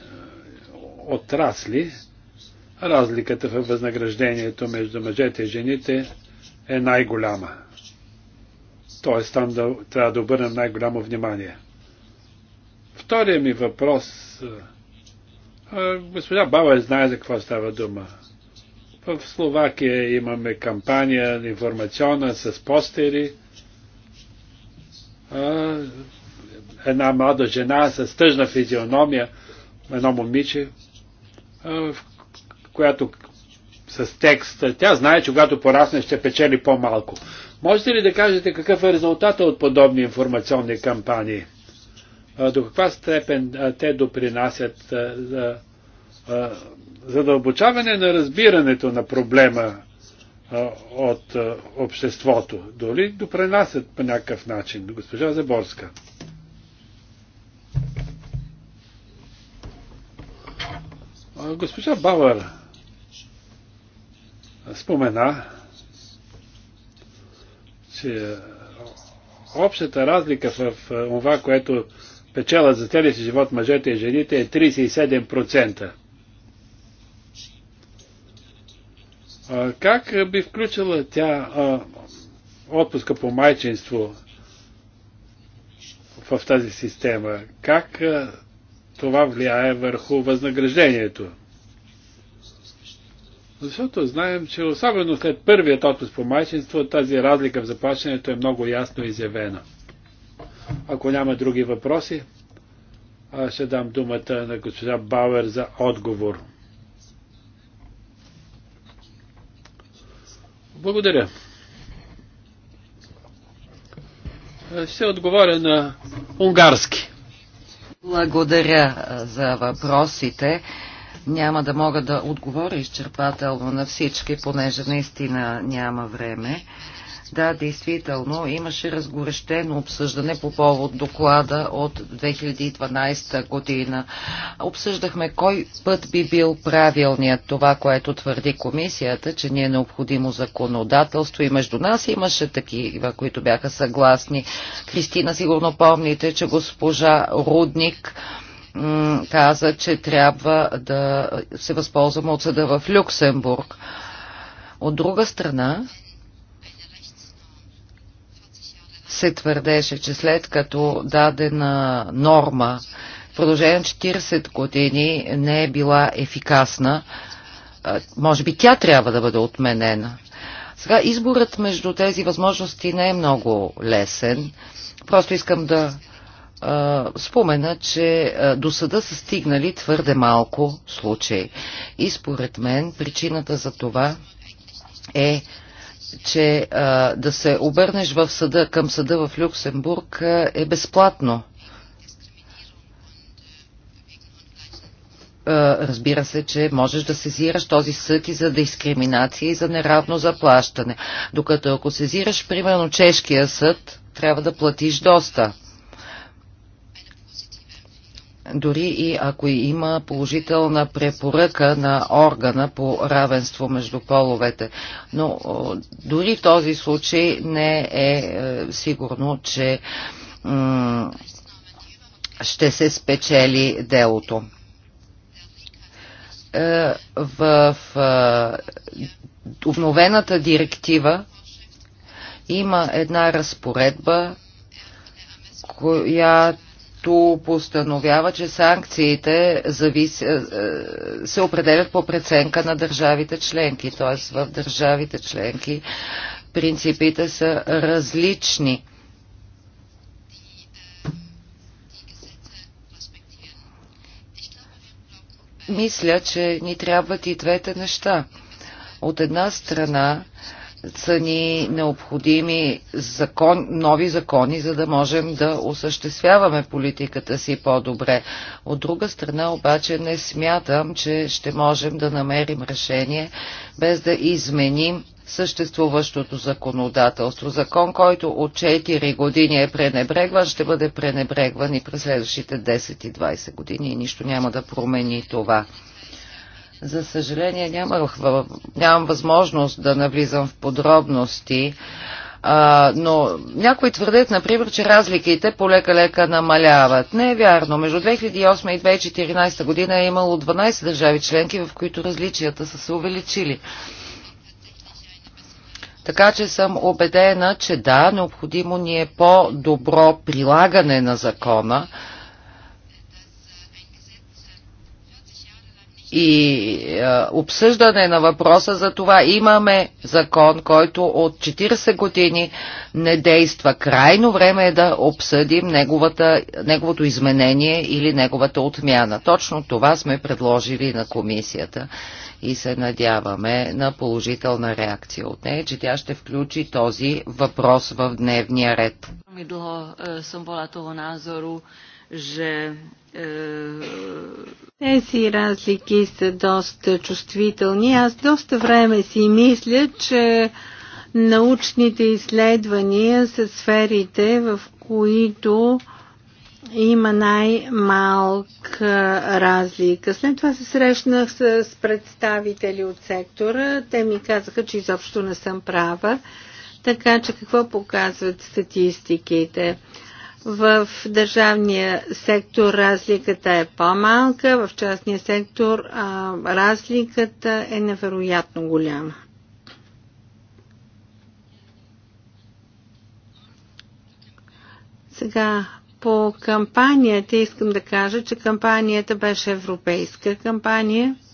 отрасли, разликата в възнаграждението между мъжете и жените е най-голяма. Тоест там да, трябва да обърнем най-голямо внимание. Втория ми въпрос. Господа Бауер знае за какво става дума. В Словакия имаме кампания информационна с постери. Една млада жена с тъжна физиономия, едно момиче, която с текста, тя знае, че когато порасне ще печели по-малко. Можете ли да кажете какъв е резултата от подобни информационни кампании? До каква степен те допринасят за задълбочаване на разбирането на проблема от обществото? Доли допринасят по някакъв начин? Госпожа Заборска. Госпожа Бауер спомена, че общата разлика в това, което печелят за целия си живот мъжете и жените е 37%. Как би включила тя отпуска по майчинство в тази система? Как това влияе върху възнаграждението. Защото знаем, че особено след първият отпуск по майчинство, тази разлика в заплащането е много ясно изявена. Ако няма други въпроси, аз ще дам думата на госпожа Бауер за отговор. Благодаря. Ще отговоря на унгарски. Благодаря за въпросите. Няма да мога да отговоря изчерпателно на всички, понеже наистина няма време. Да, действително, имаше разгорещено обсъждане по повод доклада от 2012 година. Обсъждахме кой път би бил правилният това, което твърди комисията, че ни е необходимо законодателство и между нас имаше такива, които бяха съгласни. Кристина, сигурно помните, че госпожа Рудник каза, че трябва да се възползваме от съда в Люксембург. От друга страна, се твърдеше, че след като дадена норма в продължение на 40 години не е била ефикасна, може би тя трябва да бъде отменена. Сега изборът между тези възможности не е много лесен. Просто искам да спомена, че до съда са стигнали твърде малко случаи. И според мен причината за това е че а, да се обърнеш в съда, към съда в Люксембург а, е безплатно. разбира се, че можеш да сезираш този съд и за дискриминация и за неравно заплащане. Докато ако сезираш, примерно, чешкия съд, трябва да платиш доста дори и ако има положителна препоръка на органа по равенство между половете. Но дори в този случай не е, е сигурно, че ще се спечели делото. Е, в е, обновената директива има една разпоредба, която като постановява, че санкциите завис... Е, се определят по преценка на държавите членки, т.е. в държавите членки принципите са различни. Мисля, че ни трябват и двете неща. От една страна, са ни необходими закон, нови закони, за да можем да осъществяваме политиката си по-добре. От друга страна обаче не смятам, че ще можем да намерим решение без да изменим съществуващото законодателство. Закон, който от 4 години е пренебрегван, ще бъде пренебрегван и през следващите 10 и 20 години и нищо няма да промени това. За съжаление нямах, нямам възможност да навлизам в подробности, а, но някои твърдят, например, че разликите полека-лека намаляват. Не е вярно. Между 2008 и 2014 година е имало 12 държави членки, в които различията са се увеличили. Така че съм убедена, че да, необходимо ни е по-добро прилагане на закона, и е, обсъждане на въпроса за това имаме закон, който от 40 години не действа. Крайно време е да обсъдим неговата, неговото изменение или неговата отмяна. Точно това сме предложили на комисията и се надяваме на положителна реакция от нея, че тя ще включи този въпрос в дневния ред. съм това назору že е, тези разлики са доста чувствителни. Аз доста време си мисля, че научните изследвания са сферите, в които има най-малка разлика. След това се срещнах с представители от сектора. Те ми казаха, че изобщо не съм права. Така че какво показват статистиките? В държавния сектор разликата е по-малка, в частния сектор а, разликата е невероятно голяма. Сега по кампанията искам да кажа, че кампанията беше европейска кампания –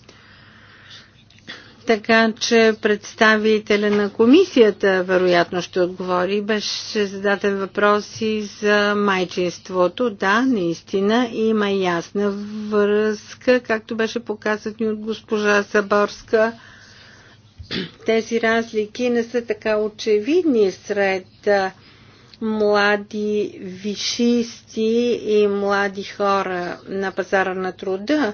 така че представителя на комисията вероятно ще отговори. Беше зададен въпрос и за майчинството. Да, наистина има ясна връзка, както беше показано и от госпожа Саборска. Тези разлики не са така очевидни сред млади вишисти и млади хора на пазара на труда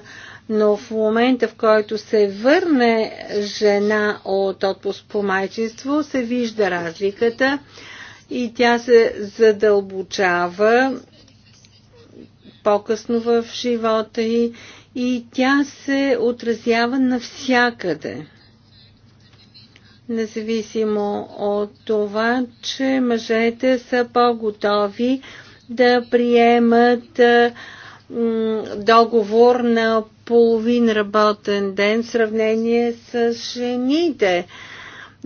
но в момента, в който се върне жена от отпуск по майчинство, се вижда разликата и тя се задълбочава по-късно в живота й и тя се отразява навсякъде. Независимо от това, че мъжете са по-готови да приемат договор на половин работен ден в сравнение с жените.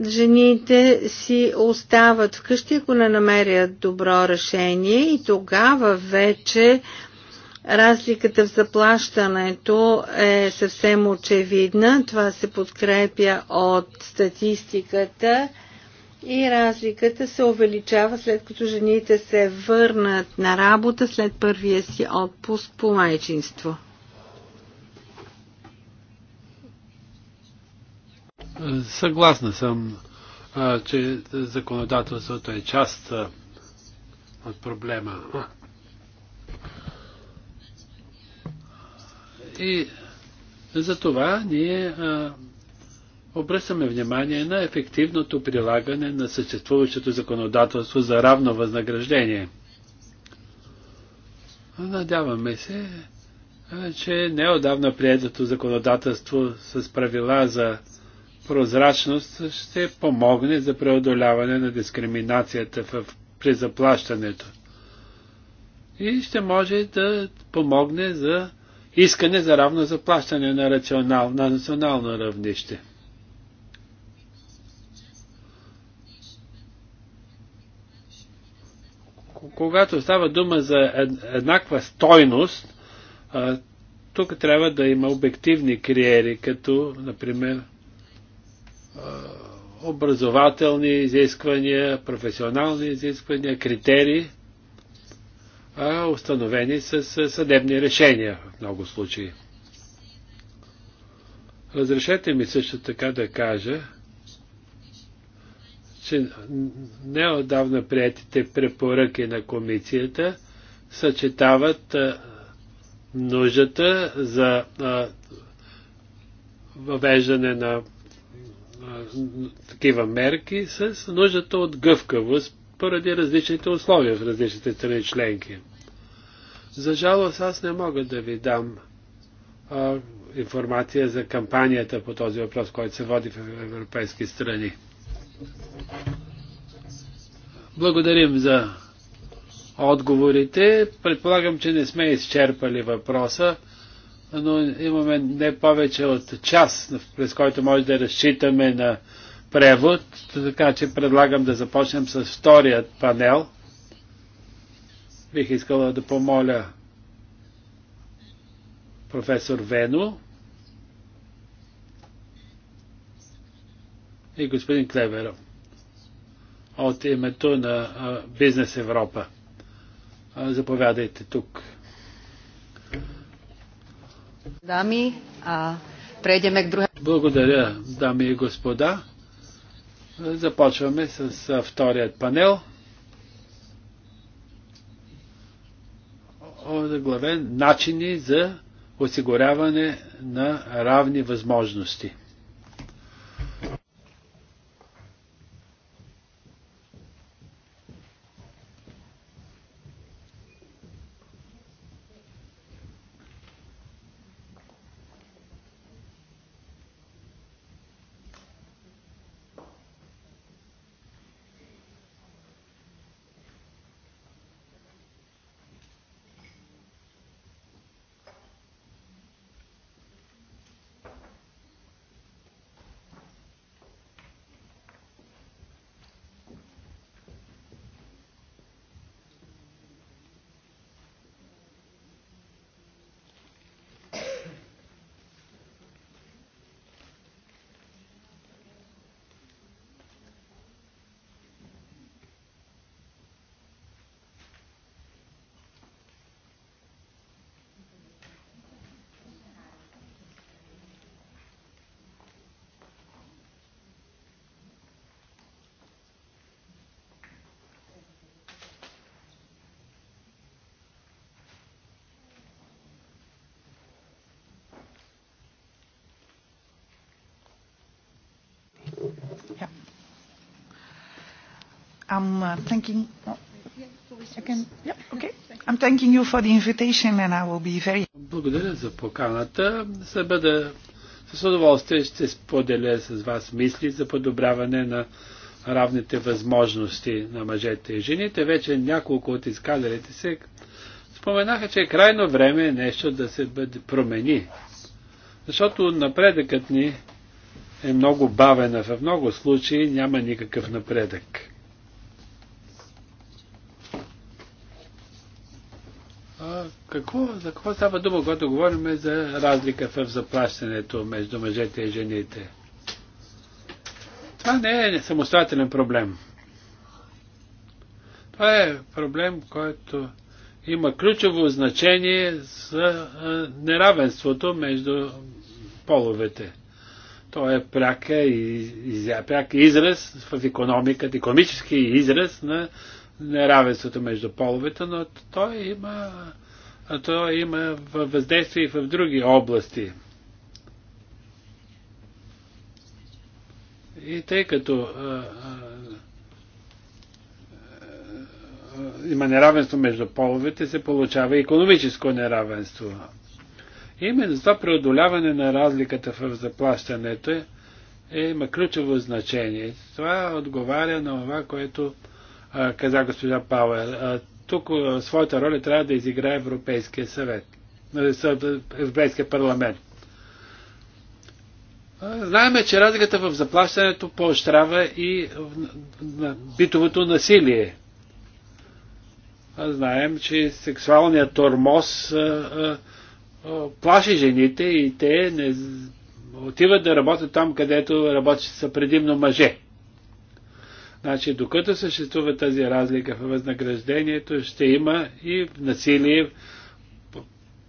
Жените си остават вкъщи, ако не намерят добро решение и тогава вече разликата в заплащането е съвсем очевидна. Това се подкрепя от статистиката и разликата се увеличава след като жените се върнат на работа след първия си отпуск по майчинство. Съгласна съм, че законодателството е част от проблема. И за това ние обръщаме внимание на ефективното прилагане на съществуващото законодателство за равно възнаграждение. Надяваме се, че неодавна приедето законодателство с правила за прозрачност ще помогне за преодоляване на дискриминацията в, при заплащането. И ще може да помогне за искане за равно заплащане на, рационал, на национално равнище. Когато става дума за еднаква стойност, тук трябва да има обективни криери, като, например, образователни изисквания, професионални изисквания, критерии, установени с съдебни решения в много случаи. Разрешете ми също така да кажа, че неодавна приятите препоръки на комисията съчетават нуждата за въвеждане на такива мерки с нуждата от гъвкавост поради различните условия в различните страни членки. За жалост аз не мога да ви дам а, информация за кампанията по този въпрос, който се води в европейски страни. Благодарим за отговорите. Предполагам, че не сме изчерпали въпроса но имаме не повече от час, през който може да разчитаме на превод, така че предлагам да започнем с вторият панел. Бих искала да помоля професор Вено и господин Клеверо от името на Бизнес Европа. Заповядайте тук. Дами, а прейдеме к друга. Благодаря, дами и господа. Започваме с вторият панел. Оглавен начини за осигуряване на равни възможности. I'm uh, thanking. Oh, can, yeah, okay. I'm thanking you for the invitation and I will be very. Благодаря за поканата. Ще бъда с удоволствие ще споделя с вас мисли за подобряване на равните възможности на мъжете и жените. Вече няколко от изказалите се споменаха, че е крайно време нещо да се бъде промени. Защото напредъкът ни е много бавен, а в много случаи няма никакъв напредък. какво, за какво става дума, когато говорим за разлика в заплащането между мъжете и жените? Това не е самостоятелен проблем. Това е проблем, който има ключово значение за неравенството между половете. То е пряка и, пряк израз в економиката, економически израз на неравенството между половете, но той има а то има въздействие и в други области. И тъй като има неравенство между половете, се получава економическо неравенство. Именно за преодоляване на разликата в заплащането е, е, има ключово значение. Това отговаря на това, което а, каза госпожа Пауер. А, тук своята роля трябва да изиграе Европейския съвет, Европейския парламент. Знаеме, че разликата в заплащането поощрява и битовото насилие. Знаем, че сексуалният тормоз плаши жените и те не отиват да работят там, където работят са предимно мъже. Значи, докато съществува тази разлика в възнаграждението, ще има и насилие по,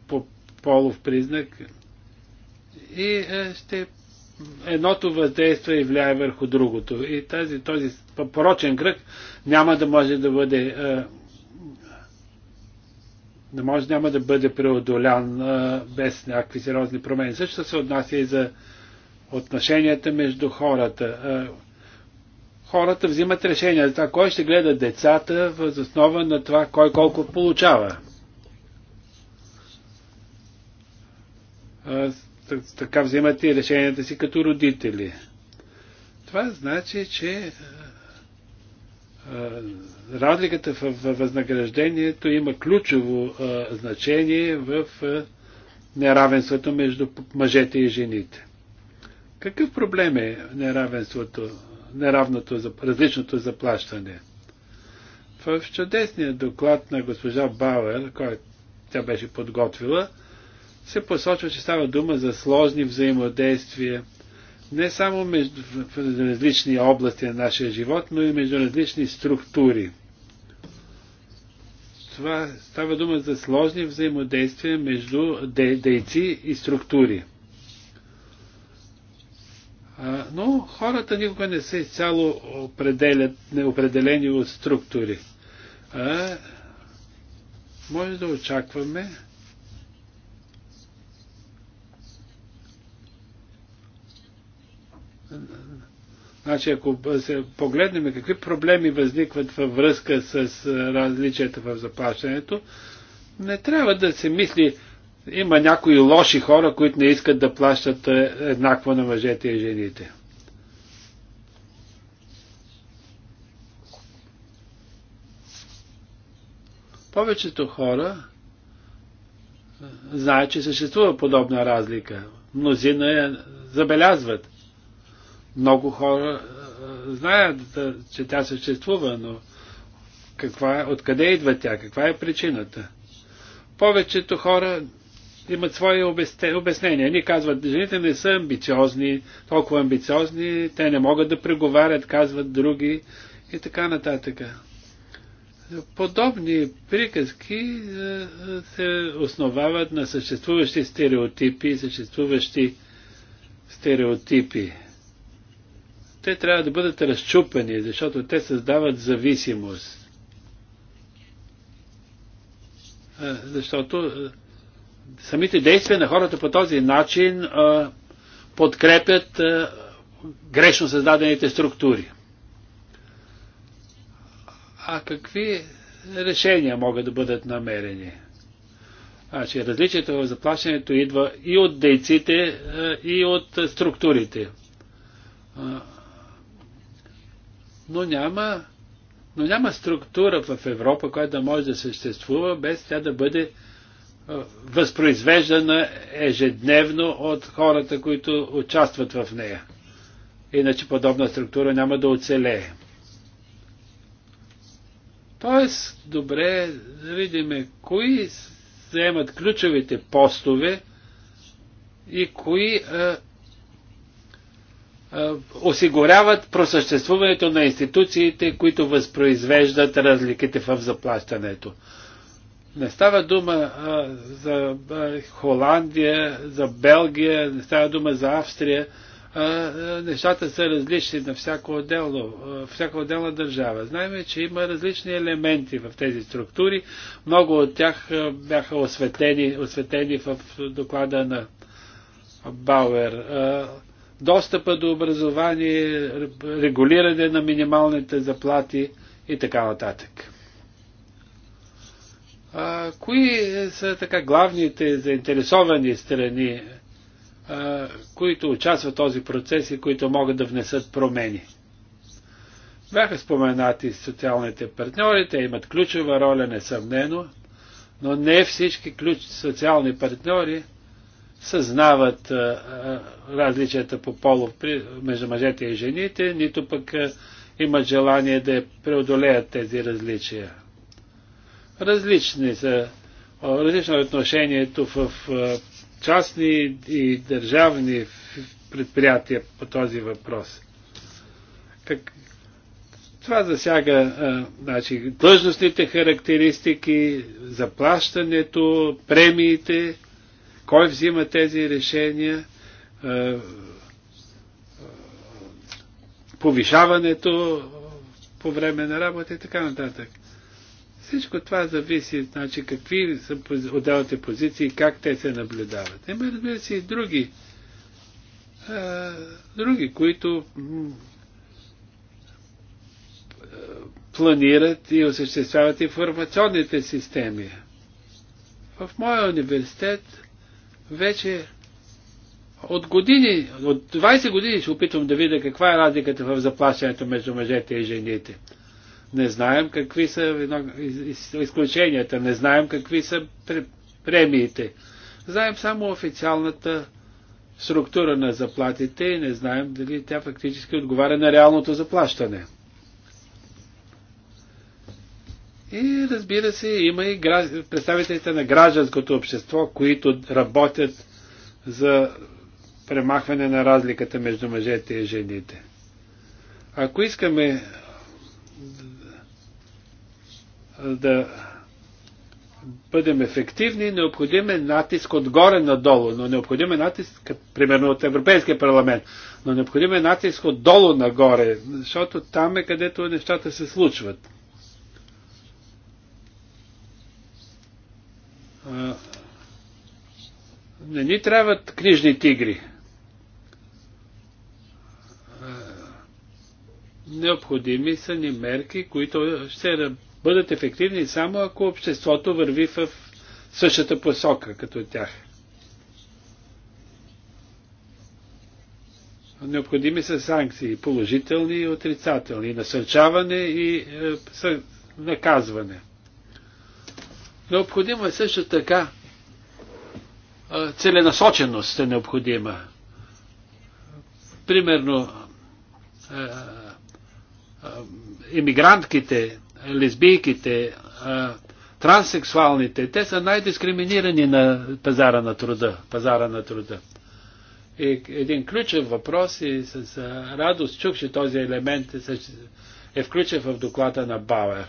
по полов признак и е, ще едното въздейства и влияе върху другото. И тази, този порочен кръг няма да може да бъде е, не може, няма да бъде преодолян а, е, без някакви сериозни промени. Също се отнася и за отношенията между хората. А, е, хората взимат решение за това кой ще гледа децата въз основа на това кой колко получава. Така взимат и решенията си като родители. Това значи, че разликата в възнаграждението има ключово значение в неравенството между мъжете и жените. Какъв проблем е неравенството неравното, различното заплащане. В чудесния доклад на госпожа Бауер, който тя беше подготвила, се посочва, че става дума за сложни взаимодействия, не само между в различни области на нашия живот, но и между различни структури. Това става дума за сложни взаимодействия между де, дейци и структури но хората никога не са изцяло определят, неопределени от структури. А, може да очакваме Значи, ако се погледнем какви проблеми възникват във връзка с различията в заплащането, не трябва да се мисли има някои лоши хора, които не искат да плащат е, еднакво на мъжете и жените. Повечето хора е, знаят, че съществува подобна разлика. Мнозина я забелязват. Много хора е, знаят, че тя съществува, но каква, откъде идва тя, каква е причината? Повечето хора имат свои обяснения. Ни казват, жените не са амбициозни, толкова амбициозни, те не могат да преговарят, казват други и така нататък. Подобни приказки е, е, се основават на съществуващи стереотипи, съществуващи стереотипи. Те трябва да бъдат разчупени, защото те създават зависимост. Е, защото самите действия на хората по този начин а, подкрепят а, грешно създадените структури. А какви решения могат да бъдат намерени? че значи, различието в заплащането идва и от дейците, и от структурите. Но няма, но няма структура в Европа, която да може да съществува без тя да бъде възпроизвеждана ежедневно от хората, които участват в нея. Иначе подобна структура няма да оцелее. Тоест, добре да видим кои заемат ключовите постове и кои а, а, осигуряват просъществуването на институциите, които възпроизвеждат разликите в заплащането. Не става дума а, за а, Холандия, за Белгия, не става дума за Австрия. А, а, нещата са различни на всяко отделно, а, всяка отделна държава. Знаем, че има различни елементи в тези структури. Много от тях а, бяха осветени осветени в доклада на Бауер. А, достъпа до образование, регулиране на минималните заплати и така нататък кои са така главните заинтересовани страни, а, които участват в този процес и които могат да внесат промени? Бяха споменати социалните партньори, те имат ключова роля, несъмнено, но не всички ключ, социални партньори съзнават а, различията по полов при, между мъжете и жените, нито пък а, имат желание да преодолеят тези различия. Различни са, различно е отношението в частни и държавни предприятия по този въпрос. Как... Това засяга а, значи, длъжностните характеристики, заплащането, премиите, кой взима тези решения, а, повишаването по време на работа и така нататък. Всичко това зависи, значи, какви са отделните позиции, как те се наблюдават. Има, разбира се, и други, а, други, които планират и осъществяват информационните системи. В моя университет вече от години, от 20 години ще опитвам да видя каква е разликата в заплащането между мъжете и жените. Не знаем какви са изключенията, не знаем какви са премиите. Знаем само официалната структура на заплатите и не знаем дали тя фактически отговаря на реалното заплащане. И разбира се, има и представителите на гражданското общество, които работят за премахване на разликата между мъжете и жените. Ако искаме да бъдем ефективни, необходим е натиск отгоре надолу, но необходим е натиск, примерно от Европейския парламент, но необходим е натиск отдолу нагоре, защото там е където нещата се случват. Не ни трябват книжни тигри. Необходими са ни мерки, които ще бъдат ефективни само ако обществото върви в същата посока като тях. Необходими са санкции, положителни и отрицателни, насърчаване и е, наказване. Необходимо е също така е, целенасоченост е необходима. Примерно, е, иммигрантките е, е, лесбийките, транссексуалните, те са най-дискриминирани на пазара на труда. Пазара на труда. И един ключов въпрос и с радост чух, че този елемент е, е включен в доклада на Бауер.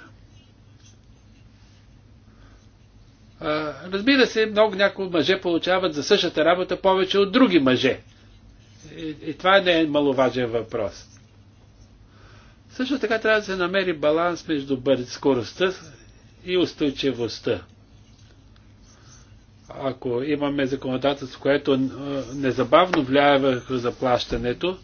Разбира се, много някои мъже получават за същата работа повече от други мъже. И, и това не е маловажен въпрос. Също така трябва да се намери баланс между бърз, скоростта и устойчивостта. Ако имаме законодателство, което е, незабавно влияе върху заплащането,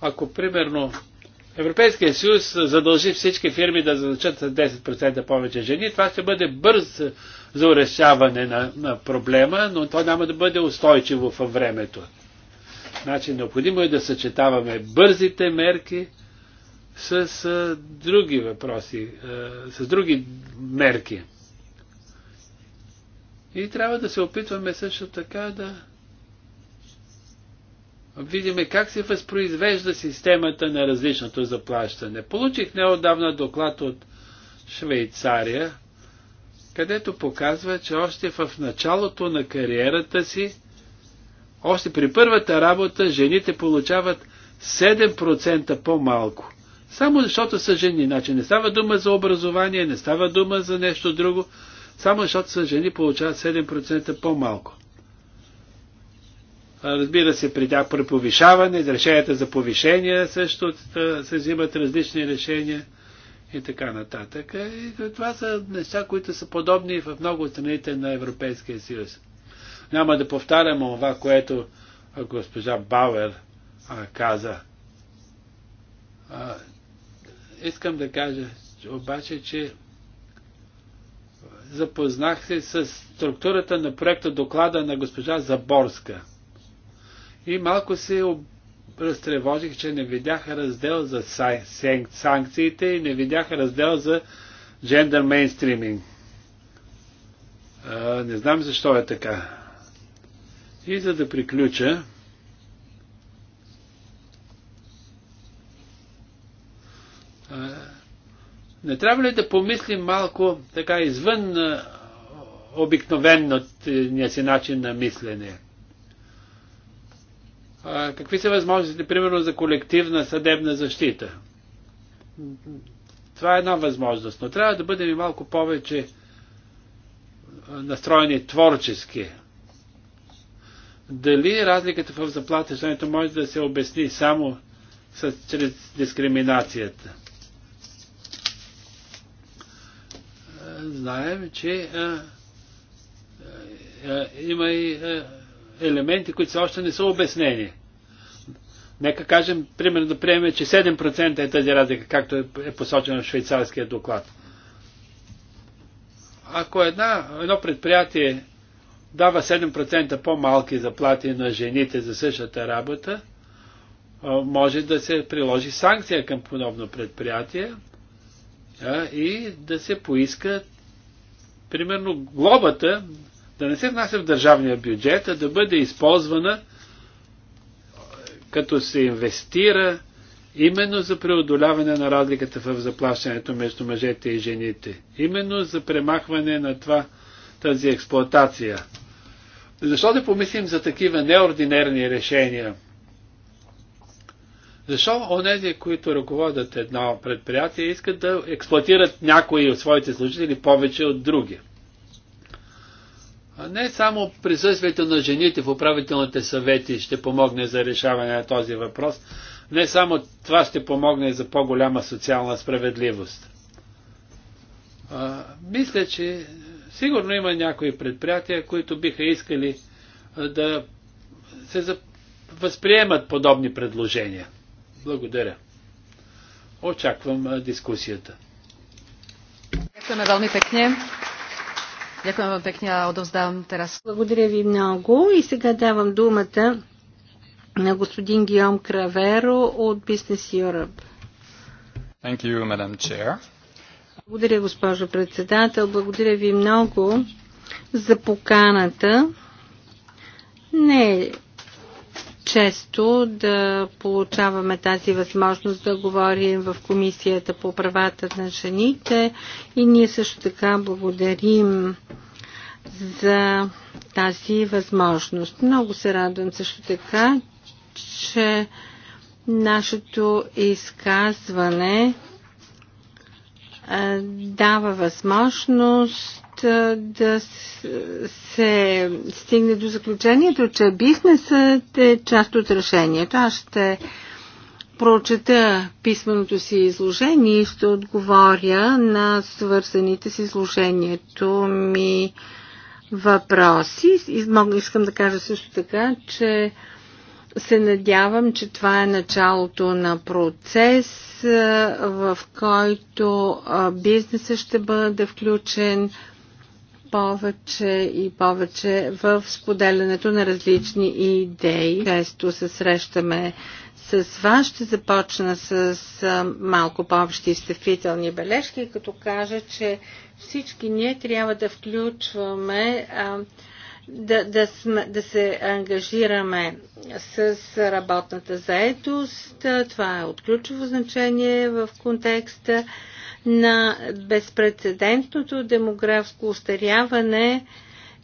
ако примерно Европейския съюз задължи всички фирми да задължат 10% повече жени, това ще бъде бърз за решаване на, на проблема, но то няма да бъде устойчиво във времето. Значи необходимо е да съчетаваме бързите мерки с с други въпроси, с други мерки. И трябва да се опитваме също така да видиме как се възпроизвежда системата на различното заплащане. Получих неодавна доклад от Швейцария, където показва, че още в началото на кариерата си, още при първата работа, жените получават 7% по-малко. Само защото са жени. Значи не става дума за образование, не става дума за нещо друго. Само защото са жени получават 7% по-малко. Разбира се, при тях при повишаване, решенията за повишения също се взимат различни решения – и така нататък. И това са неща, които са подобни в много страните на Европейския съюз. Няма да повтарям това, което госпожа Бауер а, каза. А, искам да кажа обаче, че запознах се с структурата на проекта доклада на госпожа Заборска. И малко се разтревожих, че не видяха раздел за санкциите и не видяха раздел за джендър мейнстриминг. Не знам защо е така. И за да приключа, не трябва ли да помислим малко така извън обикновения си начин на мислене? А, какви са възможностите, примерно, за колективна съдебна защита? Това е една възможност, но трябва да бъдем и малко повече настроени творчески. Дали разликата в заплата защото може да се обясни само с, чрез дискриминацията? Знаем, че а, а, има и а, елементи, които са още не са обяснени. Нека кажем, примерно да приемем, че 7% е тази разлика, както е, е посочено в швейцарския доклад. Ако една, едно предприятие дава 7% по-малки заплати на жените за същата работа, може да се приложи санкция към подобно предприятие и да се поиска, примерно, глобата да не се внася в държавния бюджет, а да бъде използвана като се инвестира именно за преодоляване на разликата в заплащането между мъжете и жените. Именно за премахване на това, тази експлоатация. Защо да помислим за такива неординерни решения? Защо онези, които ръководят едно предприятие, искат да експлуатират някои от своите служители повече от други? Не само присъствието на жените в управителните съвети ще помогне за решаване на този въпрос, не само това ще помогне за по-голяма социална справедливост. А, мисля, че сигурно има някои предприятия, които биха искали да се възприемат подобни предложения. Благодаря. Очаквам дискусията. Ďakujem vám pekne a teraz. Благодаря ви много и сега давам думата на господин Гиом Краверо от Business Europe. Thank you, Madam Chair. Благодаря, госпожо председател. Благодаря ви много за поканата. Не е често да получаваме тази възможност да говорим в Комисията по правата на жените и ние също така благодарим за тази възможност. Много се радвам също така, че нашето изказване дава възможност да се стигне до заключението, че бизнесът е част от решението. Аз ще прочета писменото си изложение и ще отговоря на свързаните с изложението ми въпроси. Искам да кажа също така, че се надявам, че това е началото на процес, в който бизнесът ще бъде включен повече и повече в споделянето на различни идеи. Често се срещаме с вас. Ще започна с малко по-общи изтъпителни бележки, като кажа, че всички ние трябва да включваме а, да, да, сме, да се ангажираме с работната заетост. Това е от ключово значение в контекста на безпредседентното демографско устаряване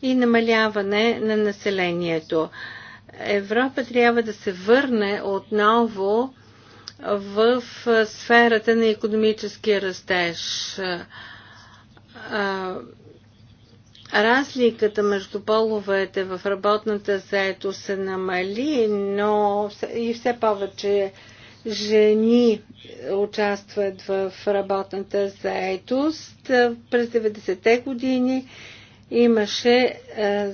и намаляване на населението. Европа трябва да се върне отново в сферата на економическия растеж разликата между половете в работната заето се намали, но и все повече жени участват в работната заетост. През 90-те години имаше, е,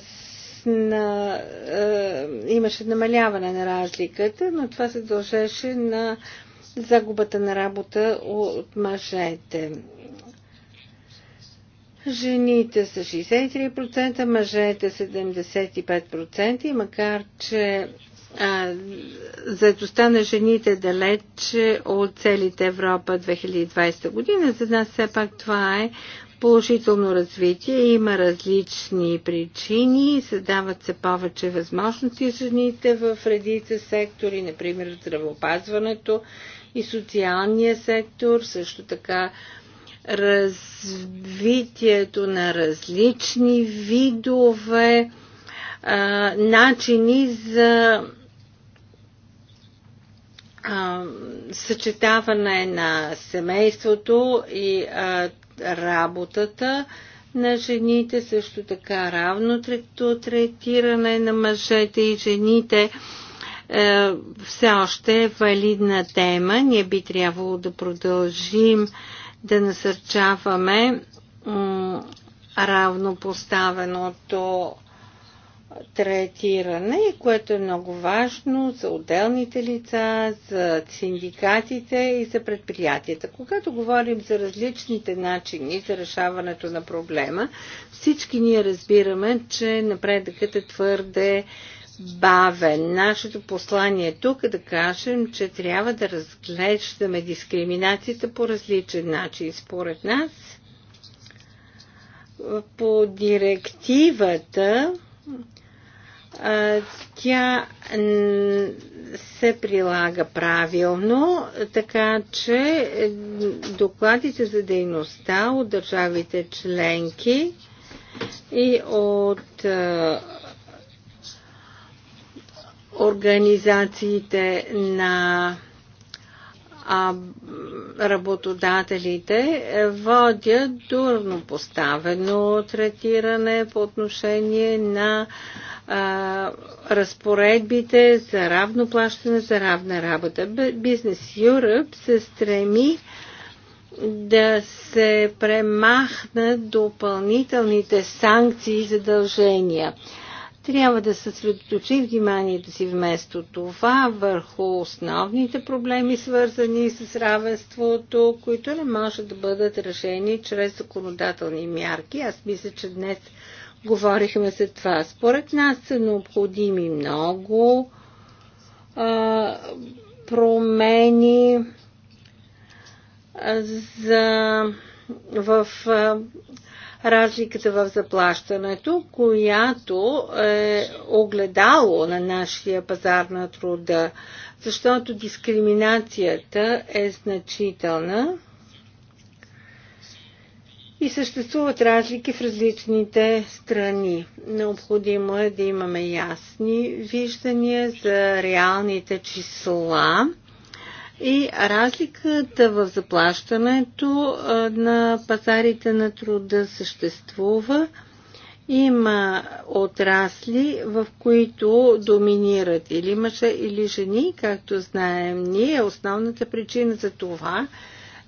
на, е, имаше намаляване на разликата, но това се дължеше на загубата на работа от мъжете. Жените са 63%, мъжете 75% и макар, че заедостта на жените е далече от целите Европа 2020 година, за нас все пак това е положително развитие. Има различни причини, създават се повече възможности жените в редица сектори, например здравеопазването и социалния сектор, също така развитието на различни видове а, начини за а, съчетаване на семейството и а, работата на жените, също така равно третиране на мъжете и жените е, все още е валидна тема. Ние би трябвало да продължим да насърчаваме равнопоставеното третиране, което е много важно за отделните лица, за синдикатите и за предприятията. Когато говорим за различните начини за решаването на проблема, всички ние разбираме, че напредъкът е твърде бавен. Нашето послание е тук е да кажем, че трябва да разглеждаме дискриминацията по различен начин. Според нас, по директивата, тя се прилага правилно, така че докладите за дейността от държавите членки и от организациите на а, работодателите водят дурно поставено третиране по отношение на а, разпоредбите за равно плащане за равна работа. Бизнес Europe се стреми да се премахнат допълнителните санкции и задължения трябва да средоточи вниманието си вместо това върху основните проблеми, свързани с равенството, които не може да бъдат решени чрез законодателни мярки. Аз мисля, че днес говорихме за това. Според нас са необходими много а, промени а, за, в а, разликата в заплащането, която е огледало на нашия пазар на труда, защото дискриминацията е значителна и съществуват разлики в различните страни. Необходимо е да имаме ясни виждания за реалните числа и разликата в заплащането на пазарите на труда съществува. Има отрасли, в които доминират или мъже, или жени, както знаем ние. Основната причина за това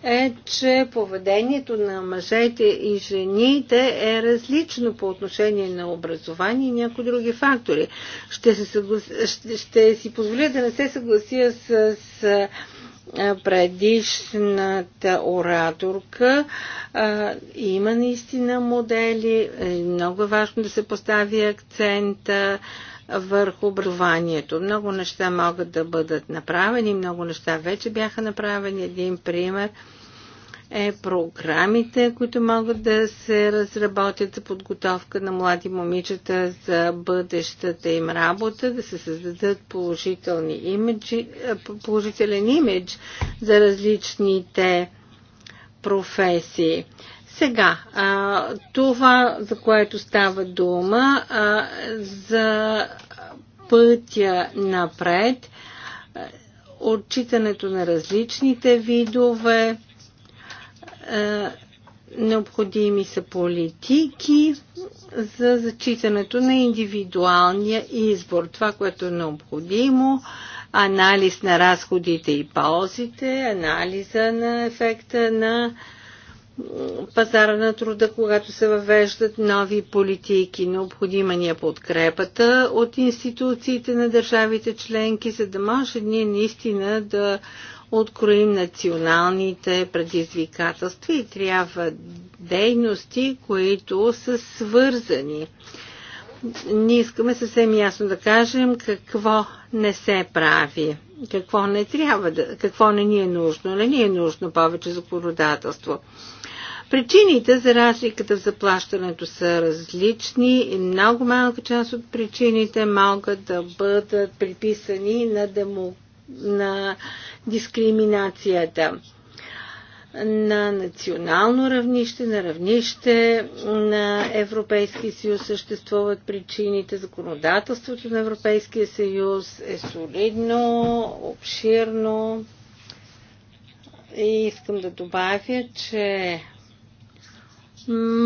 е, че поведението на мъжете и жените е различно по отношение на образование и някои други фактори. Ще, се съглас... ще, ще си позволя да не се съглася с, с предишната ораторка. Има наистина модели. Е много е важно да се постави акцента върху образованието. Много неща могат да бъдат направени, много неща вече бяха направени. Един пример – е програмите, които могат да се разработят за подготовка на млади момичета за бъдещата им работа, да се създадат положителни имиджи, е, положителен имидж за различните професии. Сега, това, за което става дума, за пътя напред, е, отчитането на различните видове, е, необходими са политики за зачитането на индивидуалния избор. Това, което е необходимо, анализ на разходите и ползите, анализа на ефекта на пазара на труда, когато се въвеждат нови политики. Необходима ни е подкрепата от институциите на държавите членки, за да може ние наистина да откроим националните предизвикателства и трябва дейности, които са свързани. Ние искаме съвсем ясно да кажем какво не се прави, какво не трябва да, какво не ни е нужно, не ни е нужно повече законодателство. Причините за разликата в заплащането са различни и много малка част от причините могат да бъдат приписани на демократ на дискриминацията на национално равнище, на равнище на Европейския съюз съществуват причините. Законодателството на Европейския съюз е солидно, обширно. И искам да добавя, че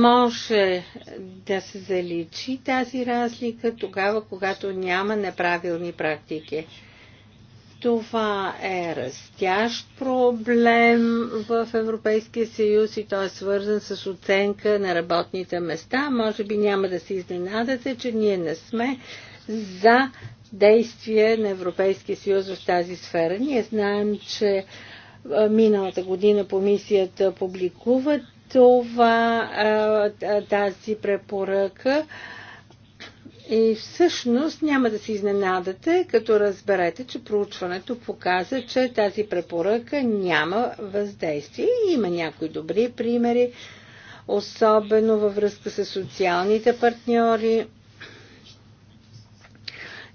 може да се заличи тази разлика тогава, когато няма неправилни практики. Това е растящ проблем в Европейския съюз и той е свързан с оценка на работните места. Може би няма да се изненадате, че ние не сме за действие на Европейския съюз в тази сфера. Ние знаем, че миналата година комисията публикува това, тази препоръка и всъщност няма да се изненадате, като разберете, че проучването показа, че тази препоръка няма въздействие. Има някои добри примери, особено във връзка с социалните партньори.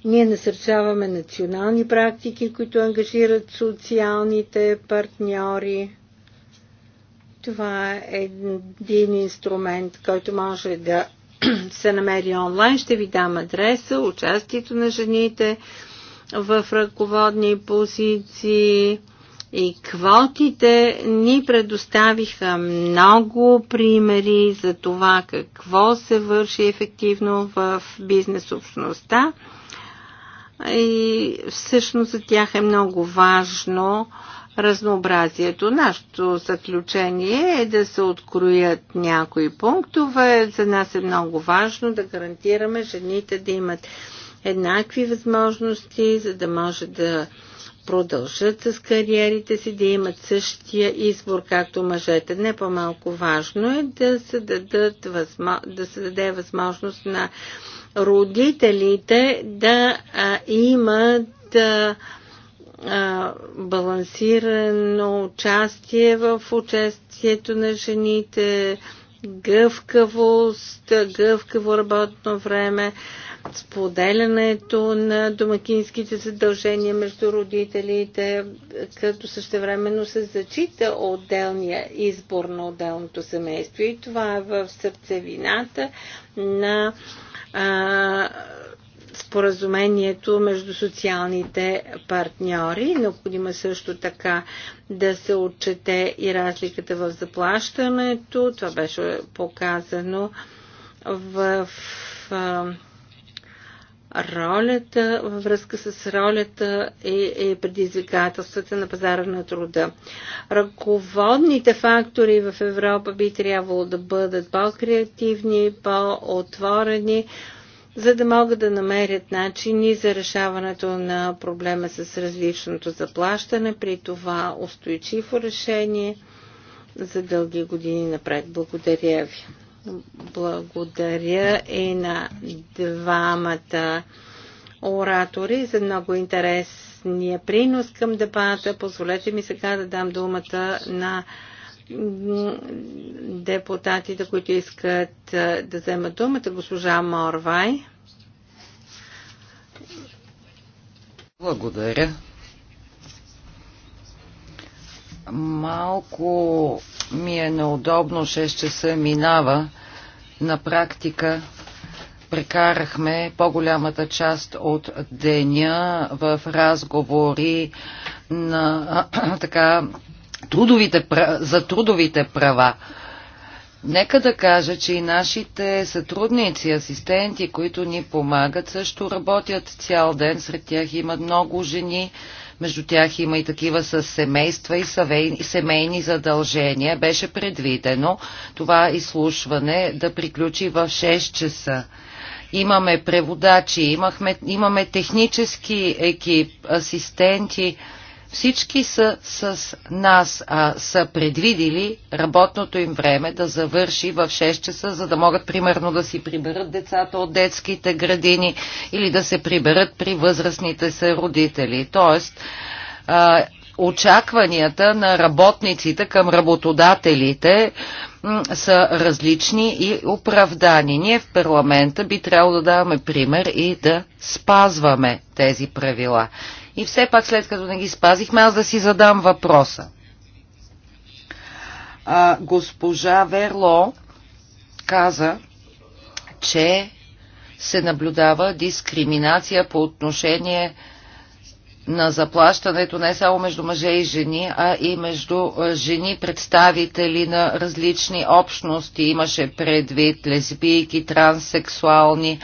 Ние насърчаваме национални практики, които ангажират социалните партньори. Това е един инструмент, който може да [clears throat] се намери онлайн. Ще ви дам адреса, участието на жените в ръководни позиции и квотите ни предоставиха много примери за това какво се върши ефективно в бизнес общността. И всъщност за тях е много важно разнообразието. Нашето заключение е да се откроят някои пунктове. За нас е много важно да гарантираме жените да имат еднакви възможности, за да може да продължат с кариерите си, да имат същия избор, както мъжете. Не по-малко важно е да се, дадат възможно, да се даде възможност на родителите да а, имат а, балансирано участие в участието на жените, гъвкавост, гъвкаво работно време, споделянето на домакинските задължения между родителите, като същевременно се зачита отделния избор на отделното семейство. И това е в сърцевината на а, споразумението между социалните партньори. Необходимо е също така да се отчете и разликата в заплащането. Това беше показано в, в ролята, във връзка с ролята и, и предизвикателствата на пазара на труда. Ръководните фактори в Европа би трябвало да бъдат по-креативни, по-отворени, за да могат да намерят начини за решаването на проблема с различното заплащане, при това устойчиво решение за дълги години напред. Благодаря ви. Благодаря и на двамата оратори за много интересния принос към дебата. Позволете ми сега да дам думата на депутатите, които искат да вземат думата. Госпожа Морвай. Благодаря. Малко ми е неудобно, 6 часа минава. На практика прекарахме по-голямата част от деня в разговори на [clears throat] така трудовите, за трудовите права. Нека да кажа, че и нашите сътрудници, асистенти, които ни помагат, също работят цял ден. Сред тях има много жени, между тях има и такива с семейства и семейни задължения. Беше предвидено това изслушване да приключи в 6 часа. Имаме преводачи, имахме, имаме технически екип, асистенти. Всички са с нас, а са предвидили работното им време да завърши в 6 часа, за да могат примерно да си приберат децата от детските градини или да се приберат при възрастните се родители. Тоест, а, очакванията на работниците към работодателите са различни и оправдани. Ние в парламента би трябвало да даваме пример и да спазваме тези правила. И все пак след като не ги спазихме, аз да си задам въпроса. А, госпожа Верло каза, че се наблюдава дискриминация по отношение на на заплащането не само между мъже и жени, а и между е, жени представители на различни общности. Имаше предвид лесбийки, транссексуални,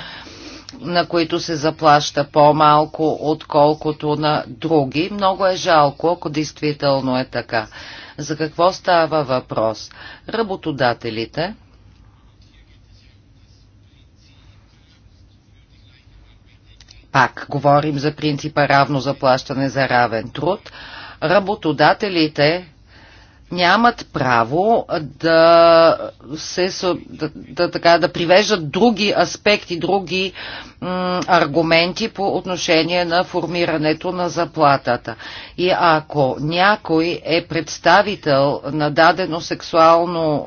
на които се заплаща по-малко, отколкото на други. Много е жалко, ако действително е така. За какво става въпрос? Работодателите пак говорим за принципа равно заплащане за равен труд, работодателите нямат право да, се, да, да, така, да привеждат други аспекти, други м, аргументи по отношение на формирането на заплатата. И ако някой е представител на дадено сексуално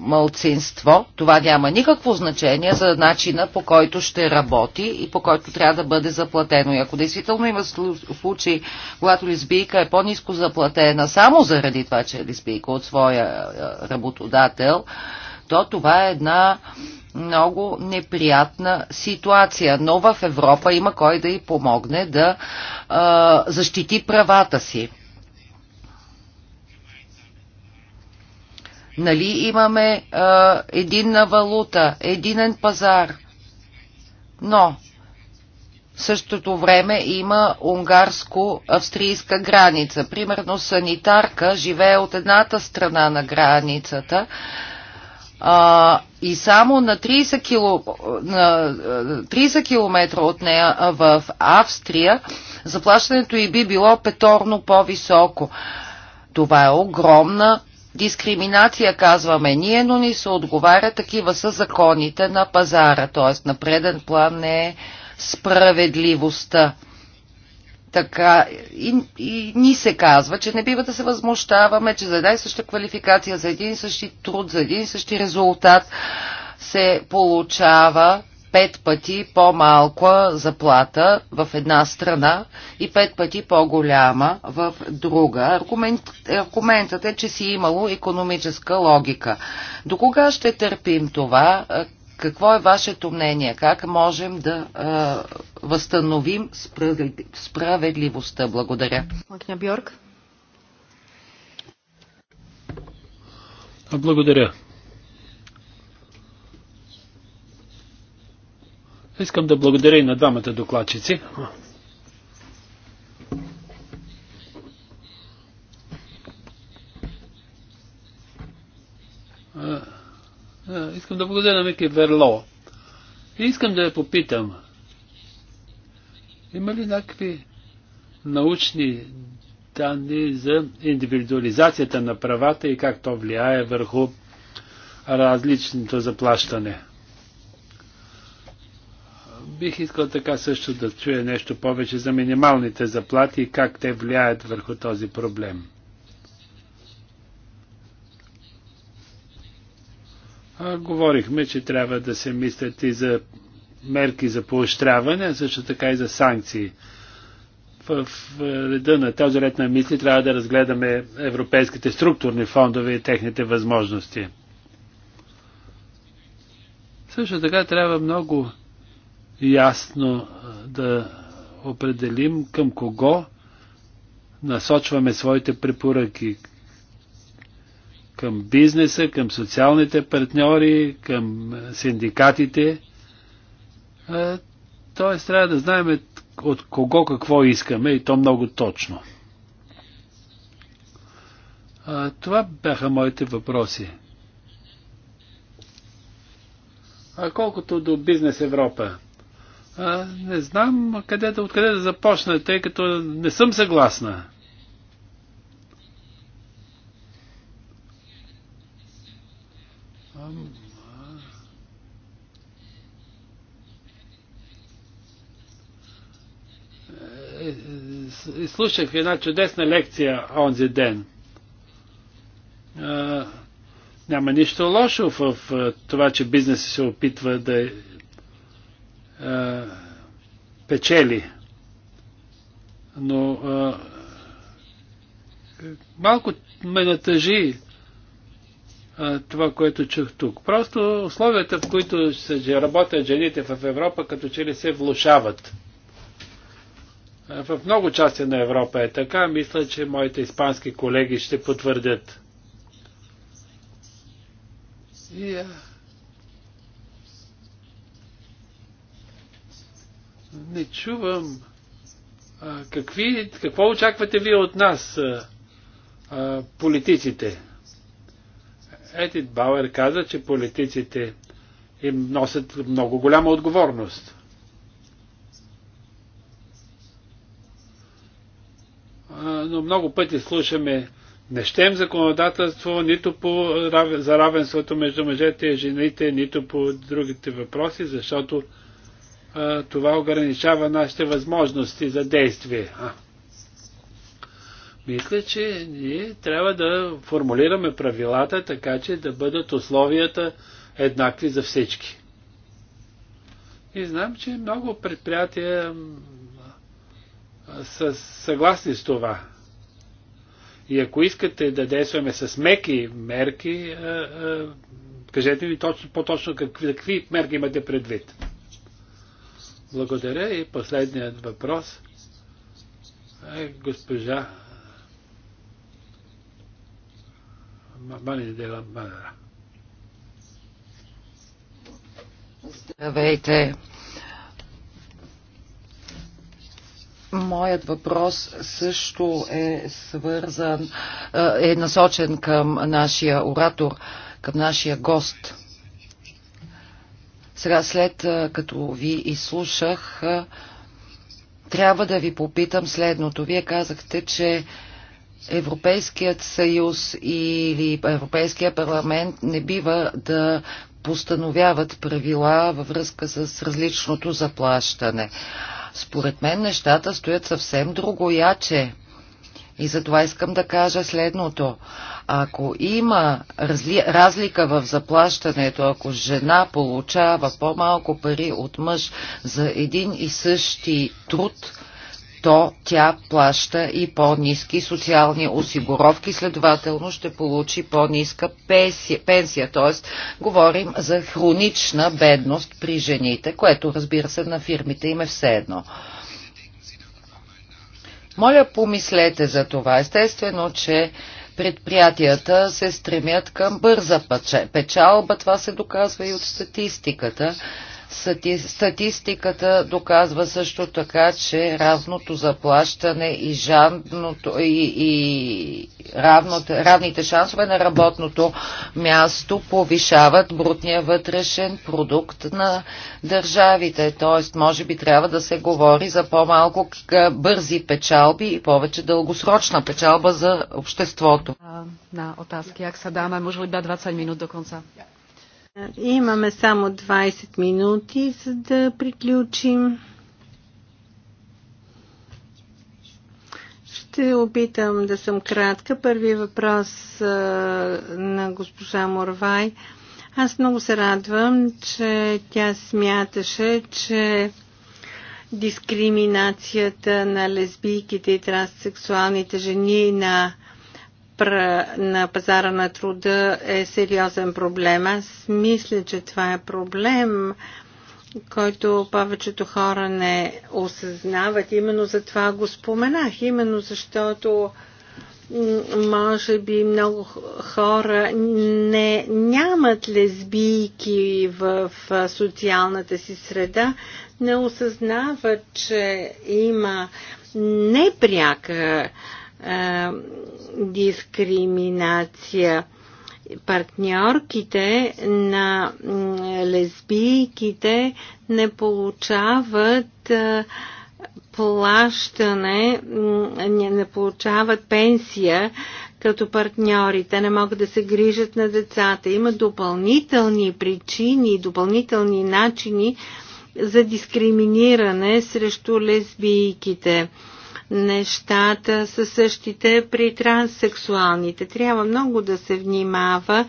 мълцинство, това няма никакво значение за начина по който ще работи и по който трябва да бъде заплатено. И ако действително има случаи, когато лесбийка е по-низко заплатена само заради това, че е лесбийка, изисквайки от своя е, работодател, то това е една много неприятна ситуация. Но в Европа има кой да й помогне да а, е, защити правата си. Нали имаме а, е, единна валута, единен пазар. Но в същото време има унгарско-австрийска граница. Примерно санитарка живее от едната страна на границата, а, и само на 30, кило, на 30 километра от нея в Австрия заплащането и би било петорно по-високо. Това е огромна дискриминация, казваме ние, но ни се отговаря, такива са законите на пазара, т.е. на преден план не е справедливостта. Така и, и ни се казва, че не бива да се възмущаваме, че за една и съща квалификация, за един и същи труд, за един и същи резултат се получава пет пъти по-малка заплата в една страна и пет пъти по-голяма в друга. Аргумент, аргументът е, че си имало економическа логика. До кога ще търпим това? Какво е вашето мнение? Как можем да а, възстановим справедливостта? Благодаря. Макня Бьорк. Благодаря. Искам да благодаря и на двамата докладчици. А, Искам да благодаря на Мики Верло. И искам да я попитам. Има ли някакви научни данни за индивидуализацията на правата и как то влияе върху различното заплащане? Бих искал така също да чуя нещо повече за минималните заплати и как те влияят върху този проблем. говорихме, че трябва да се мислят и за мерки за поощряване, а също така и за санкции. в реда на този ред на мисли трябва да разгледаме европейските структурни фондове и техните възможности. Също така трябва много ясно да определим към кого насочваме своите препоръки, към бизнеса, към социалните партньори, към синдикатите. Тоест трябва да знаем от кого какво искаме и то много точно. Това бяха моите въпроси. А колкото до бизнес Европа, а, не знам къде да, откъде да започна, тъй като не съм съгласна. И е, е, слушах една чудесна лекция онзи ден. Няма нищо лошо в това, че бизнесът се опитва да печели. Но малко ме натъжи това, което чух тук. Просто условията, в които се работят жените в Европа, като че ли се влушават. В много части на Европа е така. Мисля, че моите испански колеги ще потвърдят. Не чувам. А, какви, какво очаквате вие от нас, а, политиците? Едит Бауер каза, че политиците им носят много голяма отговорност. Но много пъти слушаме нещем законодателство нито по, за равенството между мъжете и жените, нито по другите въпроси, защото а, това ограничава нашите възможности за действие. А, мисля, че ние трябва да формулираме правилата така, че да бъдат условията еднакви за всички. И знам, че много предприятия са съгласни с това. И ако искате да действаме с меки мерки, кажете ми точно, по-точно какви, какви мерки имате предвид. Благодаря и последният въпрос е госпожа Мани Дела Мадара. Здравейте! Моят въпрос също е свързан, е насочен към нашия оратор, към нашия гост. Сега след като ви изслушах, трябва да ви попитам следното. Вие казахте, че Европейският съюз или Европейския парламент не бива да постановяват правила във връзка с различното заплащане. Според мен нещата стоят съвсем друго яче. И затова искам да кажа следното. Ако има разли... разлика в заплащането, ако жена получава по-малко пари от мъж за един и същи труд, то тя плаща и по-низки социални осигуровки, следователно ще получи по-низка пенсия. Т.е. говорим за хронична бедност при жените, което разбира се на фирмите им е все едно. Моля, помислете за това. Естествено, че предприятията се стремят към бърза печалба. Това се доказва и от статистиката. Статистиката доказва също така, че равното заплащане и, жанното, и, и равното, равните шансове на работното място повишават брутния вътрешен продукт на държавите. Т.е. може би трябва да се говори за по-малко бързи печалби и повече дългосрочна печалба за обществото. На отазки, як са даме, може ли 20 минут до конца? Имаме само 20 минути, за да приключим. Ще опитам да съм кратка. Първи въпрос на госпожа Морвай. Аз много се радвам, че тя смяташе, че дискриминацията на лесбийките и транссексуалните жени на на пазара на труда е сериозен проблем. Аз мисля, че това е проблем, който повечето хора не осъзнават. Именно за това го споменах. Именно защото може би много хора не, нямат лесбийки в социалната си среда, не осъзнават, че има непряка дискриминация. Партньорките на лесбийките не получават плащане, не, не получават пенсия като партньорите, не могат да се грижат на децата. Има допълнителни причини, допълнителни начини за дискриминиране срещу лесбийките нещата са същите при транссексуалните. Трябва много да се внимава,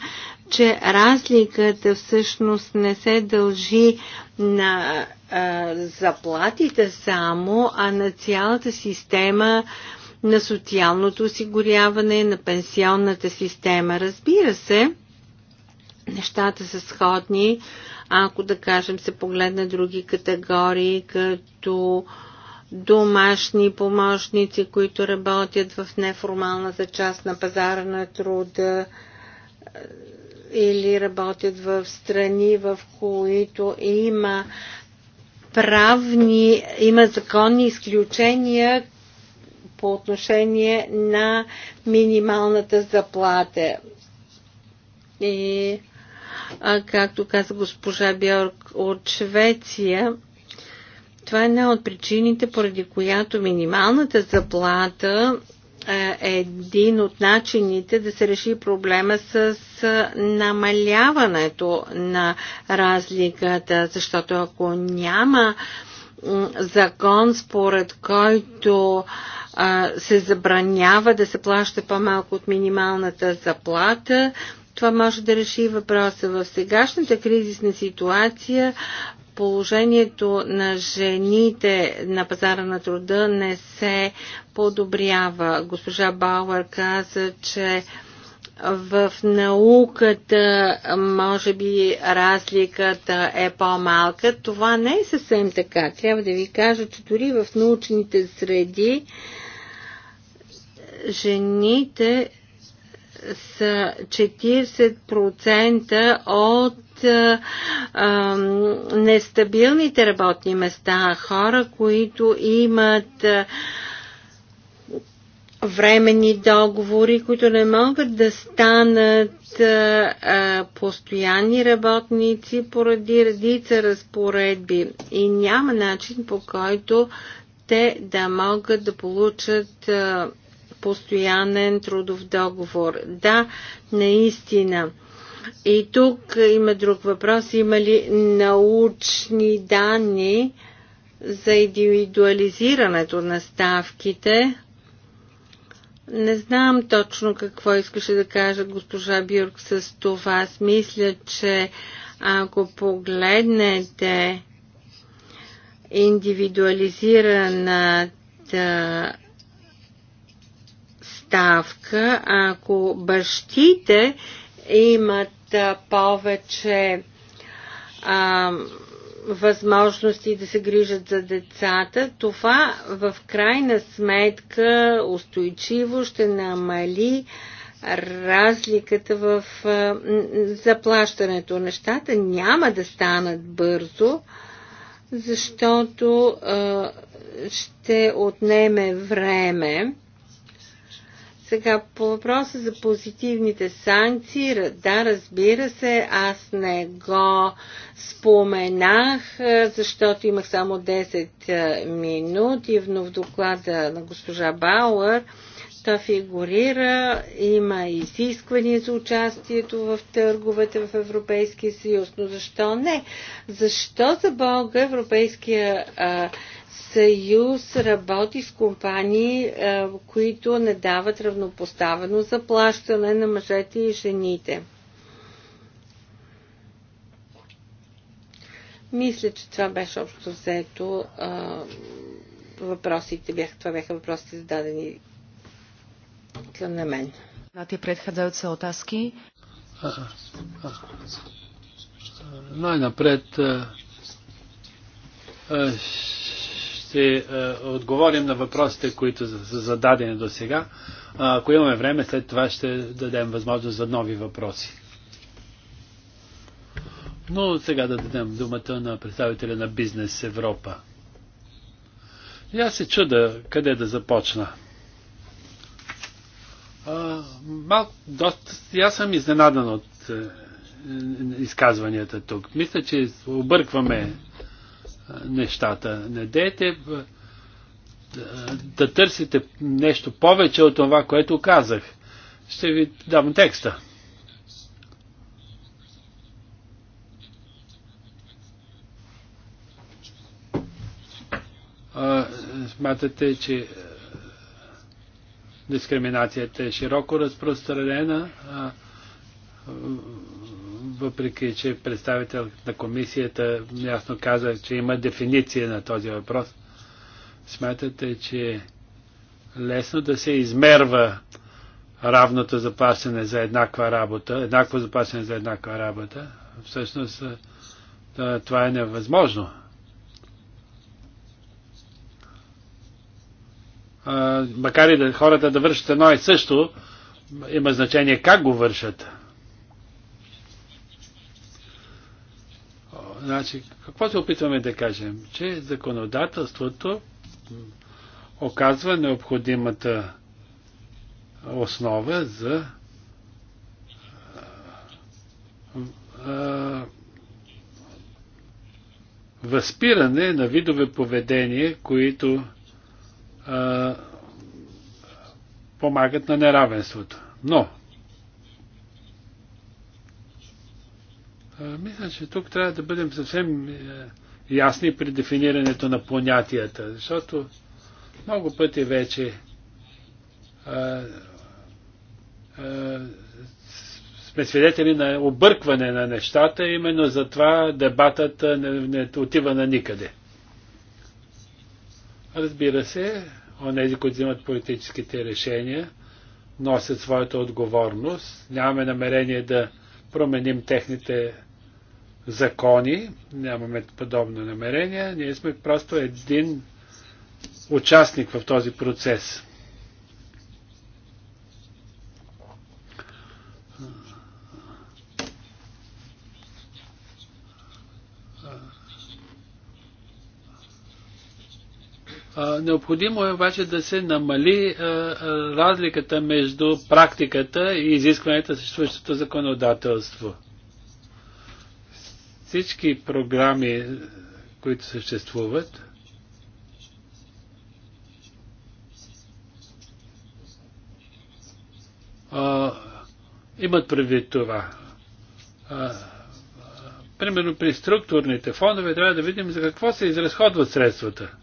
че разликата всъщност не се дължи на а, заплатите само, а на цялата система на социалното осигуряване, на пенсионната система. Разбира се, нещата са сходни, ако да кажем се погледна други категории, като домашни помощници, които работят в неформалната част на пазара на труда е, или работят в страни, в които има правни, има законни изключения по отношение на минималната заплата. И, а, както каза госпожа Бьорк от Швеция, това е една от причините, поради която минималната заплата е, е един от начините да се реши проблема с намаляването на разликата, защото ако няма закон, според който се забранява да се плаща по-малко от минималната заплата, това може да реши въпроса. В сегашната кризисна ситуация положението на жените на пазара на труда не се подобрява. Госпожа Бауър каза, че в науката може би разликата е по-малка. Това не е съвсем така. Трябва да ви кажа, че дори в научните среди жените са 40% от а, а, нестабилните работни места, хора, които имат а, временни договори, които не могат да станат а, постоянни работници поради редица разпоредби и няма начин по който те да могат да получат а, постоянен трудов договор. Да, наистина. И тук има друг въпрос. Има ли научни данни за индивидуализирането на ставките? Не знам точно какво искаше да каже госпожа Бюрк с това. Аз мисля, че ако погледнете индивидуализираната ставка, ако бащите имат повече а, възможности да се грижат за децата, това в крайна сметка устойчиво ще намали разликата в а, заплащането. Нещата няма да станат бързо, защото а, ще отнеме време сега по въпроса за позитивните санкции, да, разбира се, аз не го споменах, защото имах само 10 минути, но в доклада на госпожа Бауър то фигурира, има изисквания за участието в търговете в Европейския съюз, но защо не? Защо за Бога Европейския а, съюз работи с компании, е, които не дават равнопоставено заплащане на мъжете и жените. Мисля, че това беше общо взето. Е, въпросите бяха, това бяха въпросите зададени към на мен. На ти предхадзајуце отаски? Най-напред е, ще е, отговорим на въпросите, които са зададени до сега. Ако имаме време, след това ще дадем възможност за нови въпроси. Но сега да дадем думата на представителя на Бизнес Европа. И аз се чуда къде да започна. А, мал, доста, аз съм изненадан от е, е изказванията тук. Мисля, че объркваме нещата. Не дейте да, е, да търсите нещо повече от това, което казах. Ще ви дам текста. смятате, че е, дискриминацията е широко разпространена. А, въпреки че представител на комисията ясно каза, че има дефиниция на този въпрос, смятате, че е лесно да се измерва равното заплащане за еднаква работа, еднакво заплащане за еднаква работа, всъщност е, това е невъзможно. макар и да хората да вършат едно и също, има значение как го вършат. Значи, какво се опитваме да кажем? Че законодателството оказва необходимата основа за възпиране на видове поведение, които а, помагат на неравенството. Но Мисля, че тук трябва да бъдем съвсем е, ясни при дефинирането на понятията, защото много пъти вече е, е, сме свидетели на объркване на нещата, именно затова дебатът не, не отива на никъде. Разбира се, онези, които взимат политическите решения, носят своята отговорност. Нямаме намерение да променим техните закони, нямаме подобно намерение, ние сме просто един участник в този процес. Необходимо е обаче да се намали разликата между практиката и изискването на съществуващото законодателство. Всички програми, които съществуват, а, имат предвид това. А, примерно при структурните фондове трябва да видим за какво се изразходват средствата.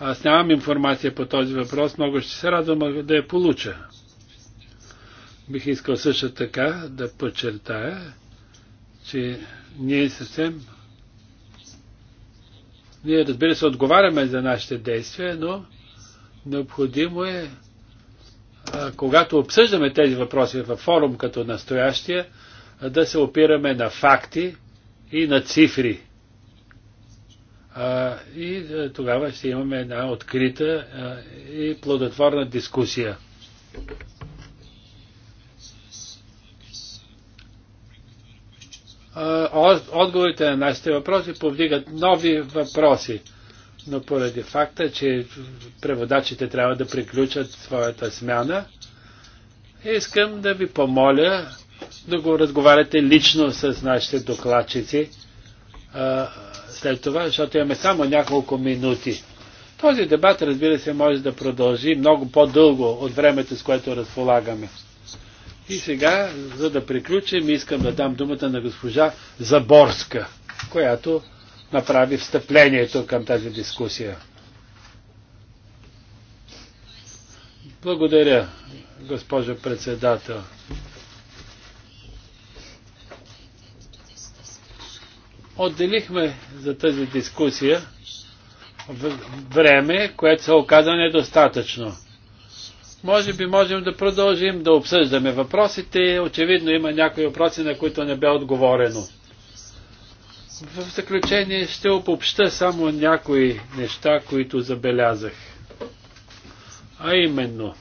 Аз нямам информация по този въпрос, много ще се радвам да я получа. Бих искал също така да подчертая, че ние съвсем. Ние, разбира се, отговаряме за нашите действия, но необходимо е, когато обсъждаме тези въпроси във форум като настоящия, да се опираме на факти и на цифри. И тогава ще имаме една открита и плодотворна дискусия. отговорите на нашите въпроси повдигат нови въпроси. Но поради факта, че преводачите трябва да приключат своята смяна, искам да ви помоля да го разговаряте лично с нашите докладчици след това, защото имаме само няколко минути. Този дебат, разбира се, може да продължи много по-дълго от времето, с което разполагаме. И сега, за да приключим, искам да дам думата на госпожа Заборска, която направи встъплението към тази дискусия. Благодаря, госпожо председател. Отделихме за тази дискусия време, което се оказа недостатъчно. Може би можем да продължим да обсъждаме въпросите. Очевидно има някои въпроси, на които не бе отговорено. В заключение ще обобща само някои неща, които забелязах. А именно,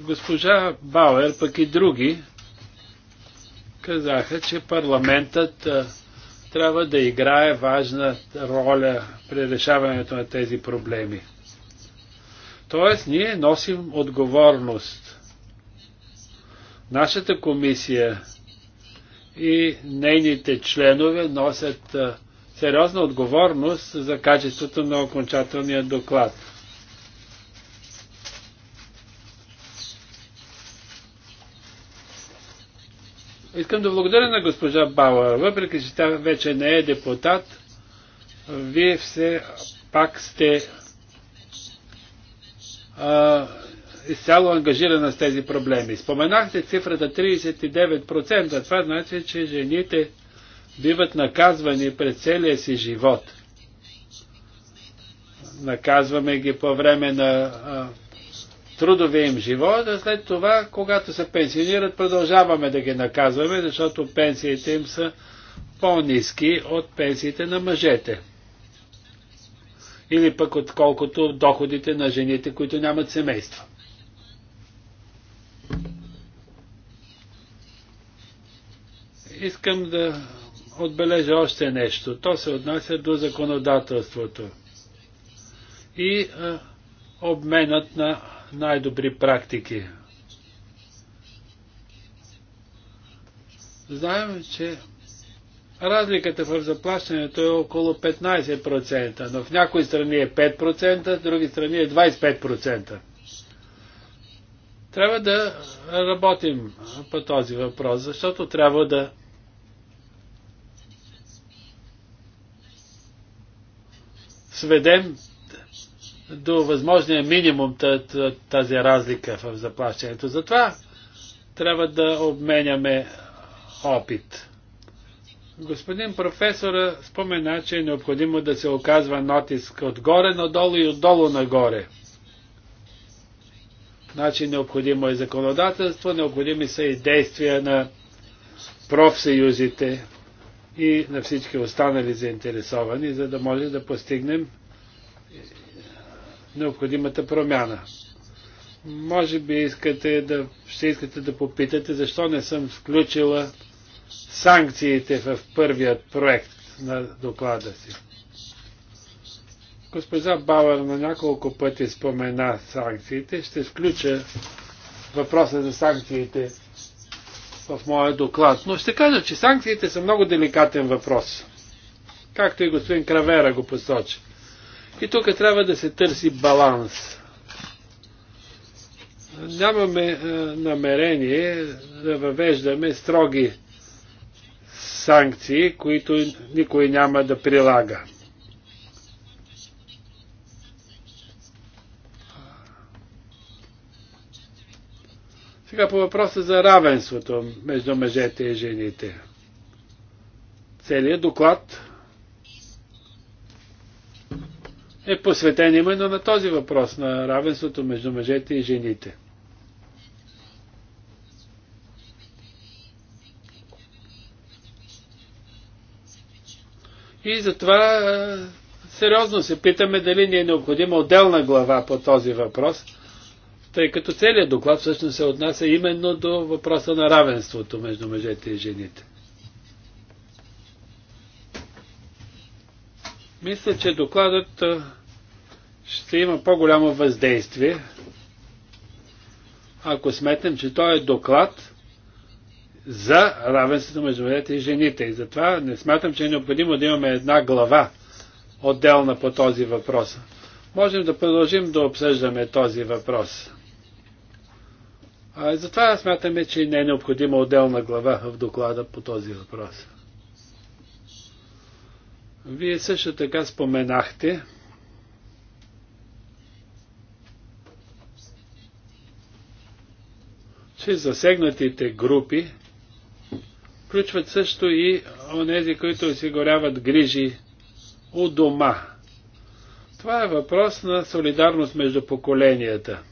госпожа Бауер, пък и други, казаха, че парламентът трябва да играе важна роля при решаването на тези проблеми. Тоест, ние носим отговорност. Нашата комисия и нейните членове носят сериозна отговорност за качеството на окончателния доклад. Искам да благодаря на госпожа Бауер. Въпреки, че тя вече не е депутат, вие все пак сте изцяло ангажирана с тези проблеми. Споменахте цифрата 39%. Това значи, че жените биват наказвани през целия си живот. Наказваме ги по време на а, трудовия им живот, а след това, когато се пенсионират, продължаваме да ги наказваме, защото пенсиите им са по-низки от пенсиите на мъжете или пък отколкото доходите на жените, които нямат семейства. Искам да отбележа още нещо. То се отнася до законодателството и а, обменът на най-добри практики. Знаем, че Разликата в заплащането е около 15%, но в някои страни е 5%, в други страни е 25%. Трябва да работим по този въпрос, защото трябва да сведем до възможния минимум тази разлика в заплащането. Затова трябва да обменяме опит. Господин професор, спомена, че е необходимо да се оказва натиск отгоре надолу и отдолу нагоре. Значи необходимо е законодателство, необходими са и действия на профсъюзите и на всички останали заинтересовани, за да може да постигнем необходимата промяна. Може би искате да, ще искате да попитате защо не съм включила санкциите в първият проект на доклада си. Госпожа Бауер на няколко пъти спомена санкциите. Ще включа въпроса за санкциите в моя доклад. Но ще кажа, че санкциите са много деликатен въпрос. Както и господин Кравера го посочи. И тук трябва да се търси баланс. Нямаме е, намерение да въвеждаме строги санкции, които никой няма да прилага. Сега по въпроса за равенството между мъжете и жените. Целият доклад е посветен именно на този въпрос на равенството между мъжете и жените. И затова е, сериозно се питаме дали ни е необходима отделна глава по този въпрос, тъй като целият доклад всъщност се отнася именно до въпроса на равенството между мъжете и жените. Мисля, че докладът е, ще има по-голямо въздействие, ако сметнем, че той е доклад, за равенството между мъжете и жените. И затова не смятам, че е необходимо да имаме една глава отделна по този въпрос. Можем да продължим да обсъждаме този въпрос. А, затова смятаме, че не е необходима отделна глава в доклада по този въпрос. Вие също така споменахте, че засегнатите групи включват също и онези, които осигуряват грижи у дома. Това е въпрос на солидарност между поколенията.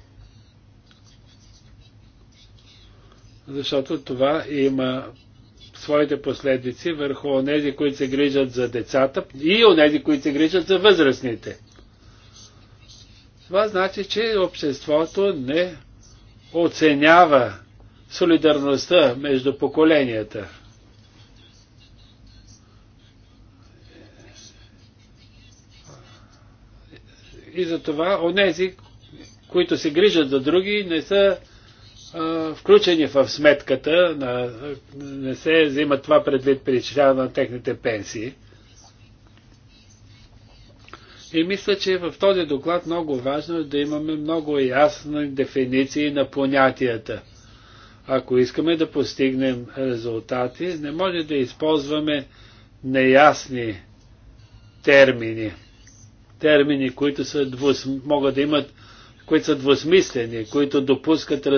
Защото това има своите последици върху онези, които се грижат за децата и онези, които се грижат за възрастните. Това значи, че обществото не оценява солидарността между поколенията. и затова онези, които се грижат за други, не са а, включени в сметката, на, не се взима това предвид при изчисляване на техните пенсии. И мисля, че в този доклад много важно е да имаме много ясни дефиниции на понятията. Ако искаме да постигнем резултати, не може да използваме неясни термини термини, които са двус, могат да имат, които са двусмислени, които допускат